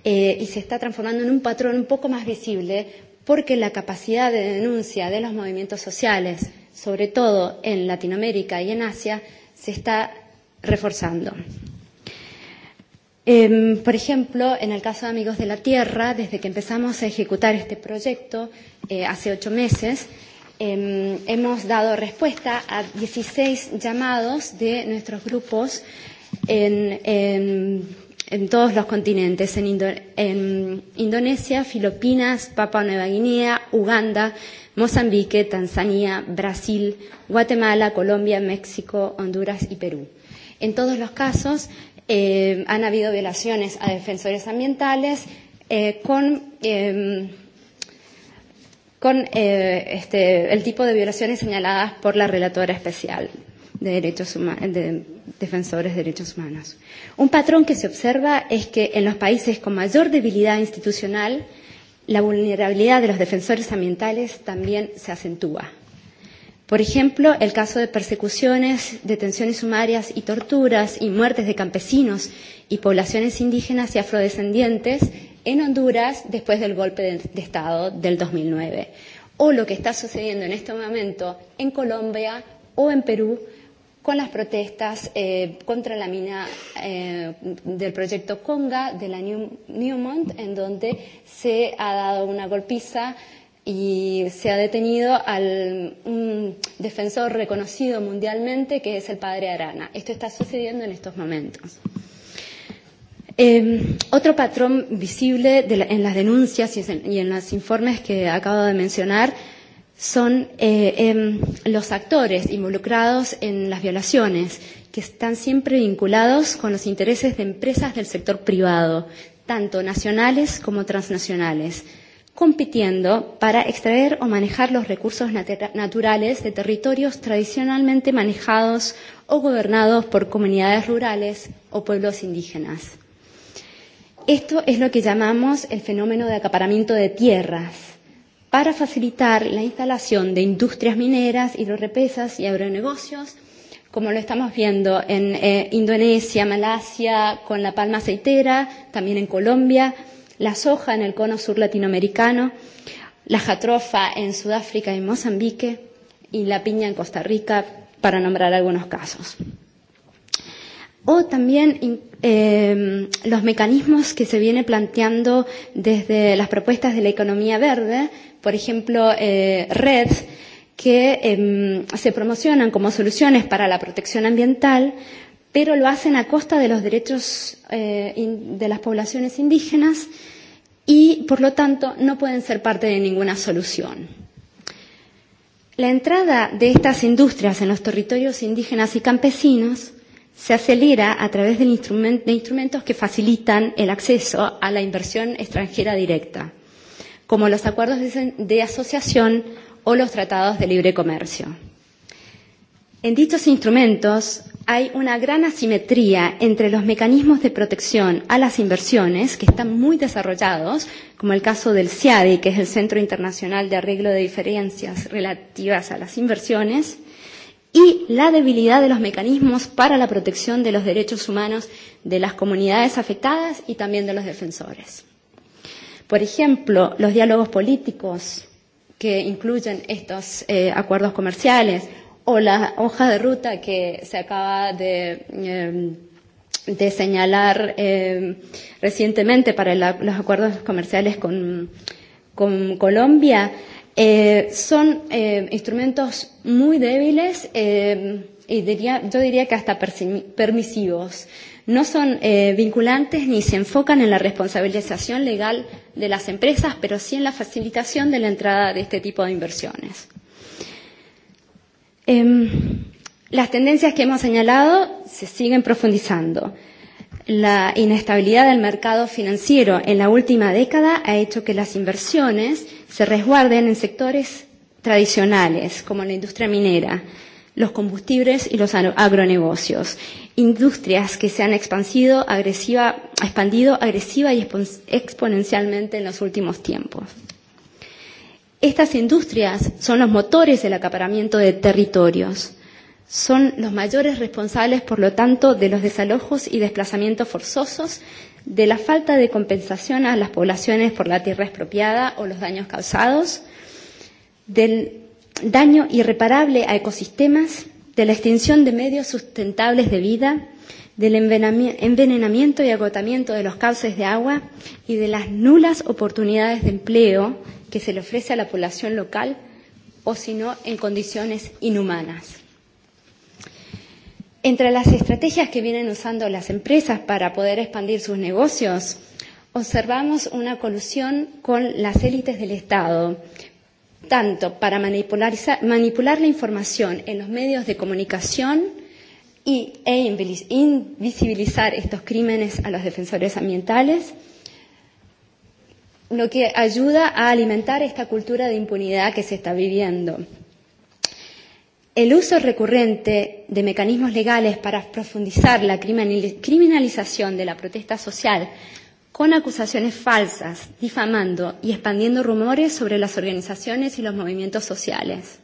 eh, y se está transformando en un patrón un poco más visible porque la capacidad de denuncia de los movimientos sociales, sobre todo en Latinoamérica y en Asia, se está reforzando. Eh, por ejemplo, en el caso de Amigos de la Tierra, desde que empezamos a ejecutar este proyecto eh, hace ocho meses, eh, hemos dado respuesta a 16 llamados de nuestros grupos en, en en todos los continentes, en, Indo en Indonesia, Filipinas, Papua Nueva Guinea, Uganda, Mozambique, Tanzania, Brasil, Guatemala, Colombia, México, Honduras y Perú. En todos los casos eh, han habido violaciones a defensores ambientales eh, con, eh, con eh, este, el tipo de violaciones señaladas por la relatora especial de derechos humanos de defensores de derechos humanos. Un patrón que se observa es que en los países con mayor debilidad institucional, la vulnerabilidad de los defensores ambientales también se acentúa. Por ejemplo, el caso de persecuciones, detenciones sumarias y torturas y muertes de campesinos y poblaciones indígenas y afrodescendientes en Honduras después del golpe de Estado del 2009. O lo que está sucediendo en este momento en Colombia o en Perú con las protestas eh, contra la mina eh, del proyecto Conga de la New, Newmont, en donde se ha dado una golpiza y se ha detenido al un defensor reconocido mundialmente que es el padre Arana. Esto está sucediendo en estos momentos. Eh, otro patrón visible de la, en las denuncias y en, y en los informes que acabo de mencionar son eh, eh, los actores involucrados en las violaciones, que están siempre vinculados con los intereses de empresas del sector privado, tanto nacionales como transnacionales, compitiendo para extraer o manejar los recursos nat naturales de territorios tradicionalmente manejados o gobernados por comunidades rurales o pueblos indígenas. Esto es lo que llamamos el fenómeno de acaparamiento de tierras para facilitar la instalación de industrias mineras, hidrorepesas y agronegocios, como lo estamos viendo en eh, Indonesia, Malasia, con la palma aceitera, también en Colombia, la soja en el cono sur latinoamericano, la jatrofa en Sudáfrica y Mozambique, y la piña en Costa Rica, para nombrar algunos casos. O también eh, los mecanismos que se viene planteando desde las propuestas de la economía verde por ejemplo, eh, Red, que eh, se promocionan como soluciones para la protección ambiental, pero lo hacen a costa de los derechos eh, in, de las poblaciones indígenas y, por lo tanto, no pueden ser parte de ninguna solución. La entrada de estas industrias en los territorios indígenas y campesinos se acelera a través de, de instrumentos que facilitan el acceso a la inversión extranjera directa como los acuerdos de asociación o los tratados de libre comercio. En dichos instrumentos hay una gran asimetría entre los mecanismos de protección a las inversiones, que están muy desarrollados, como el caso del CIADI, que es el Centro Internacional de Arreglo de Diferencias Relativas a las Inversiones, y la debilidad de los mecanismos para la protección de los derechos humanos de las comunidades afectadas y también de los defensores. Por ejemplo, los diálogos políticos que incluyen estos eh, acuerdos comerciales o la hoja de ruta que se acaba de, eh, de señalar eh, recientemente para la, los acuerdos comerciales con, con Colombia, eh, son eh, instrumentos muy débiles eh, y diría, yo diría que hasta permisivos no son eh, vinculantes ni se enfocan en la responsabilización legal de las empresas, pero sí en la facilitación de la entrada de este tipo de inversiones. Eh, las tendencias que hemos señalado se siguen profundizando. La inestabilidad del mercado financiero en la última década ha hecho que las inversiones se resguarden en sectores tradicionales, como la industria minera, los combustibles y los agronegocios, industrias que se han expandido, agresiva, expandido agresiva y exponencialmente en los últimos tiempos. Estas industrias son los motores del acaparamiento de territorios. Son los mayores responsables, por lo tanto, de los desalojos y desplazamientos forzosos, de la falta de compensación a las poblaciones por la tierra expropiada o los daños causados, del daño irreparable a ecosistemas de la extinción de medios sustentables de vida, del envenenamiento y agotamiento de los cauces de agua y de las nulas oportunidades de empleo que se le ofrece a la población local o si no en condiciones inhumanas. Entre las estrategias que vienen usando las empresas para poder expandir sus negocios, observamos una colusión con las élites del Estado tanto para manipular, manipular la información en los medios de comunicación y, e invisibilizar estos crímenes a los defensores ambientales, lo que ayuda a alimentar esta cultura de impunidad que se está viviendo. El uso recurrente de mecanismos legales para profundizar la criminalización de la protesta social con acusaciones falsas, difamando y expandiendo rumores sobre las organizaciones y los movimientos sociales.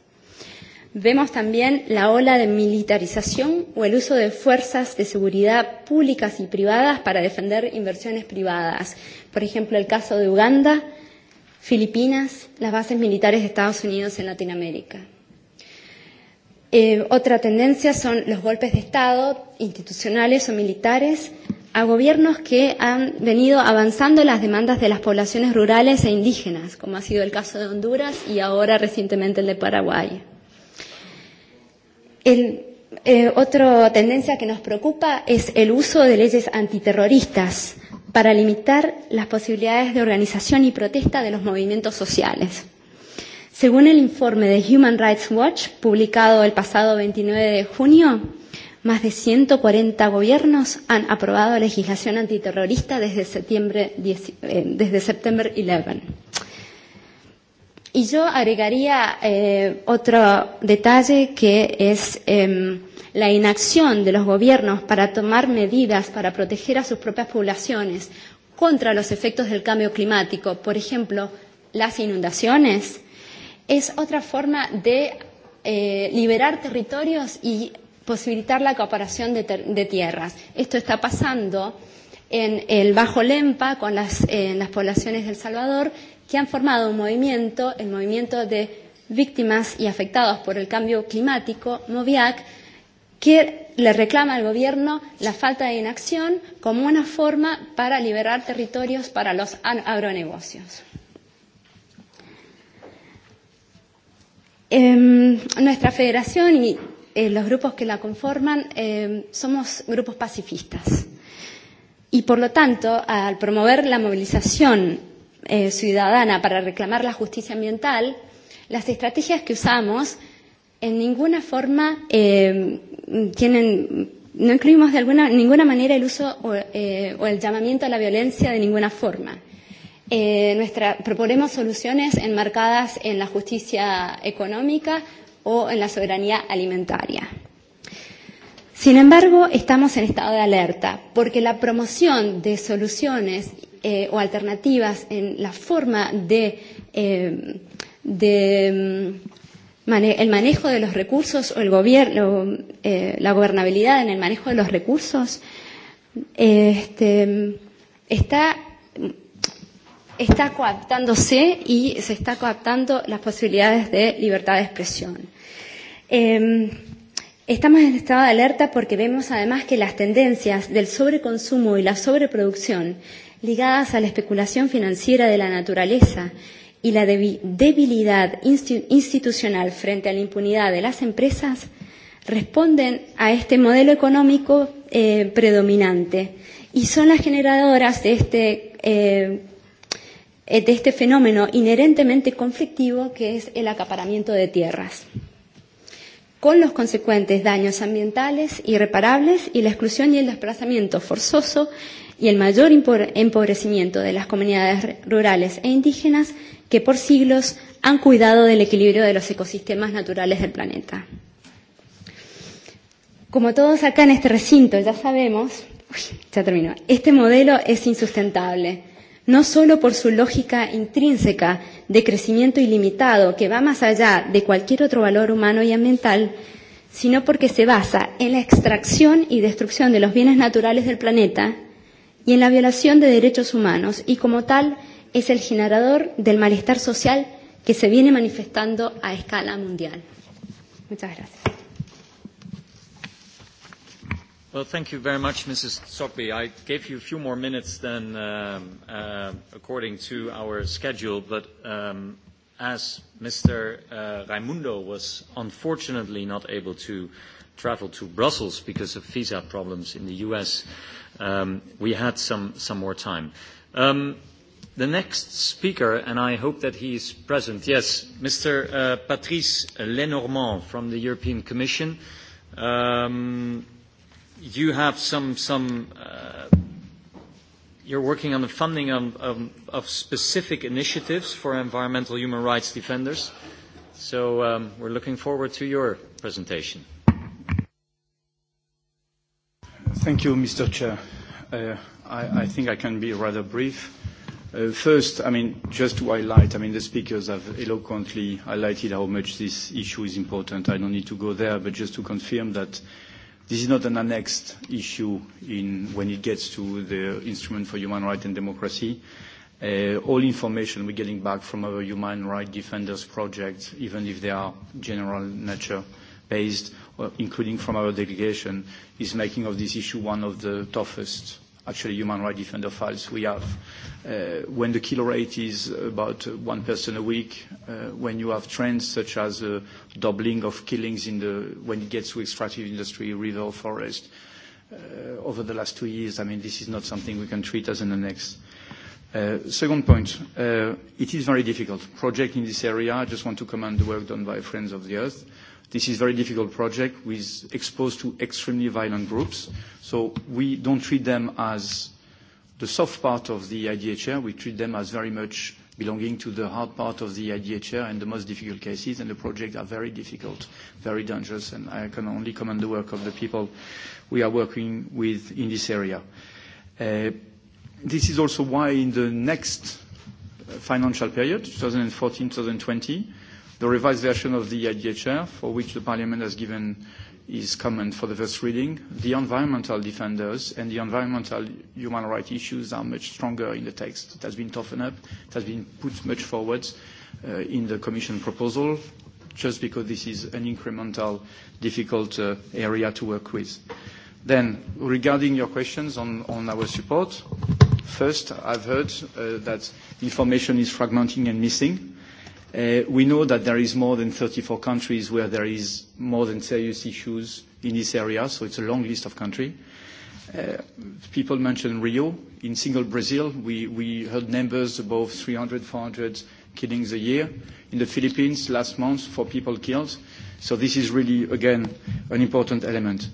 Vemos también la ola de militarización o el uso de fuerzas de seguridad públicas y privadas para defender inversiones privadas. Por ejemplo, el caso de Uganda, Filipinas, las bases militares de Estados Unidos en Latinoamérica. Eh, otra tendencia son los golpes de Estado institucionales o militares a gobiernos que han venido avanzando las demandas de las poblaciones rurales e indígenas, como ha sido el caso de Honduras y ahora recientemente el de Paraguay. El, eh, otra tendencia que nos preocupa es el uso de leyes antiterroristas para limitar las posibilidades de organización y protesta de los movimientos sociales. Según el informe de Human Rights Watch, publicado el pasado 29 de junio, Más de 140 gobiernos han aprobado legislación antiterrorista desde septiembre, 10, eh, desde septiembre 11. Y yo agregaría eh, otro detalle que es eh, la inacción de los gobiernos para tomar medidas para proteger a sus propias poblaciones contra los efectos del cambio climático, por ejemplo, las inundaciones, es otra forma de eh, liberar territorios y posibilitar la cooperación de, de tierras. Esto está pasando en el Bajo Lempa con las, eh, en las poblaciones del El Salvador que han formado un movimiento, el movimiento de víctimas y afectados por el cambio climático, MOVIAC, que le reclama al gobierno la falta de inacción como una forma para liberar territorios para los agronegocios. Eh, nuestra federación y eh, los grupos que la conforman eh, somos grupos pacifistas. Y por lo tanto, al promover la movilización eh, ciudadana para reclamar la justicia ambiental, las estrategias que usamos en ninguna forma eh, tienen, no incluimos de alguna, ninguna manera el uso o, eh, o el llamamiento a la violencia de ninguna forma. Eh, nuestra, proponemos soluciones enmarcadas en la justicia económica, o en la soberanía alimentaria. Sin embargo, estamos en estado de alerta porque la promoción de soluciones eh, o alternativas en la forma de, eh, de mm, mane el manejo de los recursos o el gobierno, eh, la gobernabilidad en el manejo de los recursos, eh, este, está está coaptándose y se está coaptando las posibilidades de libertad de expresión. Eh, Estamos en estado de alerta porque vemos además que las tendencias del sobreconsumo y la sobreproducción ligadas a la especulación financiera de la naturaleza y la debilidad institucional frente a la impunidad de las empresas responden a este modelo económico eh, predominante y son las generadoras de este eh, eh, de este fenómeno inherentemente conflictivo que es el acaparamiento de tierras con los consecuentes daños ambientales irreparables y la exclusión y el desplazamiento forzoso y el mayor empobrecimiento de las comunidades rurales e indígenas que por siglos han cuidado del equilibrio de los ecosistemas naturales del planeta. Como todos acá en este recinto ya sabemos, uy, ya terminó, este modelo es insustentable no solo por su lógica intrínseca de crecimiento ilimitado que va más allá de cualquier otro valor humano y ambiental, sino porque se basa en la extracción y destrucción de los bienes naturales del planeta y en la violación de derechos humanos y como tal es el generador del malestar social que se viene manifestando a escala mundial. Muchas gracias. Well, thank you very much, Mrs. Sokby. I gave you a few more minutes than um, uh, according to our schedule, but um, as Mr. Uh, Raimundo was unfortunately not able to travel to Brussels because of visa problems in the U.S., um, we had some, some more time. Um, the next speaker, and I hope that he is present, yes, Mr. Uh, Patrice Lenormand from the European Commission. Um, you have some, some uh, you're working on the funding of, of, of specific initiatives for environmental human rights defenders. So um, we're looking forward to your presentation. Thank you, Mr. Chair. Uh, I, I think I can be rather brief. Uh, first, I mean, just to highlight, I mean, the speakers have eloquently highlighted how much this issue is important. I don't need to go there, but just to confirm that This is not an annexed issue in, when it gets to the Instrument for Human Rights and Democracy. Uh, all information we're getting back from our human rights defenders projects, even if they are general nature based, uh, including from our delegation, is making of this issue one of the toughest actually human rights defender files we have. Uh, when the killer rate is about one person a week, uh, when you have trends such as a uh, doubling of killings in the, when it gets to extractive industry, river or forest, uh, over the last two years, I mean, this is not something we can treat as an annex. Uh, second point, uh, it is very difficult. Project in this area, I just want to commend the work done by Friends of the Earth. Uh, This is a very difficult project with exposed to extremely violent groups. So we don't treat them as the soft part of the IDHR. We treat them as very much belonging to the hard part of the IDHR and the most difficult cases, and the projects are very difficult, very dangerous, and I can only commend the work of the people we are working with in this area. Uh, this is also why in the next uh, financial period, 2014-2020, the revised version of the IDHR, for which the Parliament has given his comment for the first reading. The environmental defenders and the environmental human rights issues are much stronger in the text. It has been toughened up. It has been put much forward uh, in the Commission proposal, just because this is an incremental, difficult uh, area to work with. Then, regarding your questions on, on our support, first, I've heard uh, that information is fragmenting and missing. Uh, we know that there is more than 34 countries where there is more than serious issues in this area, so it's a long list of countries. Uh, people mentioned Rio. In single Brazil, we, we heard numbers above 300, 400 killings a year. In the Philippines, last month, four people killed. So this is really, again, an important element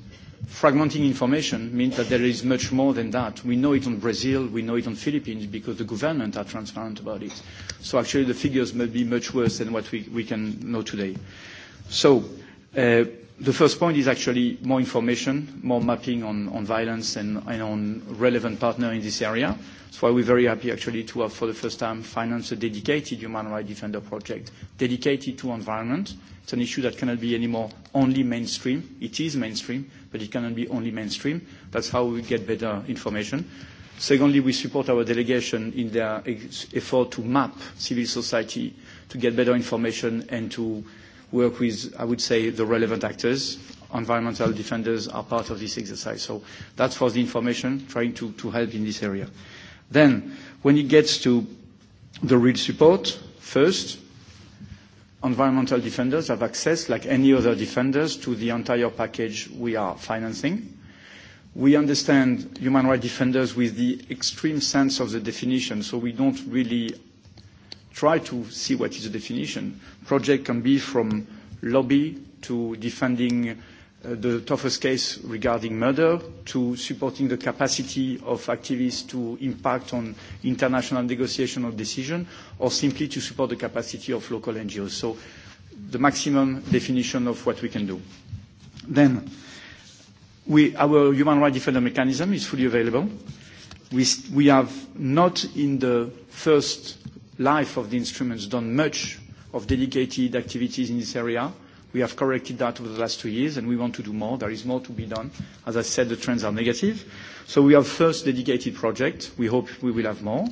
fragmenting information means that there is much more than that. We know it on Brazil, we know it on Philippines because the government are transparent about it. So actually the figures may be much worse than what we, we can know today. So uh, The first point is actually more information, more mapping on, on violence and, and on relevant partner in this area. That's why we're very happy actually to have for the first time financed a dedicated human rights defender project dedicated to environment. It's an issue that cannot be anymore only mainstream. It is mainstream, but it cannot be only mainstream. That's how we get better information. Secondly, we support our delegation in their effort to map civil society, to get better information and to work with, I would say, the relevant actors. Environmental defenders are part of this exercise. So that's for the information, trying to, to help in this area. Then, when it gets to the real support, first, environmental defenders have access, like any other defenders, to the entire package we are financing. We understand human rights defenders with the extreme sense of the definition, so we don't really try to see what is the definition. Project can be from lobby to defending uh, the toughest case regarding murder, to supporting the capacity of activists to impact on international negotiation or decision, or simply to support the capacity of local NGOs. So the maximum definition of what we can do. Then, we, our human rights defender mechanism is fully available. We, we have not in the first life of the instruments done much of dedicated activities in this area. We have corrected that over the last two years, and we want to do more. There is more to be done. As I said, the trends are negative. So we have first dedicated project. We hope we will have more.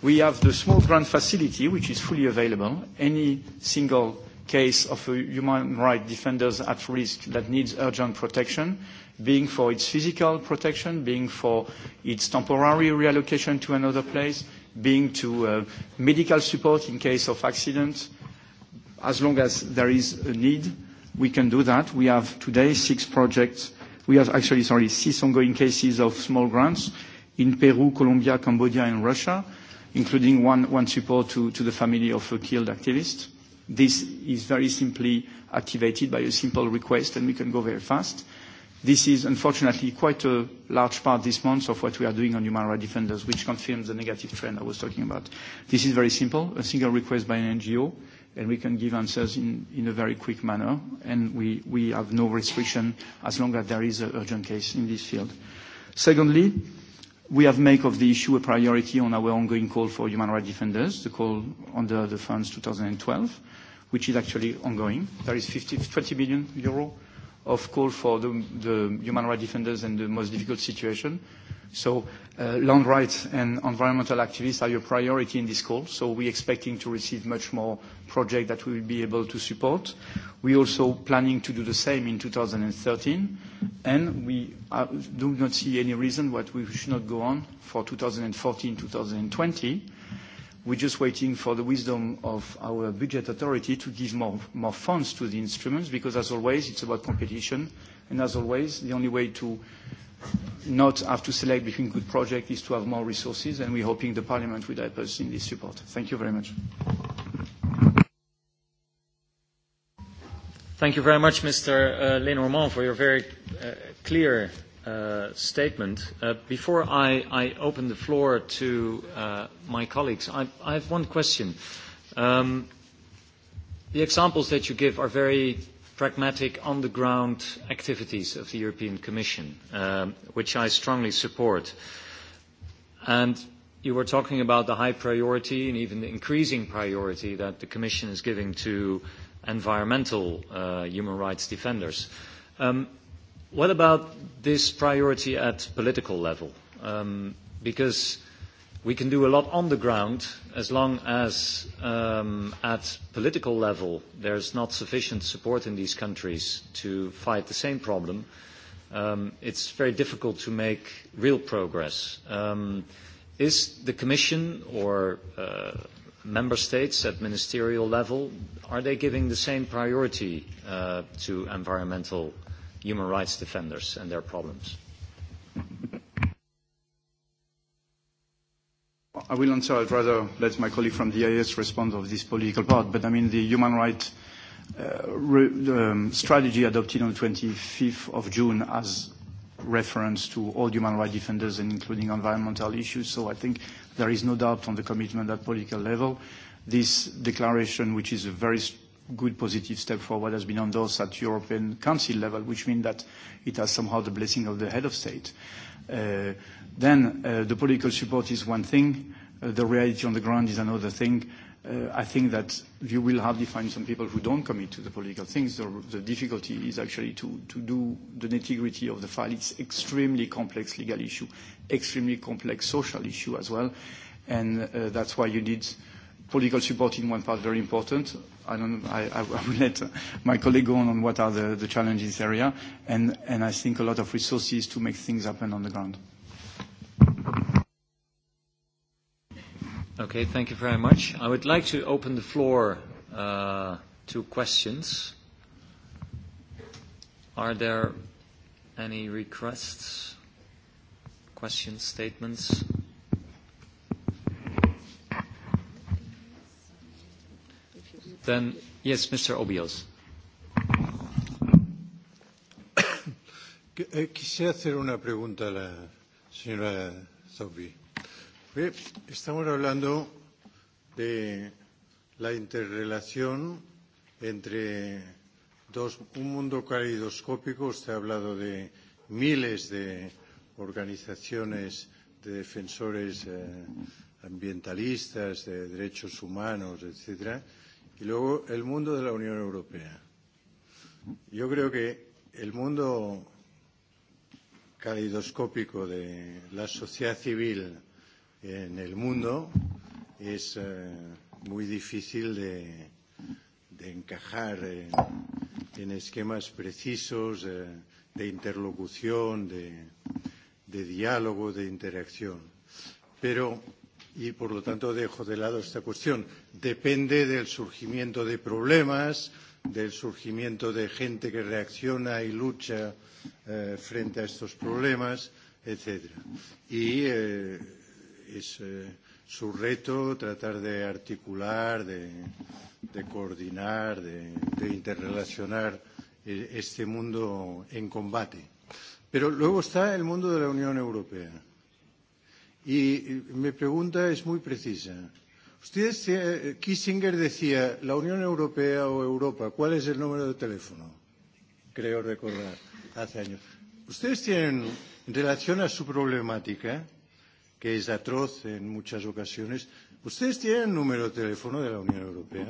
We have the small grant facility, which is fully available. Any single case of a human rights defenders at risk that needs urgent protection, being for its physical protection, being for its temporary reallocation to another place, being to uh, medical support in case of accident. As long as there is a need, we can do that. We have today six projects. We have actually, sorry, six ongoing cases of small grants in Peru, Colombia, Cambodia, and Russia, including one, one support to, to the family of a killed activist. This is very simply activated by a simple request, and we can go very fast. This is unfortunately quite a large part this month of what we are doing on human rights defenders, which confirms the negative trend I was talking about. This is very simple, a single request by an NGO, and we can give answers in, in a very quick manner, and we, we have no restriction as long as there is an urgent case in this field. Secondly, we have made of the issue a priority on our ongoing call for human rights defenders, the call under the funds 2012, which is actually ongoing. There is 50, 20 billion euro of call for the, the human rights defenders in the most difficult situation. So uh, land rights and environmental activists are your priority in this call, so we're expecting to receive much more projects that we will be able to support. We're also planning to do the same in 2013, and we uh, do not see any reason why we should not go on for 2014, 2020. We're just waiting for the wisdom of our budget authority to give more, more funds to the instruments because, as always, it's about competition. And as always, the only way to not have to select between good projects is to have more resources. And we're hoping the Parliament will help us in this support. Thank you very much. Thank you very much, Mr. Uh, Lenormand, for your very uh, clear uh, statement. Uh, before I, I open the floor to uh, my colleagues, I, I have one question. Um, the examples that you give are very pragmatic, on-the-ground activities of the European Commission, um, which I strongly support. And you were talking about the high priority and even the increasing priority that the Commission is giving to environmental uh, human rights defenders. Um, What about this priority at political level? Um, because we can do a lot on the ground as long as um, at political level there's not sufficient support in these countries to fight the same problem. Um, it's very difficult to make real progress. Um, is the Commission or uh, member states at ministerial level, are they giving the same priority uh, to environmental human rights defenders and their problems. I will answer. I'd rather let my colleague from the IS respond of this political part. But I mean, the human rights uh, re, um, strategy adopted on 25th of June as reference to all human rights defenders and including environmental issues. So I think there is no doubt on the commitment at political level. This declaration, which is a very good positive step forward has been endorsed at European Council level, which means that it has somehow the blessing of the head of state. Uh, then uh, the political support is one thing, uh, the reality on the ground is another thing. Uh, I think that you will hardly find some people who don't commit to the political things. The, the difficulty is actually to, to do the nitty-gritty of the file. It's extremely complex legal issue, extremely complex social issue as well, and uh, that's why you need uh, political support in one part very important. I, don't, I, I will let my colleague go on on what are the, the challenges area, and, and I think a lot of resources to make things happen on the ground. Okay, thank you very much. I would like to open the floor uh, to questions. Are there any requests, questions, statements? Then, yes, Mr. Obios. Eh, quisiera hacer una pregunta a la señora Zobi. Estamos hablando de la interrelación entre dos, un mundo caleidoscópico. Usted ha hablado de miles de organizaciones de defensores eh, ambientalistas, de derechos humanos, etcétera y luego el mundo de la Unión Europea. Yo creo que el mundo calidoscópico de la sociedad civil en el mundo es eh, muy difícil de, de encajar en, en esquemas precisos de, eh, de interlocución, de, de diálogo, de interacción. Pero y por lo tanto dejo de lado esta cuestión. Depende del surgimiento de problemas, del surgimiento de gente que reacciona y lucha eh, frente a estos problemas, etc. Y eh, es eh, su reto tratar de articular, de, de coordinar, de, de interrelacionar eh, este mundo en combate. Pero luego está el mundo de la Unión Europea Y mi pregunta es muy precisa. Ustedes, eh, Kissinger decía, la Unión Europea o Europa, ¿cuál es el número de teléfono? Creo recordar, hace años. Ustedes tienen, en relación a su problemática, que es atroz en muchas ocasiones, ¿ustedes tienen el número de teléfono de la Unión Europea?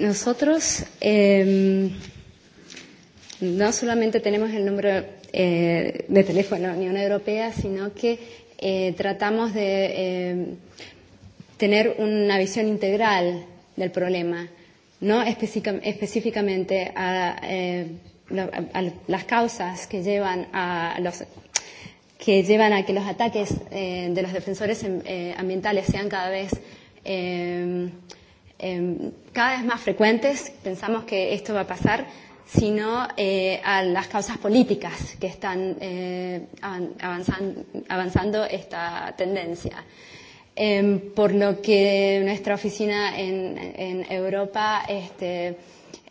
Nosotros. Eh, no solamente tenemos el número eh, de teléfono de la Unión Europea, sino que eh, tratamos de eh, tener una visión integral del problema, no específicamente a, eh, a, las causas que llevan a los que llevan a que los ataques eh, de los defensores eh, ambientales sean cada vez eh, eh, cada vez más frecuentes. Pensamos que esto va a pasar sino eh, a las causas políticas que están eh, avanzan, avanzando esta tendencia. Eh, por lo que nuestra oficina en, en Europa este,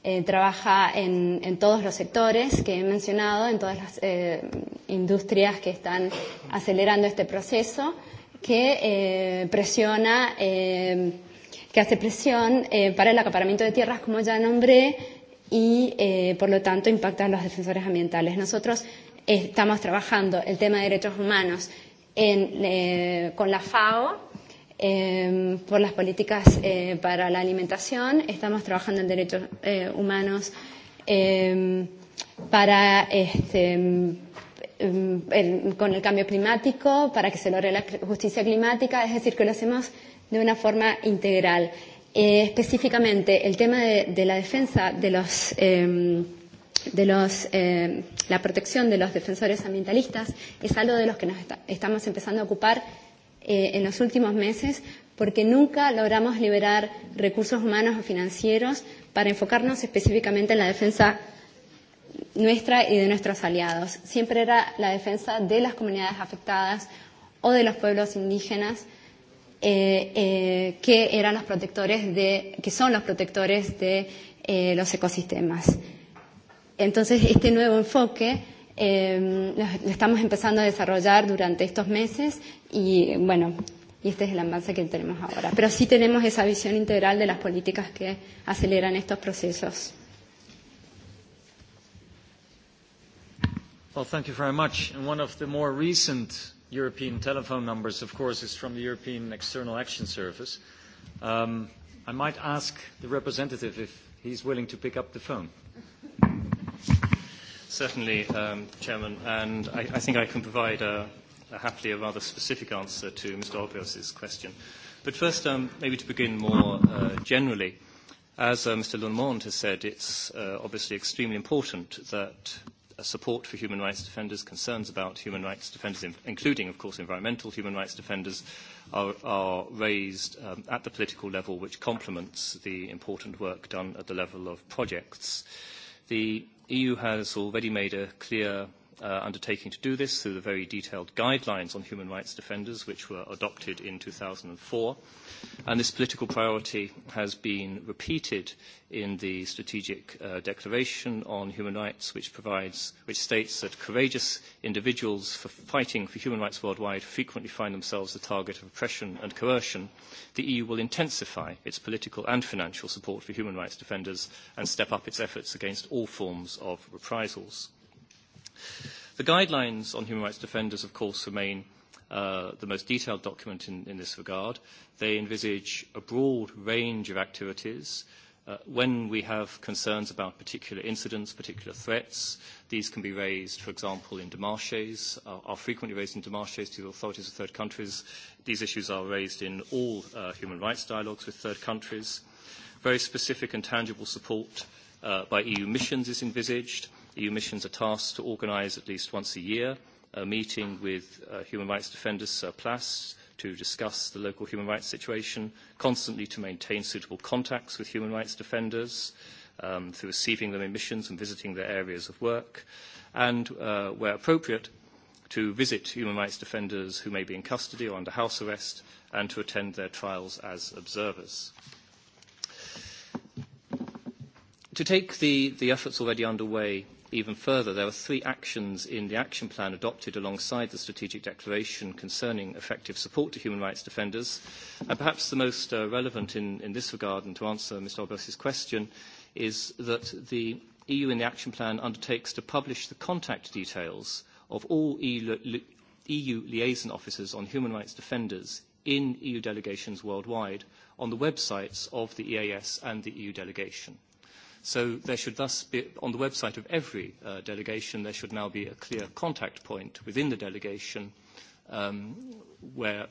eh, trabaja en, en todos los sectores que he mencionado, en todas las eh, industrias que están acelerando este proceso, que eh, presiona, eh, que hace presión eh, para el acaparamiento de tierras, como ya nombré, y eh, por lo tanto impactan los defensores ambientales. Nosotros eh, estamos trabajando el tema de derechos humanos en, eh, con la FAO eh, por las políticas eh, para la alimentación, estamos trabajando en derechos eh, humanos eh, para este, mm, el, con el cambio climático, para que se logre la justicia climática, es decir, que lo hacemos de una forma integral. Eh, específicamente, el tema de, de la defensa de los... Eh, de los, eh, la protección de los defensores ambientalistas es algo de los que nos está, estamos empezando a ocupar eh, en los últimos meses porque nunca logramos liberar recursos humanos o financieros para enfocarnos específicamente en la defensa nuestra y de nuestros aliados. Siempre era la defensa de las comunidades afectadas o de los pueblos indígenas Eh, eh, que eran los protectores de, que son los protectores de eh, los ecosistemas. Entonces, este nuevo enfoque eh, lo estamos empezando a desarrollar durante estos meses y bueno, y este es el avance que tenemos ahora. Pero sí tenemos esa visión integral de las políticas que aceleran estos procesos. Well, thank you very much. And one of the more recent European telephone numbers, of course, is from the European External Action Service. Um, I might ask the representative if he's willing to pick up the phone. Certainly, um, Chairman, and I, I think I can provide a, a happily a rather specific answer to Mr. Obios's question. But first, um, maybe to begin more uh, generally, as uh, Mr. Lundmond has said, it's uh, obviously extremely important that support for human rights defenders, concerns about human rights defenders, including, of course, environmental human rights defenders, are, are raised um, at the political level, which complements the important work done at the level of projects. The EU has already made a clear uh, undertaking to do this through the very detailed guidelines on human rights defenders, which were adopted in 2004. And this political priority has been repeated in the Strategic uh, Declaration on Human Rights, which, provides, which states that courageous individuals for fighting for human rights worldwide frequently find themselves the target of oppression and coercion. The EU will intensify its political and financial support for human rights defenders and step up its efforts against all forms of reprisals. The guidelines on human rights defenders, of course, remain uh, the most detailed document in, in this regard. They envisage a broad range of activities. Uh, when we have concerns about particular incidents, particular threats, these can be raised, for example, in demarches, uh, are frequently raised in demarches to the authorities of third countries. These issues are raised in all uh, human rights dialogues with third countries. Very specific and tangible support uh, by EU missions is envisaged EU missions are tasked to organise at least once a year a meeting with uh, human rights defenders surplus to discuss the local human rights situation, constantly to maintain suitable contacts with human rights defenders um, through receiving them in missions and visiting their areas of work, and uh, where appropriate, to visit human rights defenders who may be in custody or under house arrest and to attend their trials as observers. To take the, the efforts already underway even further, there are three actions in the action plan adopted alongside the strategic declaration concerning effective support to human rights defenders. And perhaps the most uh, relevant in, in this regard, and to answer Mr. Albers' question, is that the EU in the action plan undertakes to publish the contact details of all EU, li EU liaison officers on human rights defenders in EU delegations worldwide on the websites of the EAS and the EU delegation. So there should thus be, on the website of every uh, delegation, there should now be a clear contact point within the delegation um, where,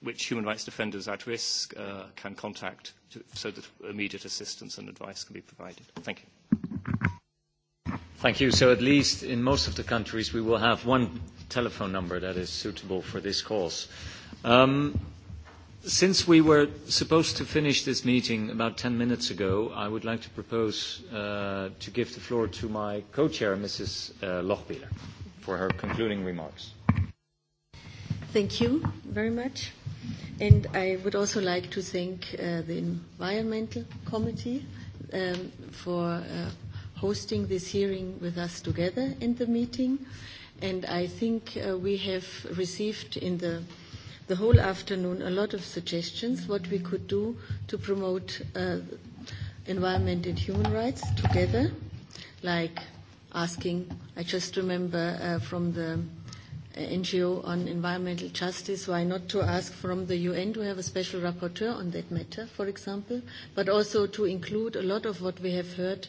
which human rights defenders at risk uh, can contact to, so that immediate assistance and advice can be provided. Thank you. Thank you. So at least in most of the countries we will have one telephone number that is suitable for this course. Um, Since we were supposed to finish this meeting about 10 minutes ago, I would like to propose uh, to give the floor to my co-chair, Mrs. Uh, Lochbieler, for her concluding remarks. Thank you very much. And I would also like to thank uh, the Environmental Committee um, for uh, hosting this hearing with us together in the meeting. And I think uh, we have received in the the whole afternoon a lot of suggestions what we could do to promote uh, environment and human rights together, like asking, I just remember uh, from the NGO on environmental justice, why not to ask from the UN to have a special rapporteur on that matter, for example, but also to include a lot of what we have heard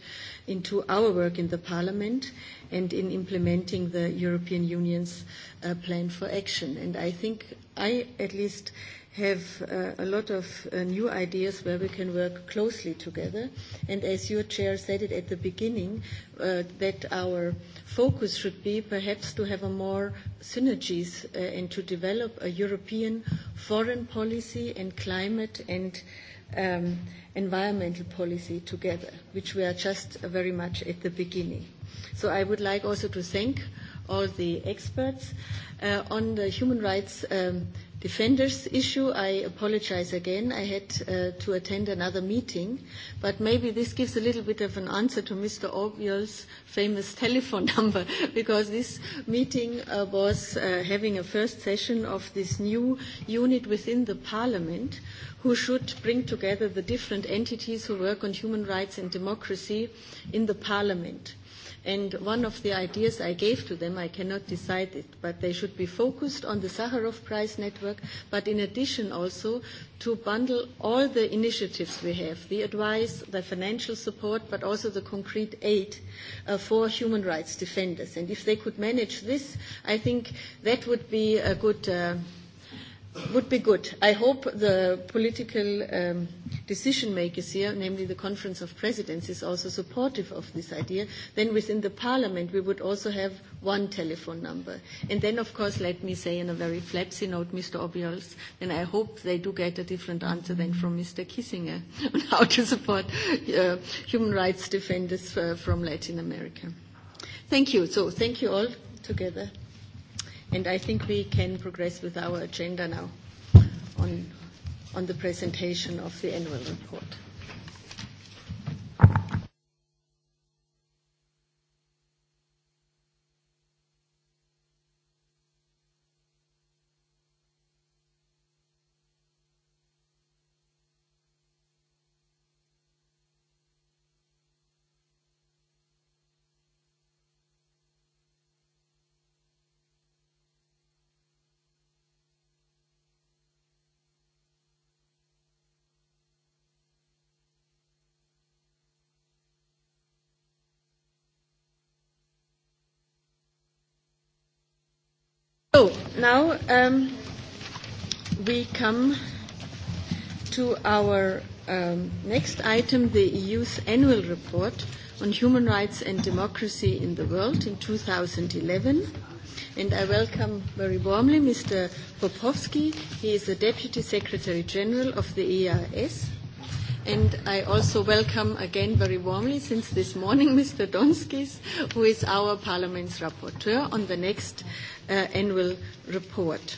into our work in the Parliament and in implementing the European Union's uh, plan for action. And I think I at least have uh, a lot of uh, new ideas where we can work closely together. And as your chair said it at the beginning, uh, that our focus should be perhaps to have a more synergies uh, and to develop a European foreign policy and climate and um, environmental policy together, which we are just very much at the beginning. So I would like also to thank all the experts uh, on the human rights um, defenders issue, I apologize again. I had uh, to attend another meeting, but maybe this gives a little bit of an answer to Mr. Orwell's famous telephone number, because this meeting uh, was uh, having a first session of this new unit within the parliament who should bring together the different entities who work on human rights and democracy in the parliament. And one of the ideas I gave to them, I cannot decide it, but they should be focused on the Sakharov Prize Network, but in addition also to bundle all the initiatives we have, the advice, the financial support, but also the concrete aid uh, for human rights defenders. And if they could manage this, I think that would be a good... Uh, would be good. I hope the political um, decision makers here, namely the Conference of Presidents, is also supportive of this idea. Then within the Parliament, we would also have one telephone number. And then, of course, let me say in a very flapsy note, Mr. Obiols, and I hope they do get a different answer than from Mr. Kissinger on how to support uh, human rights defenders uh, from Latin America. Thank you. So thank you all together. And I think we can progress with our agenda now on, on the presentation of the annual report. So, now um, we come to our um, next item, the EU's annual report on human rights and democracy in the world in 2011. And I welcome very warmly Mr. Popovsky. He is the Deputy Secretary General of the EIS and I also welcome again very warmly since this morning Mr. Donskis, who is our Parliament's rapporteur on the next uh, annual report.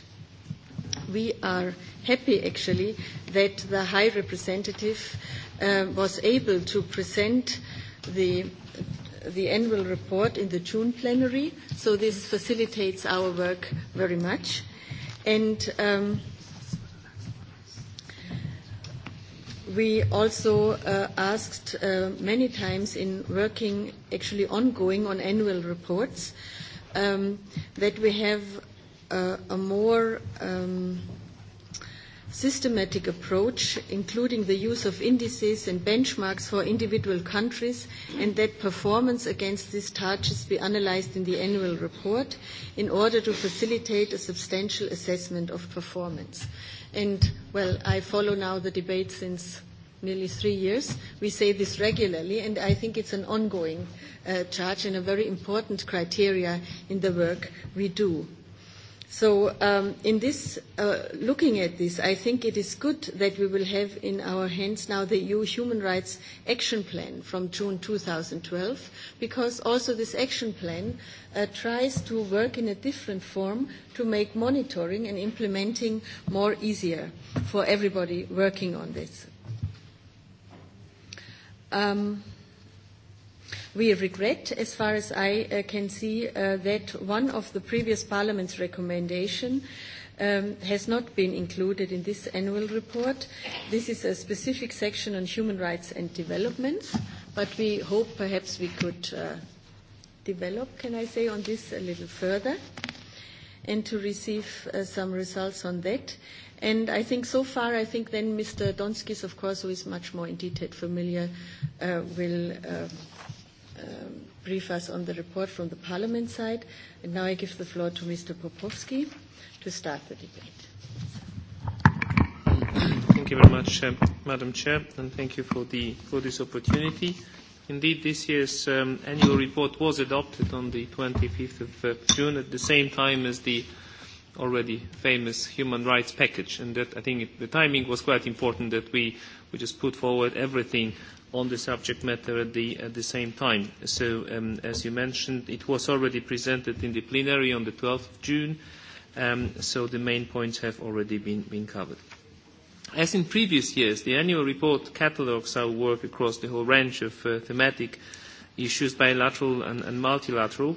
We are happy actually that the High Representative uh, was able to present the the annual report in the June plenary, so this facilitates our work very much. And um, we also uh, asked uh, many times in working actually ongoing on annual reports um, that we have uh, a more um, systematic approach, including the use of indices and benchmarks for individual countries, and that performance against these targets be analyzed in the annual report in order to facilitate a substantial assessment of performance. And, well, I follow now the debate since nearly three years. We say this regularly, and I think it's an ongoing uh, charge and a very important criteria in the work we do. So um, in this, uh, looking at this, I think it is good that we will have in our hands now the EU Human Rights Action Plan from June 2012, because also this action plan uh, tries to work in a different form to make monitoring and implementing more easier for everybody working on this. Um, We regret, as far as I uh, can see, uh, that one of the previous Parliament's recommendation um, has not been included in this annual report. This is a specific section on human rights and developments, but we hope perhaps we could uh, develop, can I say, on this a little further and to receive uh, some results on that. And I think so far, I think then Mr. Donskis, of course, who is much more in detail familiar, uh, will uh, um, brief us on the report from the Parliament side. And now I give the floor to Mr. Popovsky to start the debate. Thank you very much, uh, Madam Chair, and thank you for, the, for this opportunity. Indeed, this year's um, annual report was adopted on the 25th of uh, June at the same time as the already famous human rights package. And that, I think it, the timing was quite important that we, we just put forward everything on the subject matter at the, at the same time. So, um, as you mentioned, it was already presented in the plenary on the 12th of June, um, so the main points have already been, been covered. As in previous years, the annual report catalogues our work across the whole range of uh, thematic issues, bilateral and, and multilateral.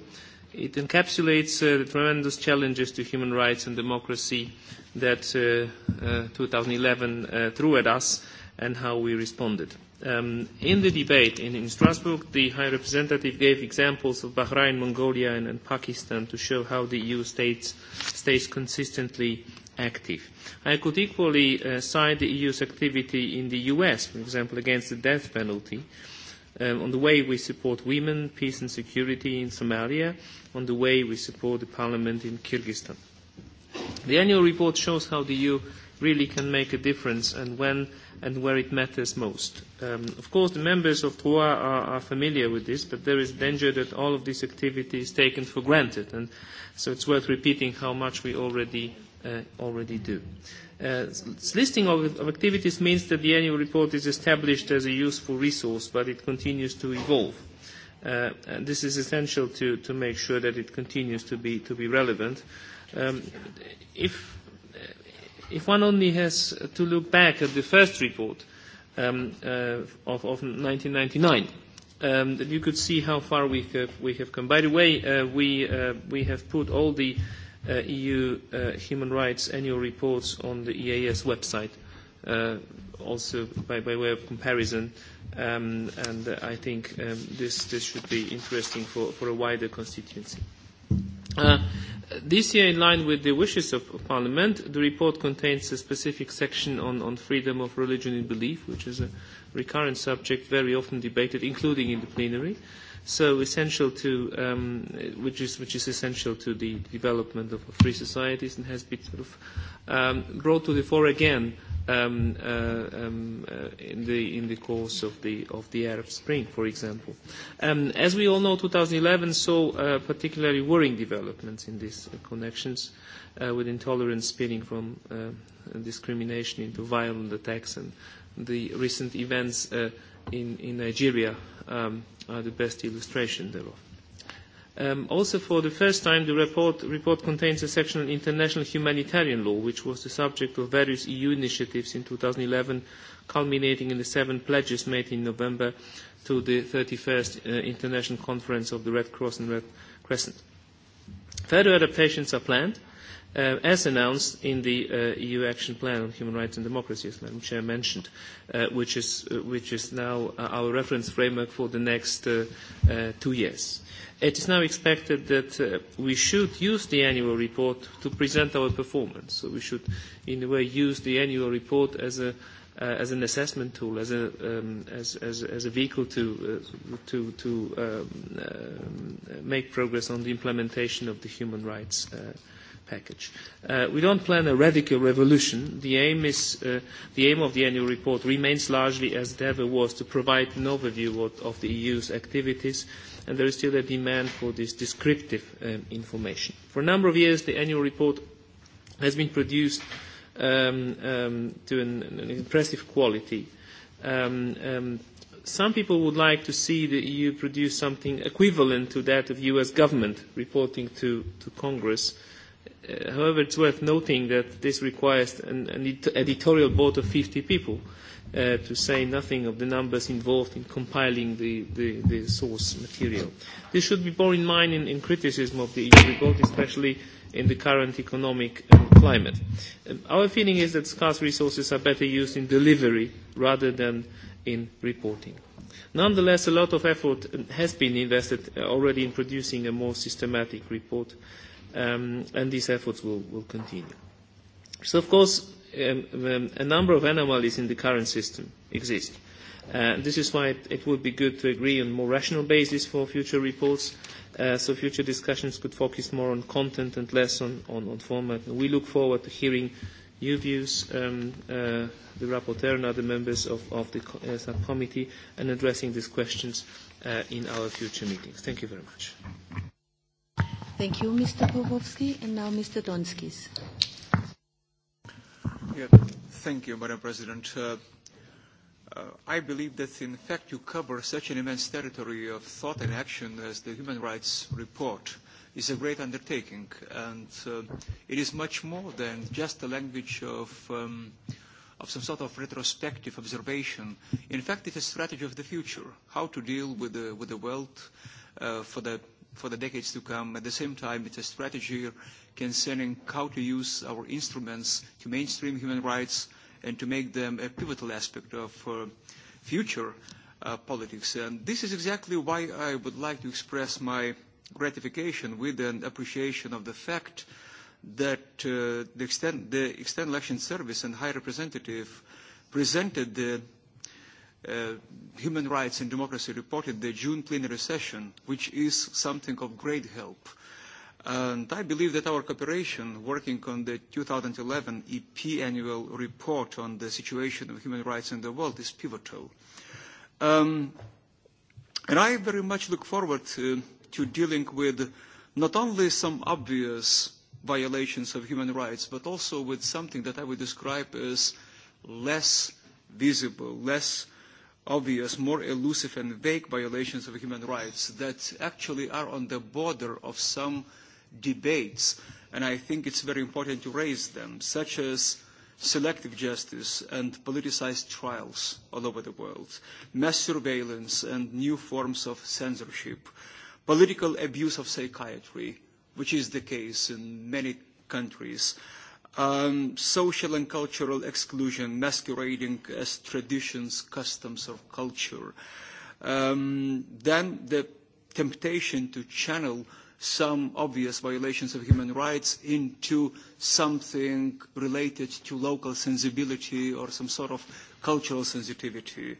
It encapsulates uh, the tremendous challenges to human rights and democracy that uh, uh, 2011 uh, threw at us and how we responded. Um, in the debate in, in Strasbourg, the High Representative gave examples of Bahrain, Mongolia, and, and Pakistan to show how the EU states stays consistently active. I could equally uh, cite the EU's activity in the US, for example, against the death penalty, um, on the way we support women, peace and security in Somalia, on the way we support the parliament in Kyrgyzstan. The annual report shows how the EU really can make a difference and when and where it matters most. Um, of course, the members of TOA are, are familiar with this, but there is danger that all of this activity is taken for granted, and so it's worth repeating how much we already, uh, already do. Uh, listing of, of activities means that the annual report is established as a useful resource, but it continues to evolve. Uh, and this is essential to, to make sure that it continues to be, to be relevant. Um, if if one only has to look back at the first report um, uh, of, of 1999, um, that you could see how far we have, we have come. By the way, uh, we, uh, we have put all the uh, EU uh, human rights annual reports on the EAS website, uh, also by, by way of comparison, um, and uh, I think um, this, this should be interesting for, for a wider constituency. Uh, This year, in line with the wishes of Parliament, the report contains a specific section on, on freedom of religion and belief, which is a recurrent subject very often debated, including in the plenary, so essential to, um, which, is, which is essential to the development of free societies and has been sort of um, brought to the fore again um, uh, um, uh, in, the, in the course of the, of the Arab Spring, for example. Um, as we all know, 2011 saw uh, particularly worrying developments in these uh, connections, uh, with intolerance spinning from uh, discrimination into violent attacks, and the recent events uh, in, in Nigeria um, are the best illustration thereof. Um, also, for the first time, the report, report contains a section on international humanitarian law, which was the subject of various EU initiatives in 2011, culminating in the seven pledges made in November to the 31st uh, International Conference of the Red Cross and Red Crescent. Further adaptations are planned uh, as announced in the uh, EU Action Plan on Human Rights and Democracy, as Madam Chair mentioned, uh, which, is, uh, which is now uh, our reference framework for the next uh, uh, two years. It is now expected that uh, we should use the annual report to present our performance. So we should, in a way, use the annual report as a uh, as an assessment tool, as a, um, as, as, as a vehicle to, uh, to, to um, uh, make progress on the implementation of the human rights uh, package. Uh, we don't plan a radical revolution. The aim, is, uh, the aim of the annual report remains largely as it ever was to provide an overview of, of the EU's activities, and there is still a demand for this descriptive um, information. For a number of years, the annual report has been produced um, um, to an, an impressive quality. Um, um, some people would like to see the EU produce something equivalent to that of US government reporting to, to Congress. Uh, however, it's worth noting that this requires an, an editorial board of 50 people, uh, to say nothing of the numbers involved in compiling the, the, the source material. This should be borne in mind in, in criticism of the EU report, especially in the current economic um, climate. Um, our feeling is that scarce resources are better used in delivery rather than in reporting. Nonetheless, a lot of effort has been invested already in producing a more systematic report um, and these efforts will, will continue. So, of course, um, um, a number of anomalies in the current system exist. Uh, this is why it, it would be good to agree on more rational basis for future reports, uh, so future discussions could focus more on content and less on, on, on format. And we look forward to hearing your views, um, uh, the rapporteur and other members of, of the uh, subcommittee, and addressing these questions uh, in our future meetings. Thank you very much. Thank you, Mr. Borowski. And now Mr. Donskis. Yeah, thank you, Madam President. Uh, uh, I believe that, in fact, you cover such an immense territory of thought and action as the Human Rights Report is a great undertaking, and uh, it is much more than just the language of, um, of some sort of retrospective observation. In fact, it's a strategy of the future, how to deal with the, with the world uh, for the for the decades to come. At the same time, it's a strategy concerning how to use our instruments to mainstream human rights and to make them a pivotal aspect of uh, future uh, politics. And this is exactly why I would like to express my gratification with an appreciation of the fact that uh, the, extent, the External Action Service and High Representative presented the Uh, human Rights and Democracy reported the June plenary session, which is something of great help. And I believe that our cooperation working on the 2011 EP e annual report on the situation of human rights in the world is pivotal. Um, and I very much look forward to, uh, to dealing with not only some obvious violations of human rights, but also with something that I would describe as less visible, less obvious, more elusive and vague violations of human rights that actually are on the border of some debates, and I think it's very important to raise them, such as selective justice and politicized trials all over the world, mass surveillance and new forms of censorship, political abuse of psychiatry, which is the case in many countries, um, social and cultural exclusion masquerading as traditions, customs, or culture. Um, then the temptation to channel some obvious violations of human rights into something related to local sensibility or some sort of cultural sensitivity.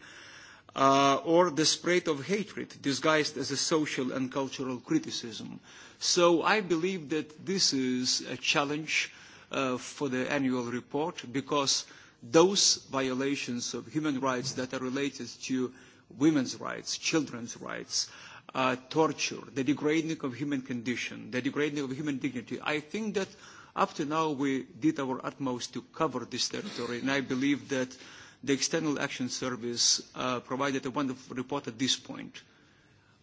Uh, or the spread of hatred disguised as a social and cultural criticism. So I believe that this is a challenge uh, Uh, for the annual report because those violations of human rights that are related to women's rights, children's rights, uh, torture, the degrading of human condition, the degrading of human dignity. I think that up to now we did our utmost to cover this territory, and I believe that the External Action Service uh, provided a wonderful report at this point,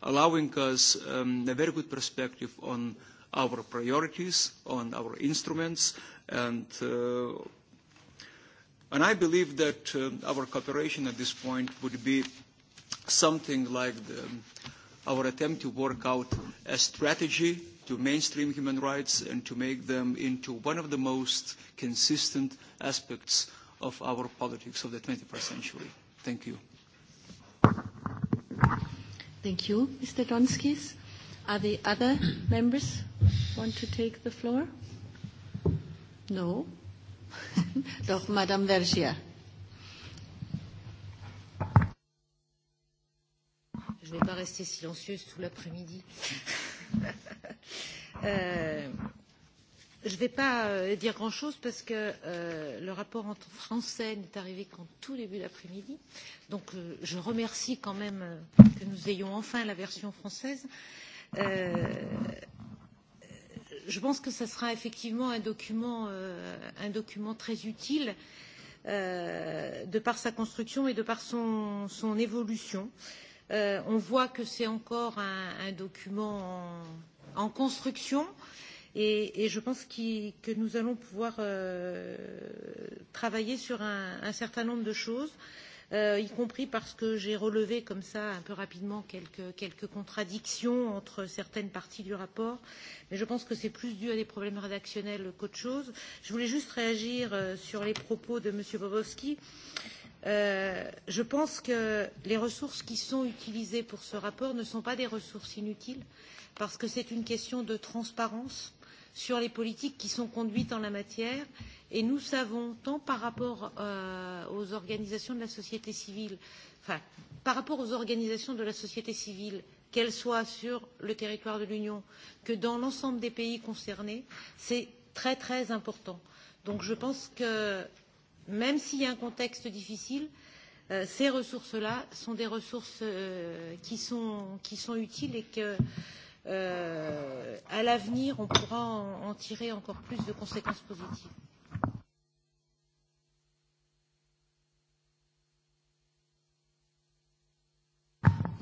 allowing us um, a very good perspective on our priorities, on our instruments, and, uh, and I believe that uh, our cooperation at this point would be something like the, our attempt to work out a strategy to mainstream human rights and to make them into one of the most consistent aspects of our politics of the 21st century. Thank you. Thank you. Mr. Donskis? Are the other members want to take the floor? No? Doch, Madame Vergia. Je ne vais pas rester silencieuse tout l'après-midi. euh, je ne vais pas euh, dire grand-chose parce que euh, le rapport en français n'est arrivé qu'en tout début d'après-midi. Donc euh, je remercie quand même euh, que nous ayons enfin la version française. Euh, Euh, je pense que ce sera effectivement un document, euh, un document très utile euh, de par sa construction et de par son, son évolution. Euh, on voit que c'est encore un, un document en, en construction et, et je pense qu que nous allons pouvoir euh, travailler sur un, un certain nombre de choses. Euh, euh, y compris parce que j'ai relevé comme ça un peu rapidement quelques, quelques contradictions entre certaines parties du rapport, mais je pense que c'est plus dû à des problèmes rédactionnels qu'autre chose. Je voulais juste réagir euh, sur les propos de M. Bobowski. Euh, je pense que les ressources qui sont utilisées pour ce rapport ne sont pas des ressources inutiles, parce que c'est une question de transparence sur les politiques qui sont conduites en la matière et nous savons tant par rapport euh, aux organisations de la société civile, enfin par rapport aux organisations de la société civile qu'elles soient sur le territoire de l'Union que dans l'ensemble des pays concernés, c'est très très important. Donc je pense que même s'il y a un contexte difficile, euh, ces ressources-là sont des ressources euh, qui, sont, qui sont utiles et que euh, à l'avenir, on pourra en, en tirer encore plus de conséquences positives.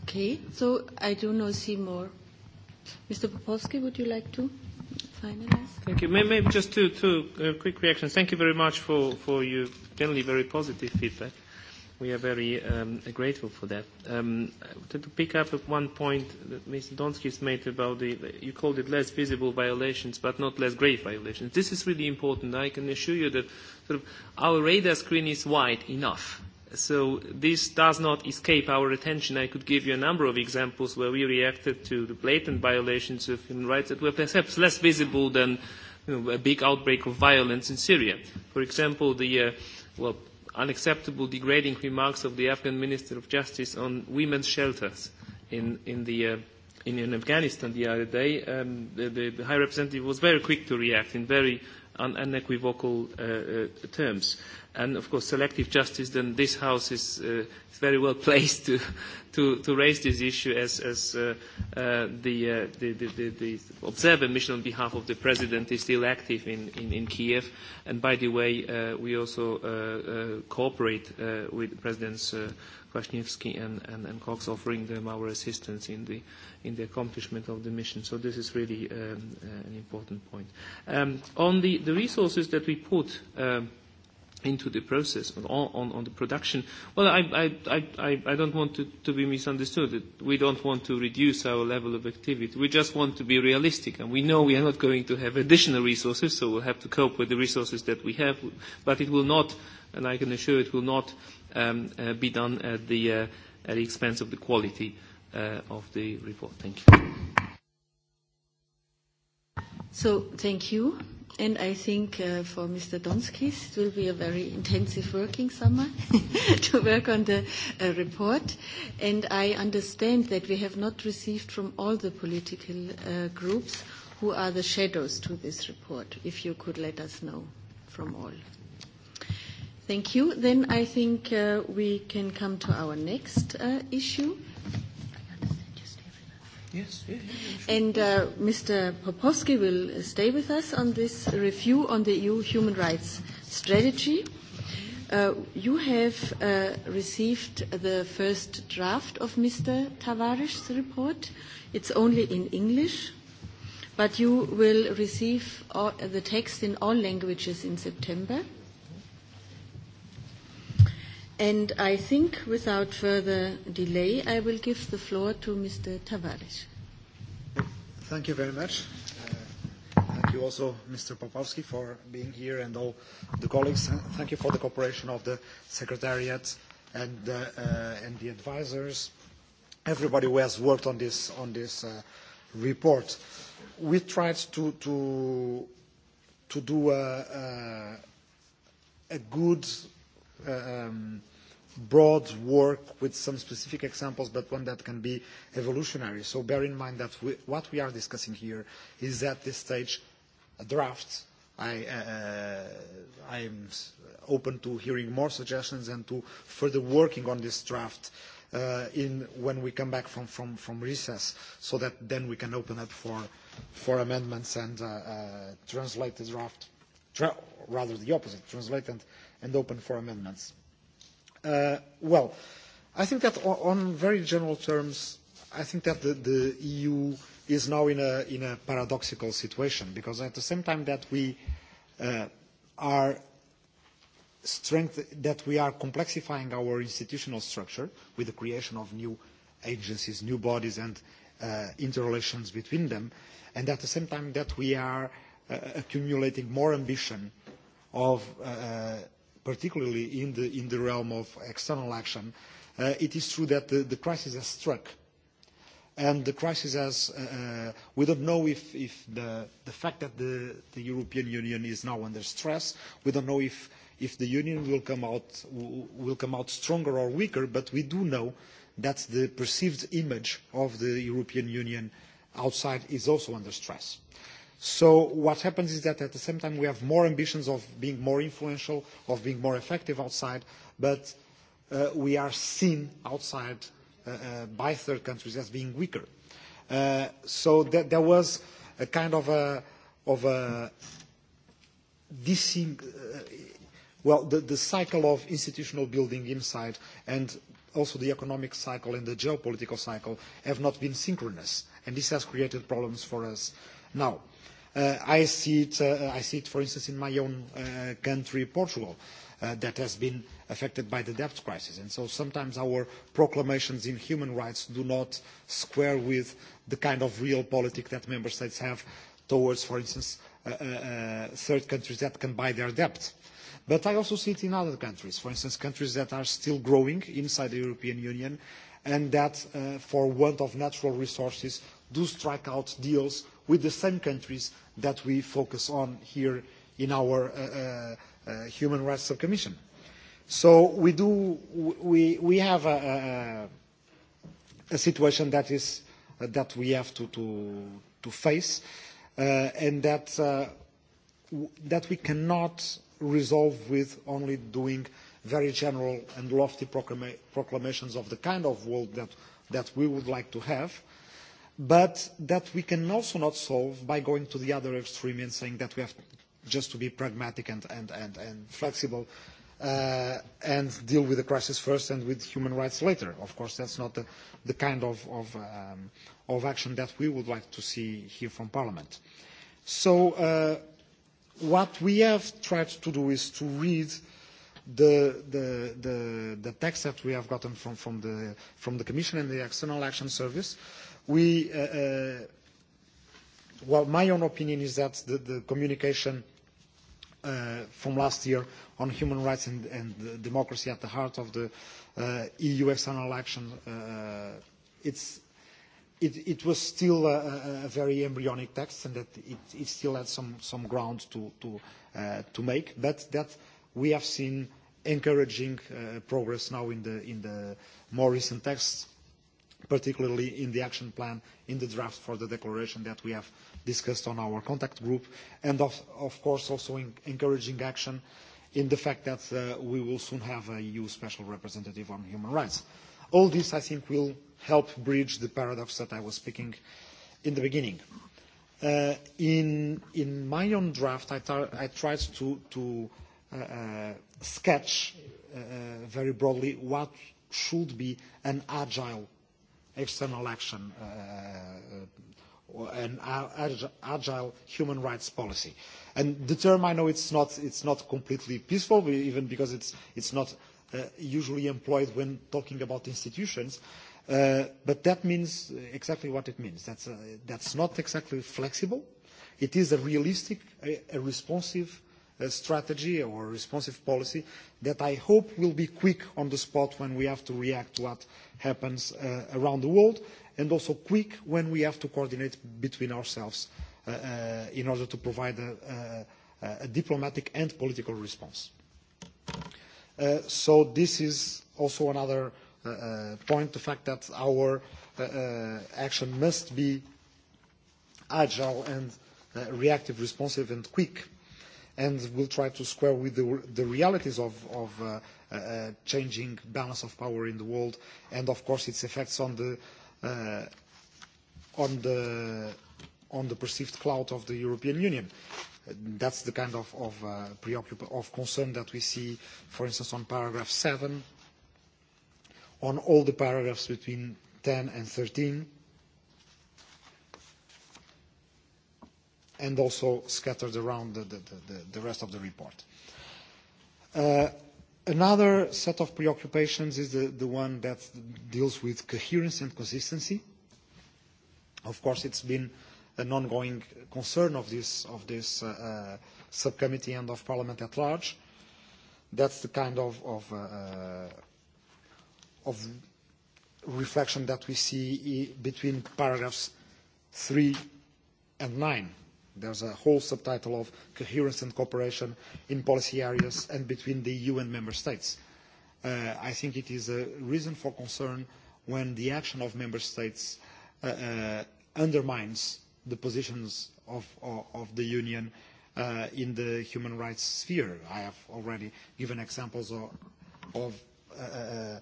Okay, so I do not see more. Mr. Popolski, would you like to finalize? Thank you. Maybe just two, two uh, quick reactions. Thank you very much for, for your generally very positive feedback. Uh, we are very um, grateful for that. Um, to, to pick up one point that Mr. Donskis made about the, you called it less visible violations, but not less grave violations. This is really important. I can assure you that sort of our radar screen is wide enough. So this does not escape our attention. I could give you a number of examples where we reacted to the blatant violations of human rights that were perhaps less visible than you know, a big outbreak of violence in Syria. For example, the uh, well, unacceptable degrading remarks of the Afghan Minister of Justice on women's shelters in, in, the, uh, in, in Afghanistan the other day. Um, the, the, the High Representative was very quick to react in very on unequivocal uh, uh, terms. And of course, selective justice, then this House is, uh, is very well placed to, to, to raise this issue as, as uh, uh, the, uh, the, the, the, the observer mission on behalf of the President is still active in, in, in Kiev. And by the way, uh, we also uh, uh, cooperate uh, with the President's uh, Kwasniewski and, and, and Cox offering them our assistance in the, in the accomplishment of the mission. So this is really um, uh, an important point. Um, on the, the resources that we put um, into the process on, on, on the production. Well, I, I, I, I don't want to, to be misunderstood. We don't want to reduce our level of activity. We just want to be realistic, and we know we are not going to have additional resources, so we'll have to cope with the resources that we have, but it will not, and I can assure it will not um, uh, be done at the, uh, at the expense of the quality uh, of the report. Thank you. So, thank you. And I think uh, for Mr. Donskis, it will be a very intensive working summer to work on the uh, report. And I understand that we have not received from all the political uh, groups who are the shadows to this report, if you could let us know from all. Thank you. Then I think uh, we can come to our next uh, issue. Yes, yeah, yeah, sure. And uh, Mr. Popowski will stay with us on this review on the EU human rights strategy. Uh, you have uh, received the first draft of Mr. Tavares' report. It's only in English, but you will receive all, the text in all languages in September. And I think without further delay, I will give the floor to Mr. Tavares. Thank you very much. Uh, thank you also, Mr. Popowski, for being here and all the colleagues. Thank you for the cooperation of the Secretariat and, uh, uh, and the advisors, everybody who has worked on this, on this uh, report. We tried to, to, to do a, uh, a, uh, a good Uh, um, broad work with some specific examples, but one that can be evolutionary. So bear in mind that we, what we are discussing here is at this stage a draft. I, uh, uh I'm open to hearing more suggestions and to further working on this draft uh, in, when we come back from, from, from recess, so that then we can open up for, for amendments and uh, uh, translate the draft, tra rather the opposite, translate and and open for amendments. Uh, well, I think that on very general terms, I think that the, the EU is now in a, in a paradoxical situation because at the same time that we uh, are strength that we are complexifying our institutional structure with the creation of new agencies, new bodies and uh, interrelations between them, and at the same time that we are uh, accumulating more ambition of uh, particularly in the, in the realm of external action, uh, it is true that the, the crisis has struck. And the crisis has, uh, uh, we don't know if, if the, the fact that the, the European Union is now under stress, we don't know if, if the Union will come, out, will come out stronger or weaker, but we do know that the perceived image of the European Union outside is also under stress. So what happens is that at the same time we have more ambitions of being more influential, of being more effective outside, but uh, we are seen outside uh, uh, by third countries as being weaker. Uh, so th there was a kind of a, of a dissing, uh, well, the, the cycle of institutional building inside and also the economic cycle and the geopolitical cycle have not been synchronous, and this has created problems for us now. Uh, I, see it, uh, I see it, for instance, in my own uh, country, Portugal, uh, that has been affected by the debt crisis. And so sometimes our proclamations in human rights do not square with the kind of real politics that member states have towards, for instance, uh, uh, uh, third countries that can buy their debt. But I also see it in other countries, for instance, countries that are still growing inside the European Union and that, uh, for want of natural resources, do strike out deals with the same countries that we focus on here in our uh, uh, uh, Human Rights Subcommission. So we, do, we, we have a, a, a situation that, is, uh, that we have to, to, to face uh, and that, uh, that we cannot resolve with only doing very general and lofty proclama proclamations of the kind of world that, that we would like to have but that we can also not solve by going to the other extreme and saying that we have just to be pragmatic and, and, and, and flexible uh, and deal with the crisis first and with human rights later. Of course, that's not the, the kind of, of, um, of action that we would like to see here from Parliament. So uh, what we have tried to do is to read the, the, the, the text that we have gotten from, from, the, from the Commission and the External Action Service uh, we, uh, uh, well, my own opinion is that the, the communication uh, from last year on human rights and, and democracy at the heart of the uh, EU external action, uh, it's, it, it was still a, a very embryonic text and that it, it still had some, some ground to, to, uh, to make, but that we have seen encouraging uh, progress now in the, in the more recent texts particularly in the action plan, in the draft for the declaration that we have discussed on our contact group, and of, of course also in encouraging action in the fact that uh, we will soon have a EU Special Representative on Human Rights. All this, I think, will help bridge the paradox that I was speaking in the beginning. Uh, in, in my own draft, I, I tried to, to uh, uh, sketch uh, uh very broadly what should be an agile external action uh, uh, uh and agile human rights policy. And the term, I know it's not, it's not completely peaceful, even because it's, it's not uh, usually employed when talking about institutions, uh, but that means exactly what it means. That's, uh, that's not exactly flexible. It is a realistic, a, a responsive strategy or responsive policy that I hope will be quick on the spot when we have to react to what happens uh, around the world and also quick when we have to coordinate between ourselves uh, uh, in order to provide a, a, uh, a diplomatic and political response. Uh, so this is also another uh, uh, point, the fact that our uh, uh, action must be agile and uh, reactive, responsive and quick and will try to square with the, the realities of, of uh, uh, changing balance of power in the world and of course its effects on the uh, on the on the perceived clout of the European Union. That's the kind of, of, uh, of concern that we see, for instance, on paragraph 7, on all the paragraphs between 10 and 13, and also scattered around the, the, the, the rest of the report. Uh, another set of preoccupations is the, the one that deals with coherence and consistency. Of course, it's been an ongoing concern of this, of this uh, uh, subcommittee and of Parliament at large. That's the kind of, of, uh, of reflection that we see between paragraphs three and nine. There's a whole subtitle of coherence and cooperation in policy areas and between the EU and member states. Uh, I think it is a reason for concern when the action of member states uh, uh, undermines the positions of, of, of the union uh, in the human rights sphere. I have already given examples of, of, uh, uh,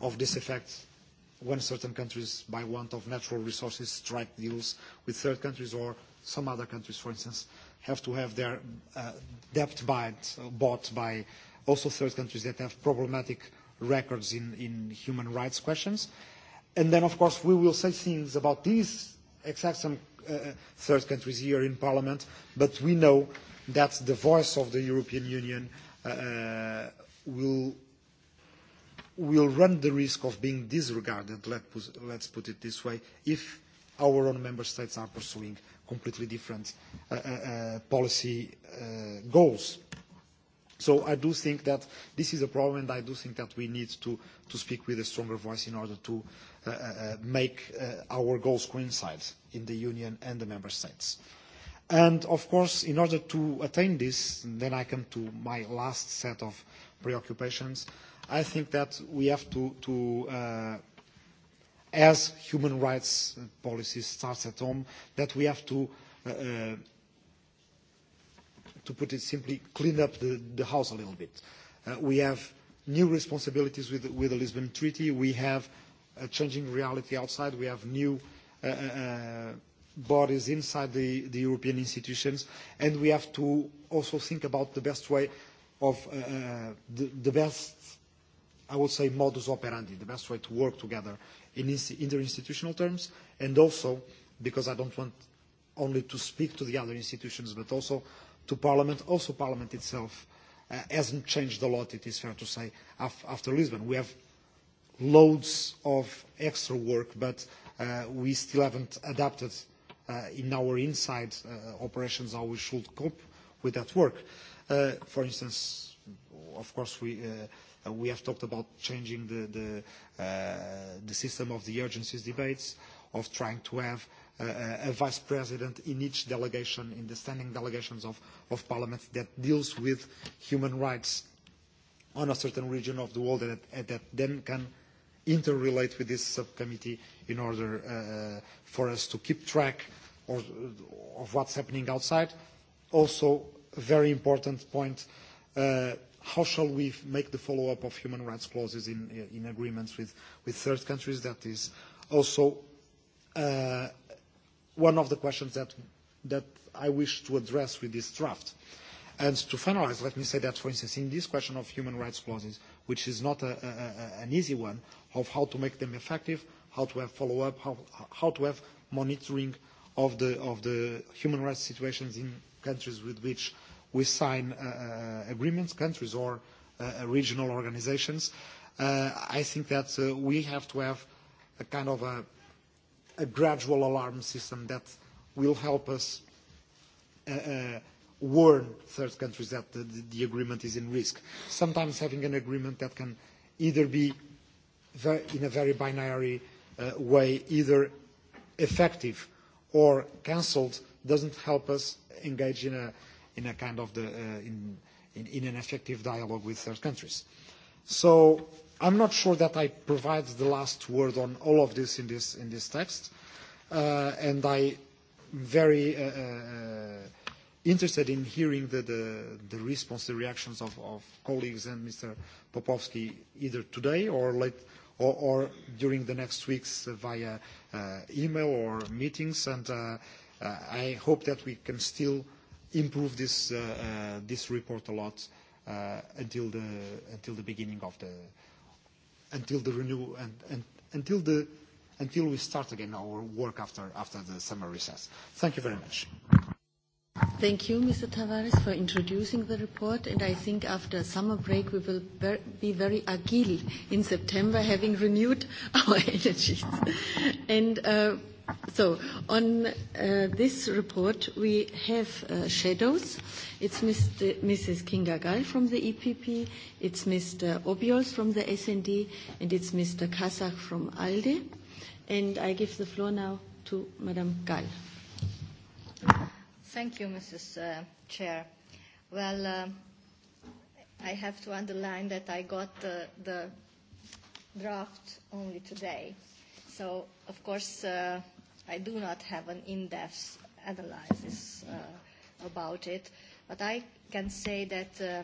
of this effect when certain countries, by want of natural resources, strike deals with third countries or some other countries, for instance, have to have their uh, debt bind, bought by also third countries that have problematic records in, in human rights questions. And then, of course, we will say things about these exact some uh, third countries here in Parliament, but we know that the voice of the European Union uh, uh will, will run the risk of being disregarded, let let's put it this way, if our own member states are pursuing completely different uh, uh, uh, policy uh, goals. So I do think that this is a problem and I do think that we need to, to speak with a stronger voice in order to uh, uh, uh, make uh, our goals coincide in the Union and the Member States. And of course, in order to attain this, then I come to my last set of preoccupations. I think that we have to, to uh, as human rights policy starts at home, that we have to, uh, uh, to put it simply, clean up the, the house a little bit. Uh, we have new responsibilities with, with the Lisbon Treaty. We have a changing reality outside. We have new uh, uh, uh bodies inside the, the European institutions. And we have to also think about the best way of uh, uh the, the best I would say, modus operandi, the best way to work together in interinstitutional terms, and also, because I don't want only to speak to the other institutions, but also to Parliament, also Parliament itself uh, hasn't changed a lot, it is fair to say, af after Lisbon. We have loads of extra work, but uh, we still haven't adapted uh, in our inside uh, operations how we should cope with that work. Uh, for instance, of course, we, uh, Uh, we have talked about changing the, the, uh, the system of the urgencies debates, of trying to have uh, uh a vice president in each delegation, in the standing delegations of, of parliament that deals with human rights on a certain region of the world that, that then can interrelate with this subcommittee in order uh, uh, for us to keep track of, of what's happening outside. Also, a very important point, uh, how shall we make the follow-up of human rights clauses in, uh, in agreements with, with third countries? That is also uh, one of the questions that, that I wish to address with this draft. And to finalize, let me say that, for instance, in this question of human rights clauses, which is not a, a, a, an easy one, of how to make them effective, how to have follow-up, how, how to have monitoring of the, of the human rights situations in countries with which we sign uh, uh, agreements, countries or uh, uh, regional organizations. Uh, I think that uh, we have to have a kind of a, a gradual alarm system that will help us uh, uh, warn third countries that the, the agreement is in risk. Sometimes having an agreement that can either be very, in a very binary uh, way, either effective or cancelled, doesn't help us engage in a, in a kind of the, uh, in, in, in an effective dialogue with third countries. So I'm not sure that I provide the last word on all of this in this, in this text, uh, and I very uh, uh, uh, interested in hearing the, the, the response, the reactions of, of colleagues and Mr. Popovsky either today or, late, or, or during the next weeks via uh, email or meetings, and uh, uh, I hope that we can still – improve this, uh, uh, this report a lot uh, until, the, until the beginning of the, until the renew, and, and until, the, until we start again our work after, after the summer recess. Thank you very much. Thank you, Mr. Tavares, for introducing the report. And I think after summer break, we will be very agile in September, having renewed our energies. And uh, So, on uh, this report, we have uh, shadows. It's Mr. Mrs. Kinga Gall from the EPP, it's Mr. Obiols from the SND, and it's Mr. Kasach from ALDE. And I give the floor now to Madam Gall. Thank you, Mrs. Uh, Chair. Well, uh, I have to underline that I got uh, the draft only today, So, of course, uh, I do not have an in-depth analysis uh, about it, but I can say that uh,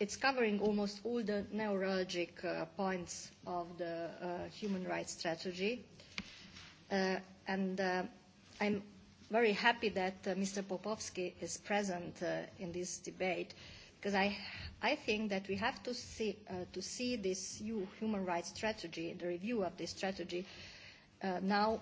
it's covering almost all the neurologic uh, points of the uh, human rights strategy. Uh, and uh, I'm very happy that uh, Mr. Popovsky is present uh, in this debate because I I think that we have to see, uh, to see this new human rights strategy, the review of this strategy, uh, now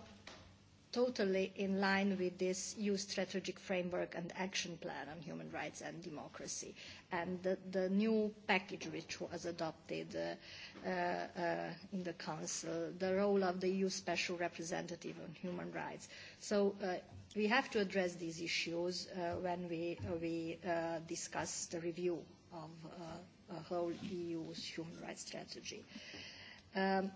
totally in line with this EU strategic framework and action plan on human rights and democracy, and the, the new package which was adopted uh, uh, uh in the Council, the role of the EU Special Representative on Human Rights. So uh, we have to address these issues uh, when we, uh, we uh, discuss the review of uh, a whole EU's human rights strategy. Um,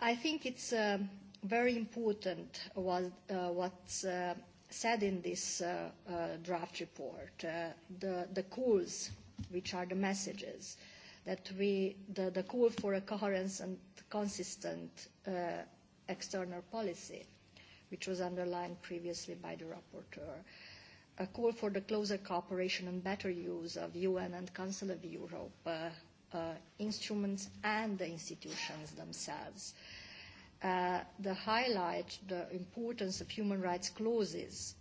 I think it's uh, very important what, uh, what's uh, said in this uh, uh, draft report, uh, the, the calls, which are the messages, that we, the, the call for a coherent and consistent uh, external policy, which was underlined previously by the rapporteur a call for the closer cooperation and better use of UN and Council of Europe uh, uh, instruments and the institutions themselves. Uh, the highlight the importance of human rights clauses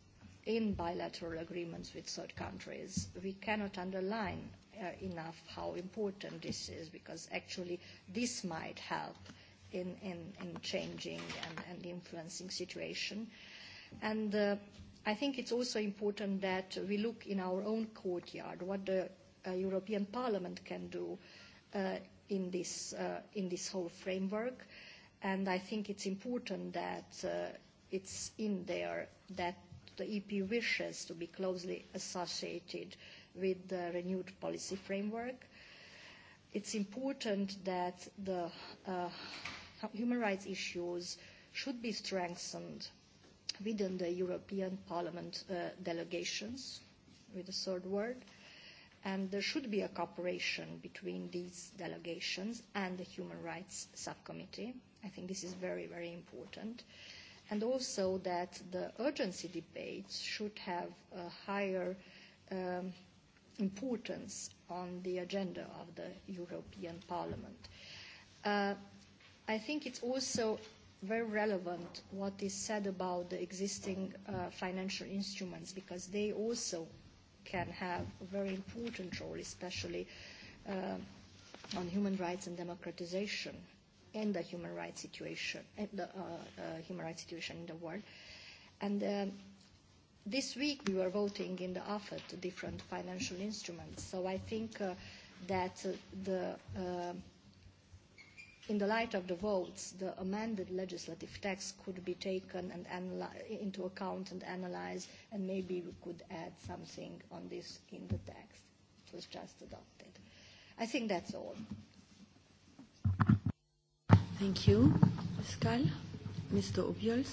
in bilateral agreements with third countries. We cannot underline uh, enough how important this is because actually this might help in, in, in changing and, and influencing situation. And uh, I think it's also important that we look in our own courtyard what the uh, European Parliament can do uh, in, this, uh, in this whole framework. And I think it's important that uh, it's in there that the EP wishes to be closely associated with the renewed policy framework. It's important that the uh, human rights issues should be strengthened within the European Parliament uh, delegations, with the third word, and there should be a cooperation between these delegations and the Human Rights Subcommittee. I think this is very, very important. And also that the urgency debates should have a higher um, importance on the agenda of the European Parliament. Uh, I think it's also very relevant what is said about the existing uh, financial instruments because they also can have a very important role, especially uh, on human rights and democratization and the human rights situation, and eh, the uh, uh, human rights situation in the world. And um, this week we were voting in the AFET different financial instruments. So I think uh, that uh, the uh, in the light of the votes, the amended legislative text could be taken and into account and analysed, and maybe we could add something on this in the text. It was just adopted. I think that's all. Thank you. Pascal, Mr. Obiols.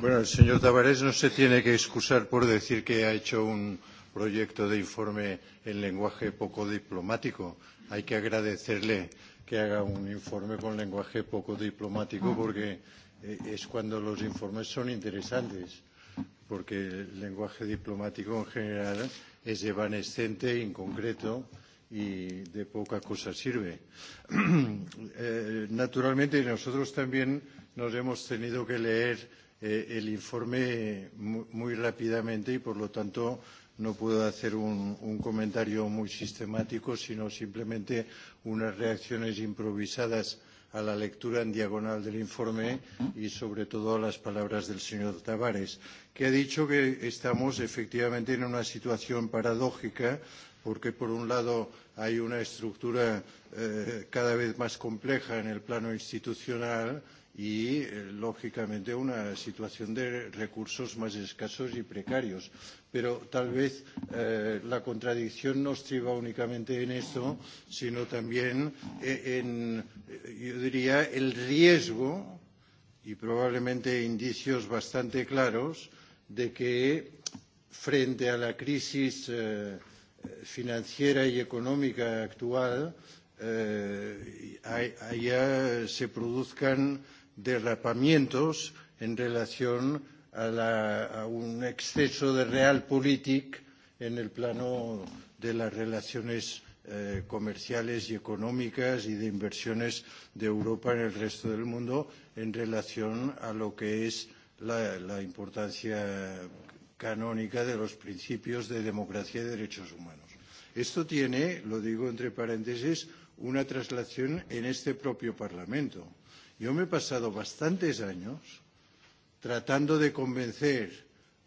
Bueno, el señor Tavares no se tiene que excusar por decir que ha hecho un proyecto de informe en lenguaje poco diplomático. Hay que agradecerle que haga un informe con lenguaje poco diplomático porque eh, es cuando los informes son interesantes, porque el lenguaje diplomático en general es evanescente, inconcreto y de poca cosa sirve. eh, naturalmente nosotros también nos hemos tenido que leer eh, el informe muy, muy rápidamente y por lo tanto no puedo hacer un, un comentario muy sistemático, sino simplemente unas reacciones improvisadas a la lectura en diagonal del informe y sobre todo a las palabras del señor Tavares, que ha dicho que estamos efectivamente en una situación paradójica porque por un lado hay una estructura eh, cada vez más compleja en el plano institucional, eh, y, eh, lógicamente, una situación de recursos más escasos y precarios. Pero tal vez eh, la contradicción no estriba únicamente en eso, sino también eh, en, en eh, yo diría, el riesgo y probablemente indicios bastante claros de que frente a la crisis eh, financiera y económica actual eh, haya, se produzcan derrapamientos en relación a, la, a un exceso de realpolitik en el plano de las relaciones eh, comerciales y económicas y de inversiones de Europa en el resto del mundo en relación a lo que es la, la importancia canónica de los principios de democracia y derechos humanos. Esto tiene, lo digo entre paréntesis, una traslación en este propio Parlamento Yo me he pasado bastantes años tratando de convencer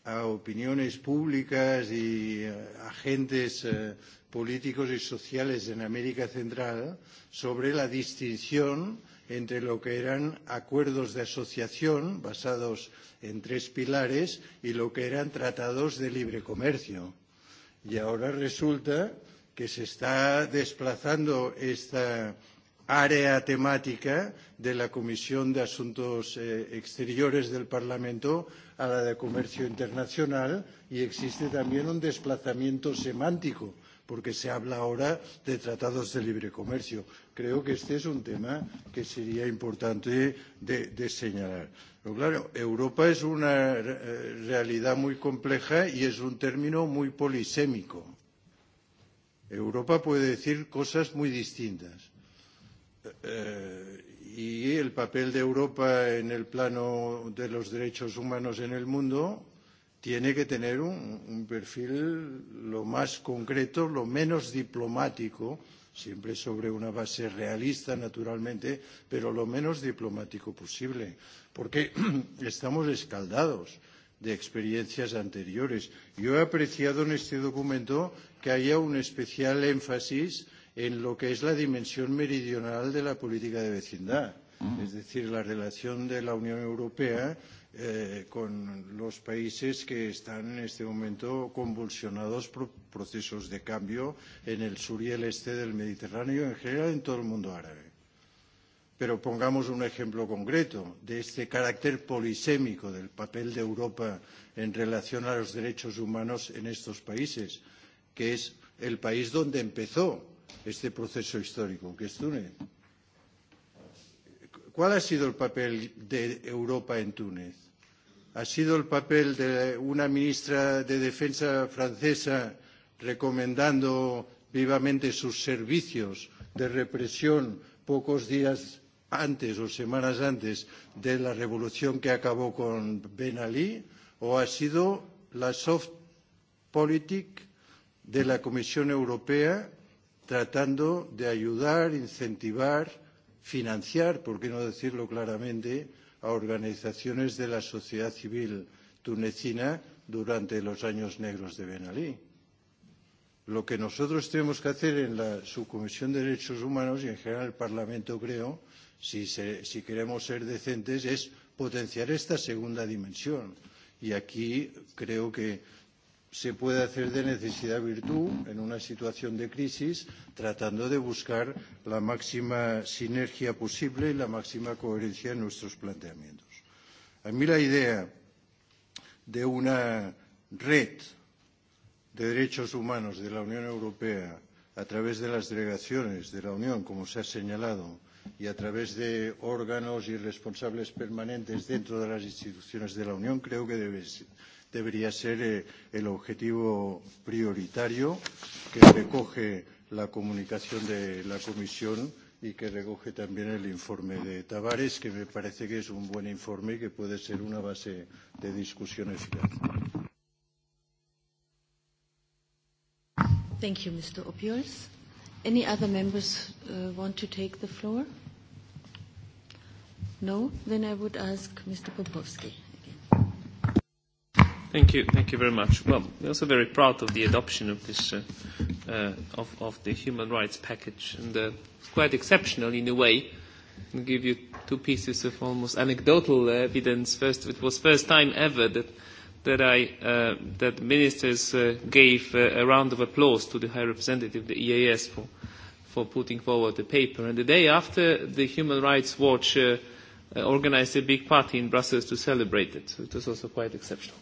a opiniones públicas y agentes uh, políticos y sociales en América Central sobre la distinción entre lo que eran acuerdos de asociación basados en tres pilares y lo que eran tratados de libre comercio. Y ahora resulta que se está desplazando esta área temática de la Comisión de Asuntos eh, Exteriores del Parlamento a la de Comercio Internacional y existe también un desplazamiento semántico porque se habla ahora de tratados de libre comercio. Creo que este es un tema que sería importante de, de señalar. Pero claro, Europa es una eh, realidad muy compleja y es un término muy polisémico. Europa puede decir cosas muy distintas eh, y el papel de Europa en el plano de los derechos humanos en el mundo tiene que tener un, un perfil lo más concreto, lo menos diplomático, siempre sobre una base realista, naturalmente, pero lo menos diplomático posible, porque estamos escaldados de experiencias anteriores. Yo he apreciado en este documento que haya un especial énfasis eh, en lo que es la dimensión meridional de la política de vecindad, mm. es decir, la relación de la Unión Europea eh, con los países que están en este momento convulsionados por procesos de cambio en el sur y el este del Mediterráneo, en general en todo el mundo árabe. Pero pongamos un ejemplo concreto de este carácter polisémico del papel de Europa en relación a los derechos humanos en estos países, que es el país donde empezó este proceso histórico es Túnez. ¿Cuál ha sido el papel de Europa en Túnez? ¿Ha sido el papel de una ministra de Defensa francesa recomendando vivamente sus servicios de represión pocos días antes o semanas antes de la revolución que acabó con Ben Ali? ¿O ha sido la soft politic de la Comisión Europea tratando de ayudar, incentivar, financiar, por qué no decirlo claramente, a organizaciones de la sociedad civil tunecina durante los años negros de Ben Ali. Lo que nosotros tenemos que hacer en la Subcomisión de Derechos Humanos y en general el Parlamento, creo, si, se, si queremos ser decentes, es potenciar esta segunda dimensión. Y aquí creo que se puede hacer de necesidad virtud en una situación de crisis, tratando de buscar la máxima sinergia posible y la máxima coherencia en nuestros planteamientos. A mí la idea de una red de derechos humanos de la Unión Europea a través de las delegaciones de la Unión, como se ha señalado, y a través de órganos y responsables permanentes dentro de las instituciones de la Unión, creo que debe ser debería ser eh, el objetivo prioritario que recoge la comunicación de la Comisión y que recoge también el informe de Tavares, que me parece que es un buen informe y que puede ser una base de discusión eficaz. Thank you, Mr. Opiols. Any other members uh, want to take the floor? No? Then I would ask Mr. Popovsky. Thank you, thank you very much. Well, we're also very proud of the adoption of this, uh, uh, of, of the human rights package, and uh, it's quite exceptional in a way. I'll give you two pieces of almost anecdotal evidence. First, it was first time ever that that I uh, that ministers uh, gave uh, a round of applause to the High Representative, the EAS, for for putting forward the paper. And the day after, the Human Rights Watch. Uh, uh, organized a big party in Brussels to celebrate it. So it was also quite exceptional.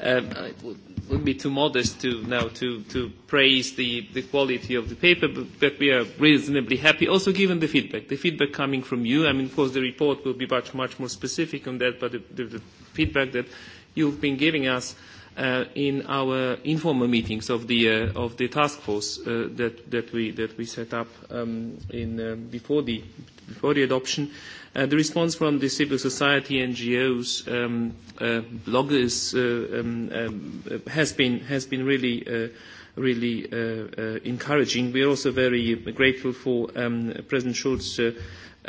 Um, uh, it would, would be too modest to now to, to praise the, the quality of the paper, but, but we are reasonably happy, also given the feedback. The feedback coming from you, I mean, of course, the report will be much, much more specific on that, but the, the, the feedback that you've been giving us uh, in our informal meetings of the, uh, of the task force uh, that, that, we, that we set up um, in, uh, before, the, before the adoption, uh, Uh, the response from the civil society NGOs, um, uh, bloggers, uh, um, um, uh, has, been, has been really, uh, really uh, uh, encouraging. We are also very grateful for um, President Schultz's uh,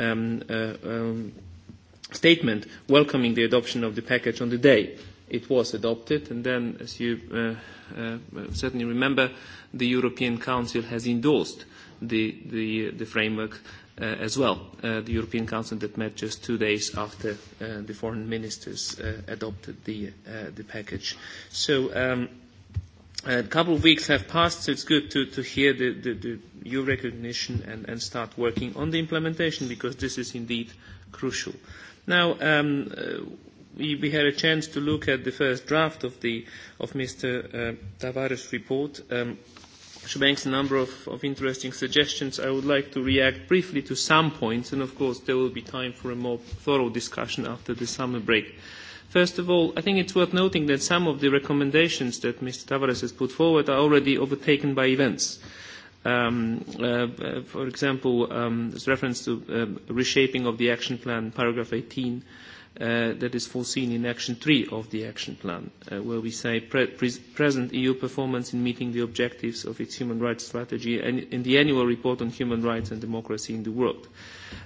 um, uh, um, statement welcoming the adoption of the package on the day it was adopted and then as you uh, uh, certainly remember the European Council has endorsed the, the, uh, the framework uh, as well, uh, the European Council that met just two days after uh, the foreign ministers uh, adopted the, uh, the package. So um, a couple of weeks have passed, so it's good to, to hear the, the, the EU recognition and, and start working on the implementation because this is indeed crucial. Now, um, uh, we, we had a chance to look at the first draft of, the, of Mr. Uh, Tavares' report. Um, Shebank's number of, of interesting suggestions. I would like to react briefly to some points, and of course there will be time for a more thorough discussion after the summer break. First of all, I think it's worth noting that some of the recommendations that Mr. Tavares has put forward are already overtaken by events. Um, uh, uh for example, um, there's reference to um, reshaping of the action plan, paragraph 18, uh, that is foreseen in Action 3 of the Action Plan, uh, where we say pre pre present EU performance in meeting the objectives of its human rights strategy and in the annual report on human rights and democracy in the world.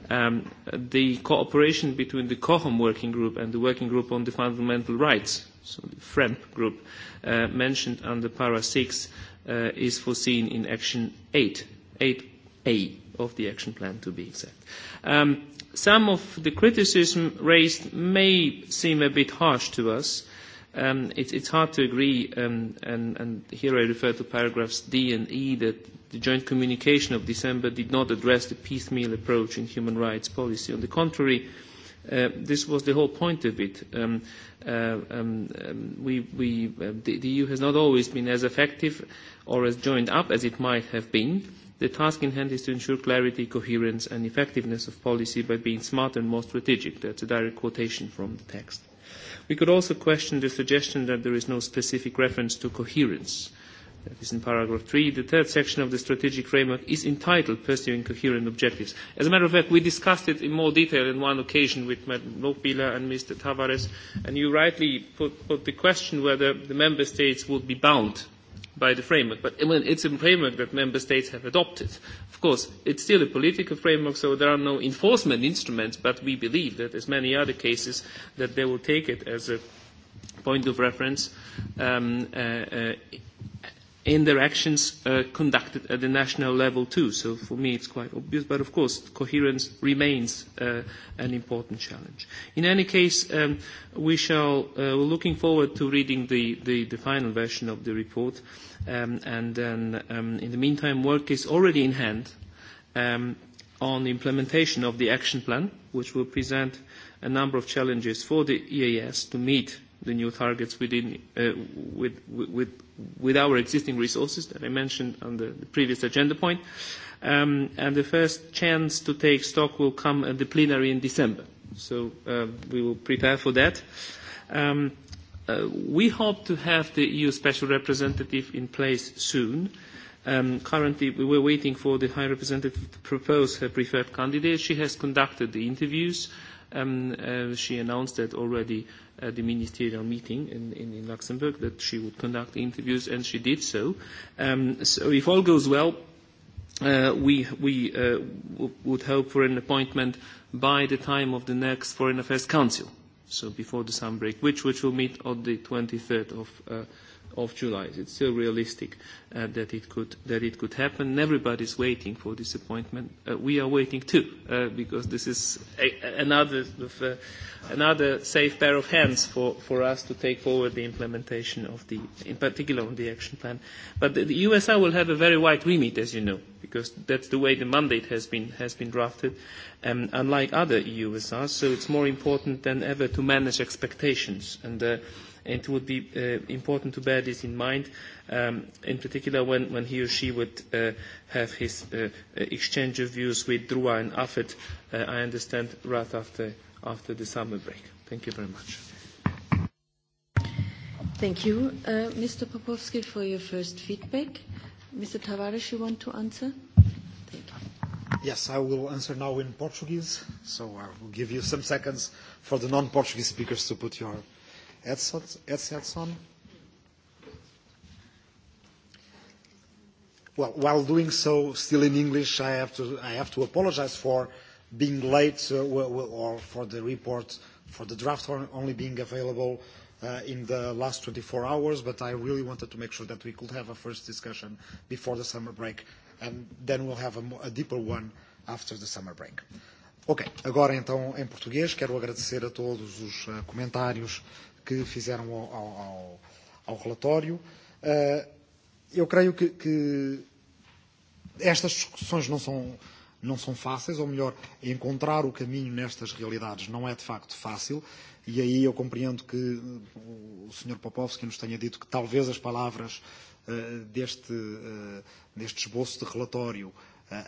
Um, the cooperation between the COHOM working group and the working group on the fundamental rights, so the FREMP group, uh, mentioned under para 6, uh, is foreseen in Action 8, 8A of the action plan to be exact. Um, some of the criticism raised may seem a bit harsh to us. Um, it, it's hard to agree, um, and, and here I refer to paragraphs D and E, that the joint communication of December did not address the piecemeal approach in human rights policy. On the contrary, uh, this was the whole point of it. Um, uh, um, um we, we, uh, the, the EU has not always been as effective or as joined up as it might have been The task in hand is to ensure clarity, coherence and effectiveness of policy by being smart and more strategic. That's a direct quotation from the text. We could also question the suggestion that there is no specific reference to coherence. That is in paragraph three. The third section of the strategic framework is entitled Pursuing Coherent Objectives. As a matter of fact, we discussed it in more detail in one occasion with Madam Lopila and Mr. Tavares, and you rightly put, put the question whether the member states would be bound by the framework. But it's a framework that member states have adopted. Of course, it's still a political framework, so there are no enforcement instruments, but we believe that as many other cases, that they will take it as a point of reference um, uh, uh, in their actions uh, conducted at the national level too. So for me it's quite obvious, but of course coherence remains uh, an important challenge. In any case, um, we shall, uh, we're looking forward to reading the, the, the final version of the report, um, and then um, in the meantime work is already in hand um, on the implementation of the action plan, which will present a number of challenges for the EAS to meet the new targets within, uh, with, with, with our existing resources that I mentioned on the, the previous agenda point. Um, and the first chance to take stock will come at the plenary in December. So uh, we will prepare for that. Um, uh, we hope to have the EU Special Representative in place soon. Um, currently, we were waiting for the High Representative to propose her preferred candidate. She has conducted the interviews. Um, uh, she announced that already at uh, the ministerial meeting in, in, in Luxembourg that she would conduct interviews, and she did so. Um, so if all goes well, uh, we, we uh, w would hope for an appointment by the time of the next Foreign Affairs Council, so before the summer break, which, which will meet on the 23rd of uh, of July. It's still realistic uh, that, it could, that it could happen. Everybody's waiting for this appointment. Uh, we are waiting too, uh, because this is a, another, uh, another safe pair of hands for, for us to take forward the implementation of the, in particular on the action plan. But the, the USR will have a very wide remit, as you know, because that's the way the mandate has been, has been drafted, um, unlike other EUSRs, so it's more important than ever to manage expectations. And uh, and it would be uh, important to bear this in mind, um, in particular when, when he or she would uh, have his uh, uh exchange of views with Drua and Afet, uh, I understand, right after, after the summer break. Thank you very much. Thank you, uh, Mr. Popovsky, for your first feedback. Mr. Tavares, you want to answer? Thank you. Yes, I will answer now in Portuguese, so I will give you some seconds for the non-Portuguese speakers to put your Edson. Well, while doing so, still in English, I have to, I have to apologize for being late uh, or for the report, for the draft only being available uh, in the last 24 hours, but I really wanted to make sure that we could have a first discussion before the summer break, and then we'll have a, a deeper one after the summer break. Ok, agora então em português quero agradecer a todos os uh, comentários que fizeram ao, ao, ao relatório. Eh, eu creio que, que estas discussões não são, não são fáceis, ou melhor, encontrar o caminho nestas realidades não é de facto fácil, e aí eu compreendo que o Sr. Popovski nos tenha dito que talvez as palavras uh, deste, uh, deste esboço de relatório uh,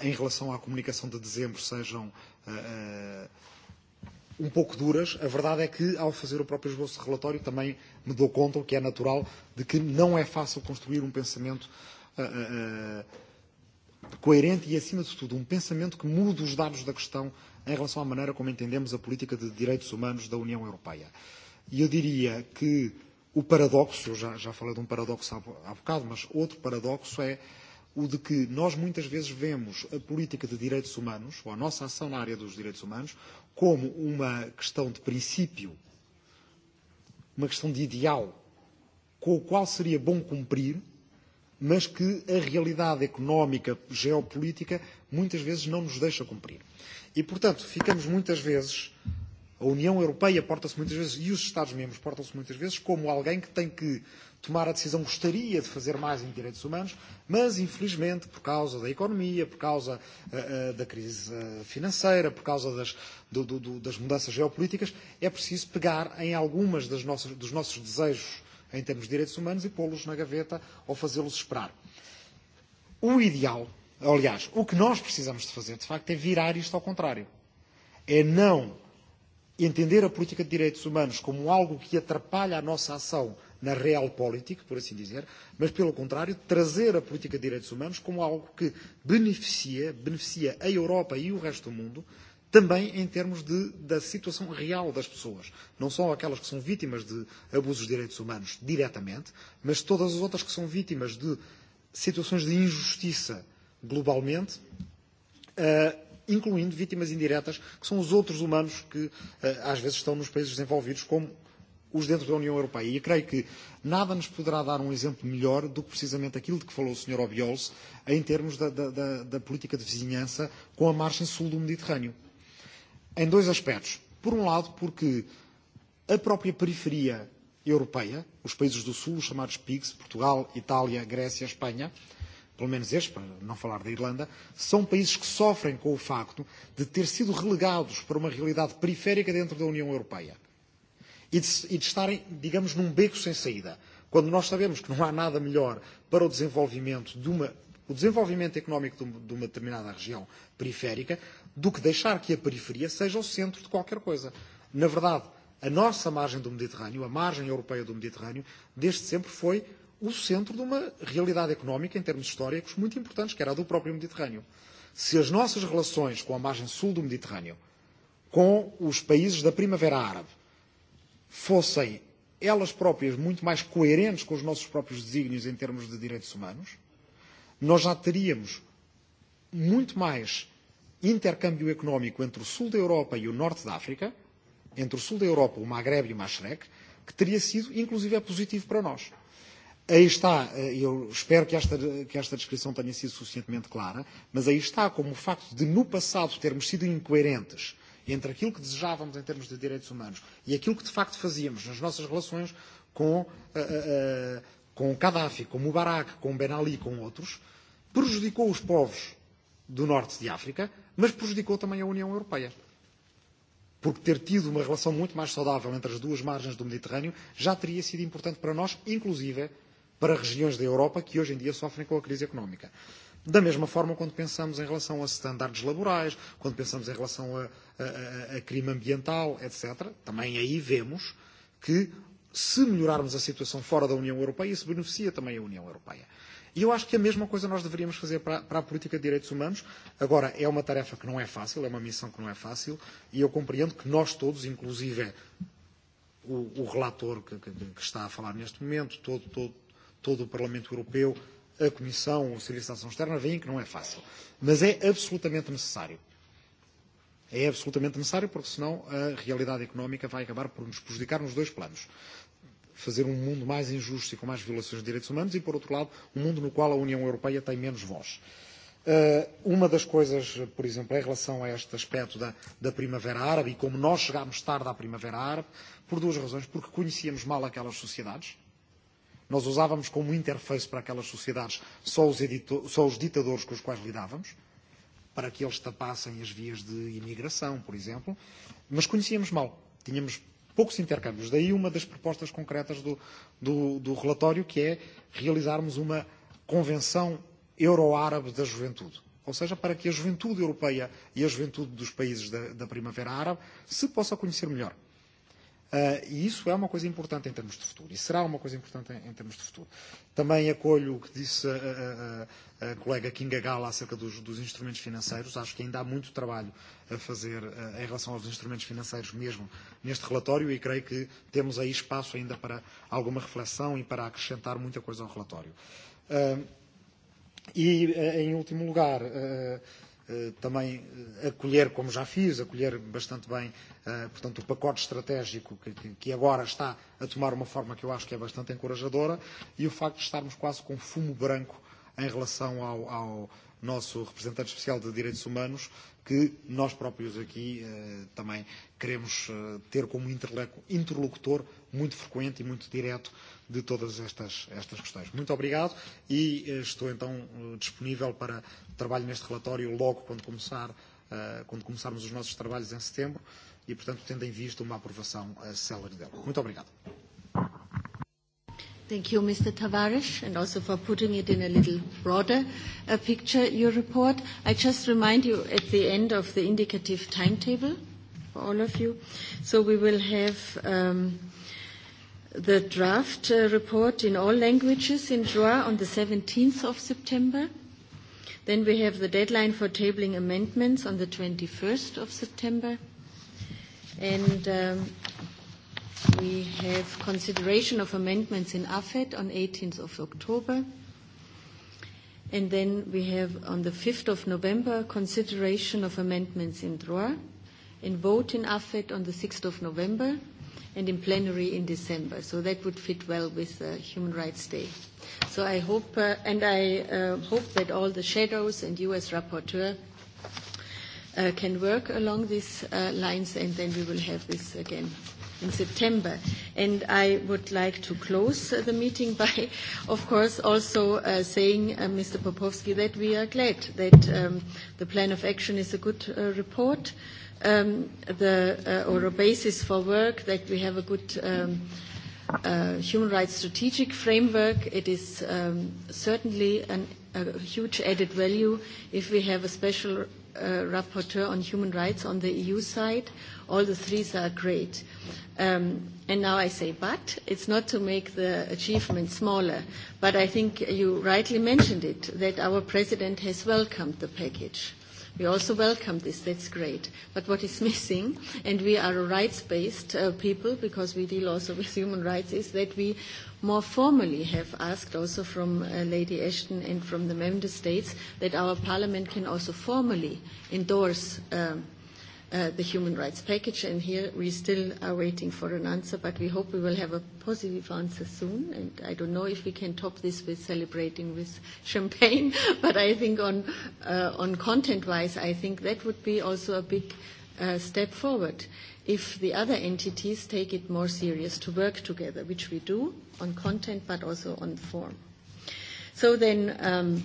em relação à comunicação de dezembro sejam uh, uh, um pouco duras, a verdade é que, ao fazer o próprio esboço de relatório, também me dou conta, o que é natural, de que não é fácil construir um pensamento uh, uh, coerente e, acima de tudo, um pensamento que mude os dados da questão em relação à maneira como entendemos a política de direitos humanos da União Europeia. E eu diria que o paradoxo, já, já falei de um paradoxo há, há bocado, mas outro paradoxo é uh, o de que nós muitas vezes vemos a política de direitos humanos, ou a nossa ação na área dos direitos humanos, como uma questão de princípio, uma questão de ideal, com o qual seria bom cumprir, mas que a realidade económica, geopolítica, muitas vezes não nos deixa cumprir. E, portanto, ficamos muitas vezes, a União Europeia porta-se muitas vezes, e os Estados-membros portam-se muitas vezes, como alguém que tem que tomar a decisão gostaria de fazer mais em direitos humanos, mas infelizmente por causa da economia, por causa uh, uh, da crise eh, financeira, por causa das, do, do, do, das mudanças geopolíticas, é preciso pegar em algumas das nossas, dos nossos desejos em termos de direitos humanos e pô-los na gaveta ou fazê-los esperar. O ideal, aliás, o que nós precisamos de fazer, de facto, é virar isto ao contrário. É não entender a política de direitos humanos como algo que atrapalha a nossa ação na real política, por assim dizer, mas pelo contrário, trazer a política de direitos humanos como algo que beneficia, beneficia a Europa e o resto do mundo, também em termos de, da situação real das pessoas. Não só aquelas que são vítimas de abusos de direitos humanos diretamente, mas todas as outras que são vítimas de situações de injustiça globalmente, uh, incluindo vítimas indiretas, que são os outros humanos que uh, às vezes estão nos países desenvolvidos, como os dentro da União Europeia. E eu creio que nada nos poderá dar um exemplo melhor do que precisamente aquilo de que falou o Sr. Obiols em termos da, da, da, da política de vizinhança com a margem sul do Mediterrâneo. Em dois aspectos. Por um lado, porque a própria periferia europeia, os países do sul, os chamados PIGS, Portugal, Itália, Grécia, Espanha, pelo menos este, para não falar da Irlanda, são países que sofrem com o facto de ter sido relegados para uma realidade periférica dentro da União Europeia e de, e de estarem, digamos, num beco sem saída. Quando nós sabemos que não há nada melhor para o desenvolvimento de uma o desenvolvimento económico de uma determinada região periférica do que deixar que a periferia seja o centro de qualquer coisa. Na verdade, a nossa margem do Mediterrâneo, a margem europeia do Mediterrâneo, desde sempre foi o centro de uma realidade económica em termos históricos muito importantes, que era a do próprio Mediterrâneo. Se as nossas relações com a margem sul do Mediterrâneo, com os países da Primavera Árabe, fossem elas próprias muito mais coerentes com os nossos próprios desígnios em termos de direitos humanos, nós já teríamos muito mais intercâmbio económico entre o sul da Europa e o norte da África, entre o sul da Europa, o Maghreb e o Mashrek, que teria sido, inclusive, é positivo para nós. Aí está, eh, eu espero que esta, que esta descrição tenha sido suficientemente clara, mas aí está como o facto de, no passado, termos sido incoerentes entre aquilo que desejávamos em termos de direitos humanos e aquilo que de facto fazíamos nas nossas relações com, uh, uh, com Gaddafi, com Mubarak, com Ben Ali, e com outros, prejudicou os povos do norte de África, mas prejudicou também a União Europeia. Porque ter tido uma relação muito mais saudável entre as duas margens do Mediterrâneo já teria sido importante para nós, inclusive para regiões da Europa que hoje em dia sofrem com a crise económica. Uh, Da mesma forma, quando pensamos em relação a standards laborais, quando pensamos em relação a, a, a crime ambiental, etc., também aí vemos que se melhorarmos a situação fora da União Europeia, isso beneficia também a União Europeia. E eu acho que a mesma coisa nós deveríamos fazer para, para a política de direitos humanos. Agora, é uma tarefa que não é fácil, é uma missão que não é fácil, e eu compreendo que nós todos, inclusive o, o relator que, que, que está a falar neste momento, todo, todo, todo o Parlamento Europeu, a Comissão, o Serviço de Ação Externa, veem que não é fácil. Mas é absolutamente necessário. É absolutamente necessário porque senão a realidade económica vai acabar por nos prejudicar nos dois planos. Fazer um mundo mais injusto e com mais violações de direitos humanos e, por outro lado, um mundo no qual a União Europeia tem menos voz. Uh, uma das coisas, por exemplo, em relação a este aspecto da, da Primavera Árabe e como nós chegámos tarde à Primavera Árabe, por duas razões. Porque conhecíamos mal aquelas sociedades, Nós usávamos como interface para aquelas sociedades só os, editor, só os ditadores com os quais lidávamos, para que eles tapassem as vias de imigração, por exemplo, mas conhecíamos mal, tínhamos poucos intercâmbios. Daí uma das propostas concretas do, do, do relatório, que é realizarmos uma convenção euro-árabe da juventude. Ou seja, para que a juventude europeia e a juventude dos países da, da Primavera Árabe se possa conhecer melhor. Uh, e isso é uma coisa importante em termos de futuro, e será uma coisa importante em, termos de futuro. Também acolho o que disse eh, eh, a, colega Kinga Gala acerca dos, dos instrumentos financeiros. Acho que ainda há muito trabalho a fazer em relação aos instrumentos financeiros mesmo neste relatório e creio que temos aí espaço ainda para alguma reflexão e para acrescentar muita coisa ao relatório. Uh, e, em último lugar, uh, Eh, também eh, acolher, como já fiz, acolher bastante bem, eh, portanto, o pacote estratégico que, agora está a tomar uma forma que eu acho que é bastante encorajadora e o facto de estarmos quase com fumo branco em relação ao, ao nosso representante especial de direitos humanos, que nós próprios aqui também queremos ter como interlocutor muito frequente e muito direto de todas estas, estas questões. Muito obrigado e eh, estou então eh, disponível para trabalho neste relatório logo quando, começar, eh, quando começarmos os nossos trabalhos em setembro e, portanto, tendo em vista uma aprovação célere dela. Muito obrigado. Thank you, Mr. Tavares, and also for putting it in a little broader uh, picture, your report. I just remind you at the end of the indicative timetable for all of you. So we will have um, the draft uh, report in all languages in Joa on the 17th of September. Then we have the deadline for tabling amendments on the 21st of September. And um, we have consideration of amendments in AFED on 18th of October. And then we have on the 5th of November consideration of amendments in DROA and vote in AFED on the 6th of November and in plenary in December. So that would fit well with uh, Human Rights Day. So I hope, uh, and I uh, hope that all the shadows and you as rapporteur uh, can work along these uh, lines and then we will have this again in September. And I would like to close uh, the meeting by, of course, also uh, saying, uh, Mr. Popovsky, that we are glad that um, the plan of action is a good uh, report. Uh, um, the, uh, or a basis for work, that we have a good um, uh, human rights strategic framework. It is um, certainly an, a huge added value if we have a special uh, rapporteur on human rights on the EU side. All the threes are great. Um, and now I say but, it's not to make the achievement smaller, but I think you rightly mentioned it, that our president has welcomed the package We also welcome this, that's great. But what is missing, and we are a rights-based uh, people because we deal also with human rights, is that we more formally have asked also from uh, Lady Ashton and from the member states that our parliament can also formally endorse uh uh, the human rights package, and here we still are waiting for an answer, but we hope we will have a positive answer soon, and I don't know if we can top this with celebrating with champagne, but I think on, uh, on content-wise, I think that would be also a big uh, step forward if the other entities take it more serious to work together, which we do on content but also on form. So then... Um,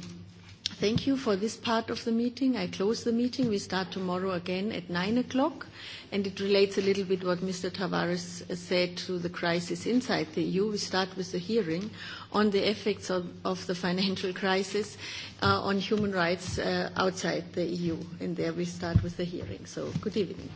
Thank you for this part of the meeting. I close the meeting. We start tomorrow again at nine o'clock, and it relates a little bit what Mr. Tavares said to the crisis inside the EU. We start with the hearing on the effects of, of the financial crisis uh, on human rights uh, outside the EU, and there we start with the hearing. So good evening.